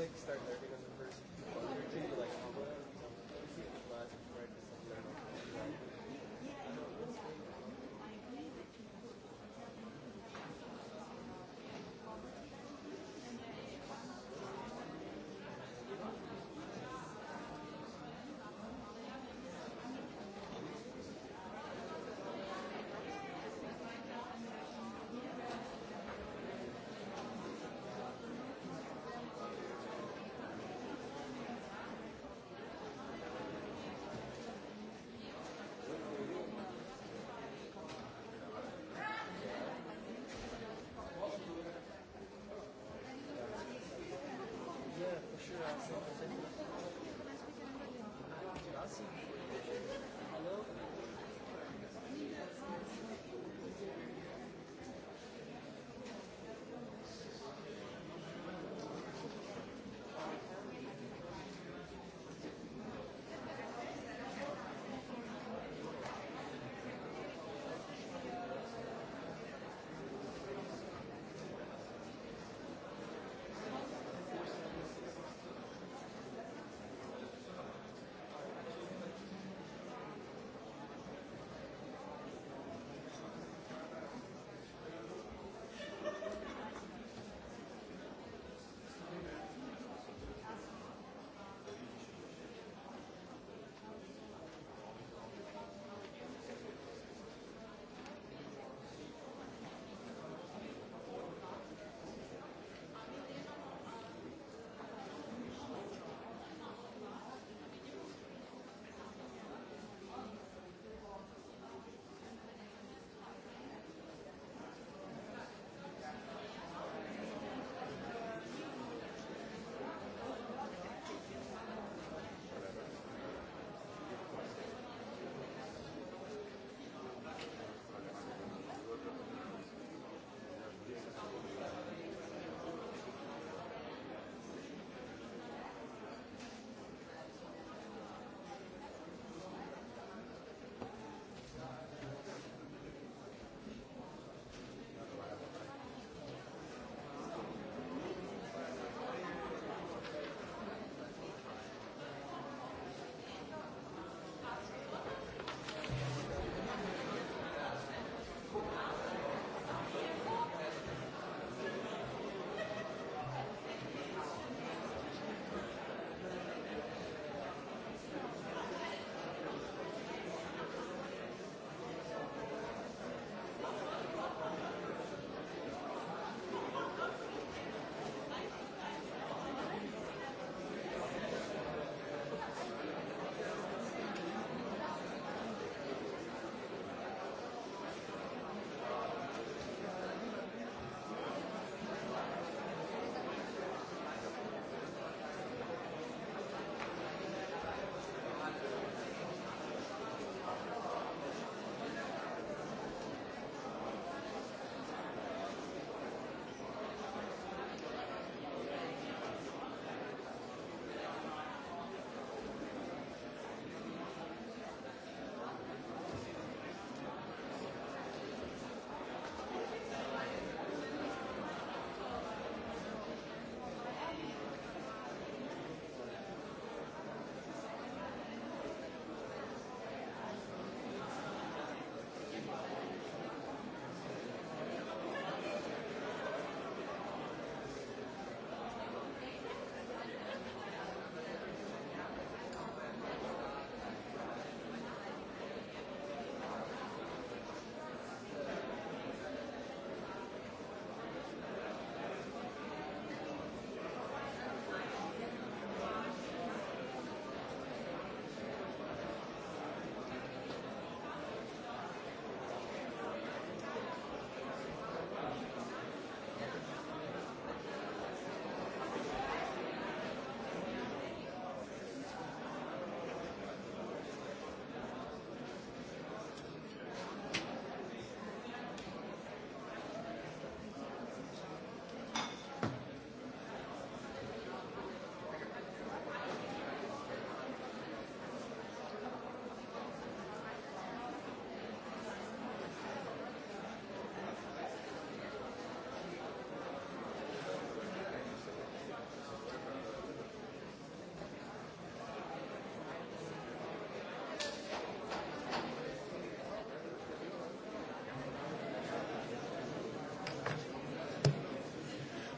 click, start there.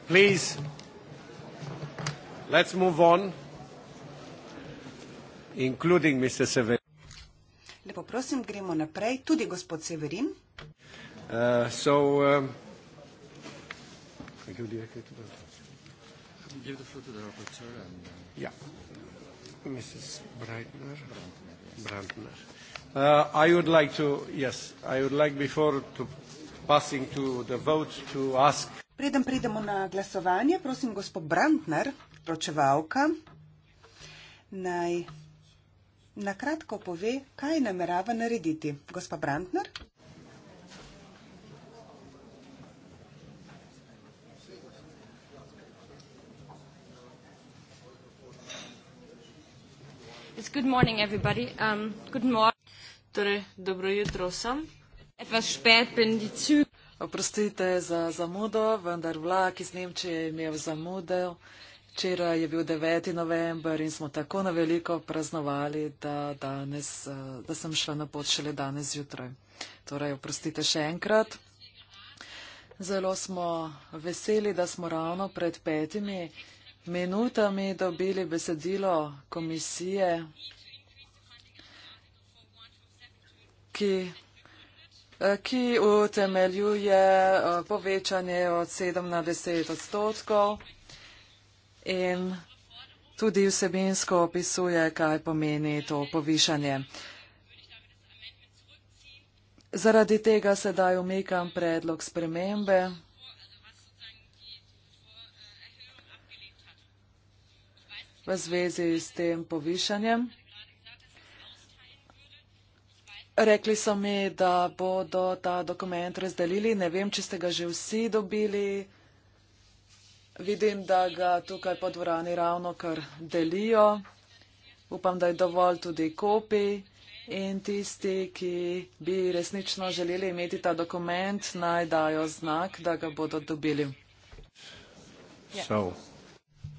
please, let's move on, including Mr. Severin. Lepo prosim, gremo naprej, tudi gospod Severin. Uh, so, I give the record to the rapporteur. Give the floor to the rapporteur and... Uh, yeah. Mrs. Breitner. Breitner, yes. Uh, Breitner. I would like to, yes, I would like before to passing to the vote to ask preden pridemo na glasovanje, prosim gospod Brantner, pročevalka, naj nakratko pove, kaj namerava narediti. Gospa Brantner. Good morning, everybody. Um, good morning. Torej, dobro jutro vsem. Etwas spät bin die Züge. Oprostite za zamudo, vendar vlak iz Nemčije je imel zamude. Včeraj je bil 9. november in smo tako na veliko praznovali, da, danes, eh, da sem šla na pot šele danes zjutraj. Torej, oprostite še enkrat. Zelo smo veseli, da smo ravno pred petimi minutami dobili besedilo komisije, ki ki utemeljuje eh, povečanje od 7 na 10 odstotkov in tudi vsebinsko opisuje, kaj pomeni to povišanje. Zaradi tega sedaj umikam predlog spremembe. v zvezi s tem povišanjem. Rekli so mi, da bodo ta dokument razdelili. Ne vem, če ste ga že vsi dobili. Vidim, da ga tukaj po dvorani ravno kar delijo. Upam, da je dovolj tudi kopi. In tisti, ki bi resnično želeli imeti ta dokument, naj dajo znak, da ga bodo dobili. Ja.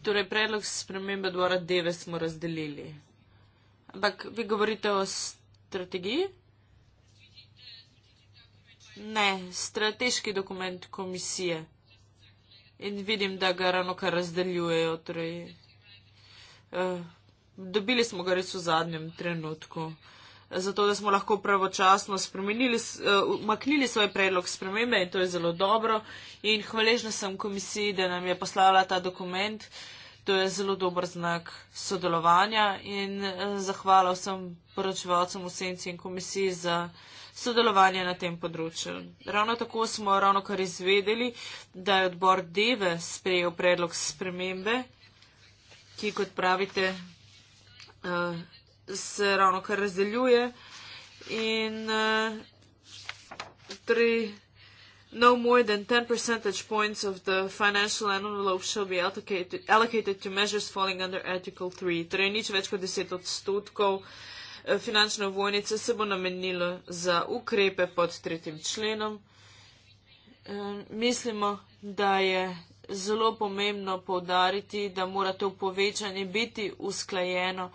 Torej, predlog spremembe dvora 9 smo razdelili. Ampak vi govorite o strategiji? Ne, strateški dokument komisije. In vidim, da ga ravno kar razdeljujejo. Torej, uh, dobili smo ga res v zadnjem trenutku, zato da smo lahko pravočasno eh, umaknili uh, svoj predlog spremembe in to je zelo dobro. In hvaležna sem komisiji, da nam je poslala ta dokument. To je zelo dober znak sodelovanja in uh, zahvala vsem poročevalcem v senci in komisiji za sodelovanje na tem področju. Ravno tako smo ravno kar izvedeli, da je odbor Deve sprejel predlog spremembe, ki, kot pravite, eh, se ravno kar razdeljuje. In eh, torej. No more than 10 percentage points of the financial envelope shall be allocated, allocated to measures falling under Article 3. Torej, nič več kot 10 odstotkov uh, Eh, finančne vojnice se bo namenilo za ukrepe pod tretjim členom. Eh, mislimo, da je zelo pomembno povdariti, da mora to povečanje biti usklajeno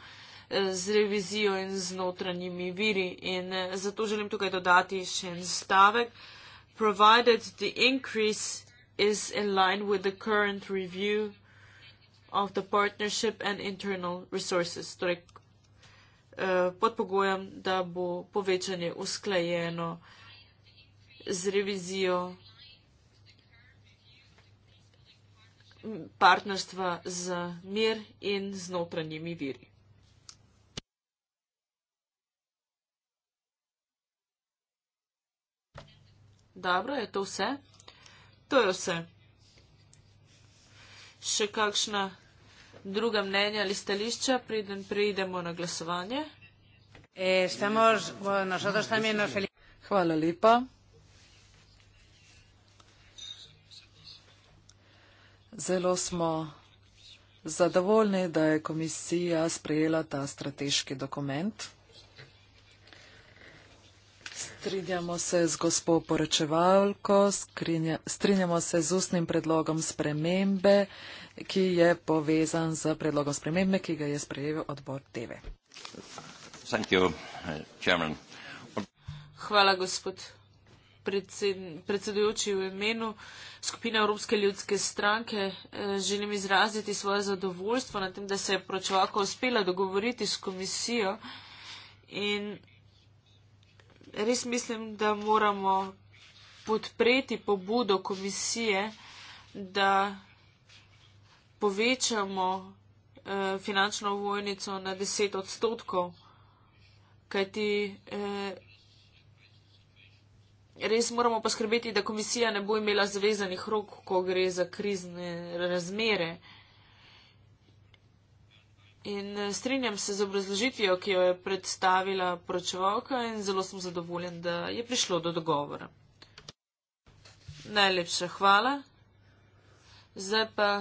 eh, z revizijo in z notranjimi viri. In zato želim tukaj dodati še en stavek. Provided the increase is in line with the current review of the partnership and internal resources. Torej, Eh, pod pogojem, da bo povečanje usklajeno z revizijo partnerstva z mir in z notranjimi viri. Dobro, je to vse? To je vse. Še kakšna druga mnenja ali stališča, preden prejdemo na glasovanje. Eh, Hvala lepa. Zelo smo zadovoljni, da je komisija sprejela ta strateški dokument. Strinjamo se z gospo poročevalko, strinjamo se z ustnim predlogom spremembe, ki je povezan z predlogom spremembe, ki ga je sprejel odbor TV. Uh, Hvala, gospod predsedujoči v imenu skupine Evropske ljudske stranke. Eh, želim izraziti svoje zadovoljstvo na tem, da se je pročovako uspela dogovoriti s komisijo in res mislim, da moramo podpreti pobudo komisije, da povečamo eh, finančno vojnico na 10 odstotkov, kajti eh, res moramo poskrbeti, da komisija ne bo imela zvezanih rok, ko gre za krizne razmere. In eh, strinjam se z obrazložitvijo, ki jo je predstavila poročevalka in zelo sem zadovoljen, da je prišlo do dogovora. Najlepša hvala. Zdaj pa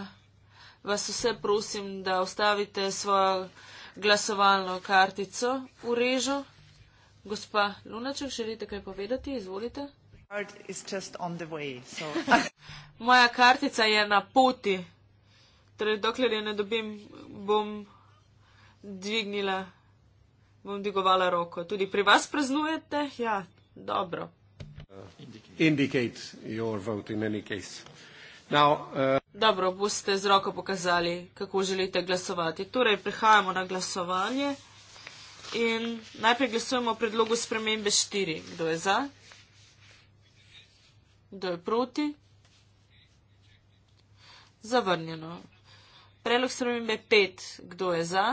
vas vse prosim, da ostavite svojo glasovalno kartico v režo. Gospa Lunaček, želite kaj povedati? Izvolite. Way, so... Moja kartica je na poti. Torej, dokler jo ne dobim, bom dvignila, bom digovala roko. Tudi pri vas preznujete? Ja, dobro. Uh, indicate. indicate your vote in any case. Now, uh, Dobro, boste z roko pokazali, kako želite glasovati. Torej, prehajamo na glasovanje in najprej glasujemo o predlogu spremembe 4. Kdo je za? Kdo je proti? Zavrnjeno. Predlog spremembe 5. Kdo je za?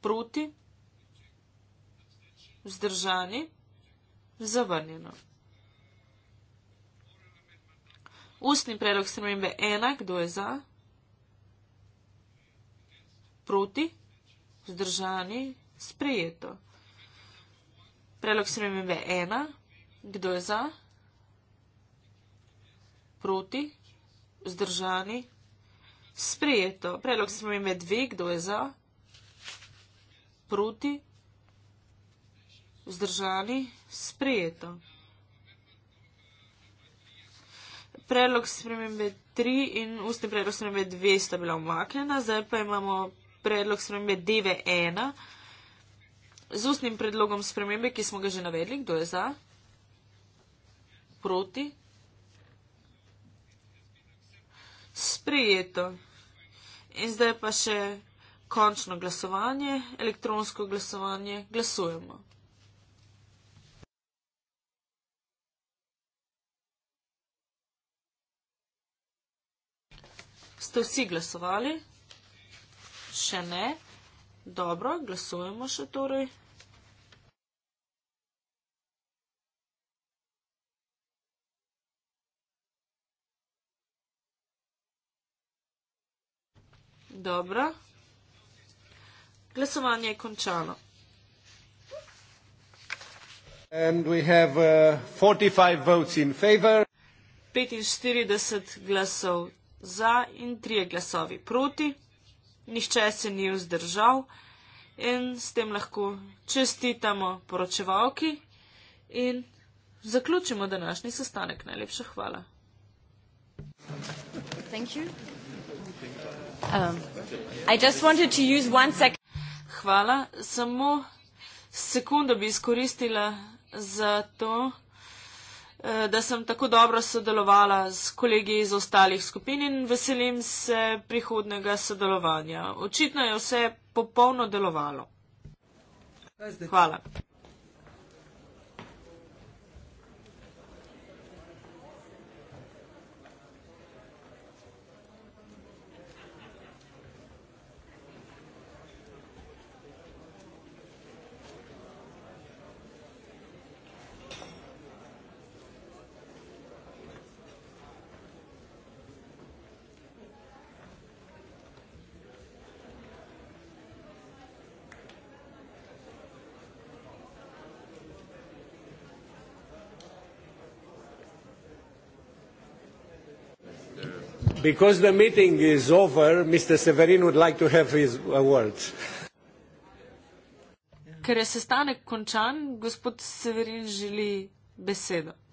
Proti? Vzdržani? Zavrnjeno. Ustni predlog spremembe je enak, kdo je za, proti, zdržani, sprejeto. Predlog spremembe je ena, kdo je za, proti, zdržani, sprejeto. Predlog spremembe je dve, kdo je za, proti, zdržani, sprejeto. predlog spremembe 3 in ustni predlog spremembe 2 sta bila umaknjena, zdaj pa imamo predlog spremembe 9.1 z ustnim predlogom spremembe, ki smo ga že navedli, kdo je za, proti. Sprijeto. In zdaj pa še končno glasovanje, elektronsko glasovanje. Glasujemo. Ste vsi glasovali? Še ne? Dobro, glasujemo še torej. Dobro. Glasovanje je končano. And we have, uh, 45 votes in favor. 45 glasov za in trije glasovi proti. Nihče se ni vzdržal in s tem lahko čestitamo poročevalki in zaključimo današnji sestanek. Najlepša hvala. Um, hvala. Samo sekundo bi izkoristila za to. Eh, da sem tako dobro sodelovala s kolegi iz ostalih skupin in veselim se prihodnega sodelovanja. Očitno je vse popolno delovalo. Hvala. Because the meeting is over, Mr. Severin would like to have his uh, words. Ker je sestanek končan, gospod Severin želi besedo.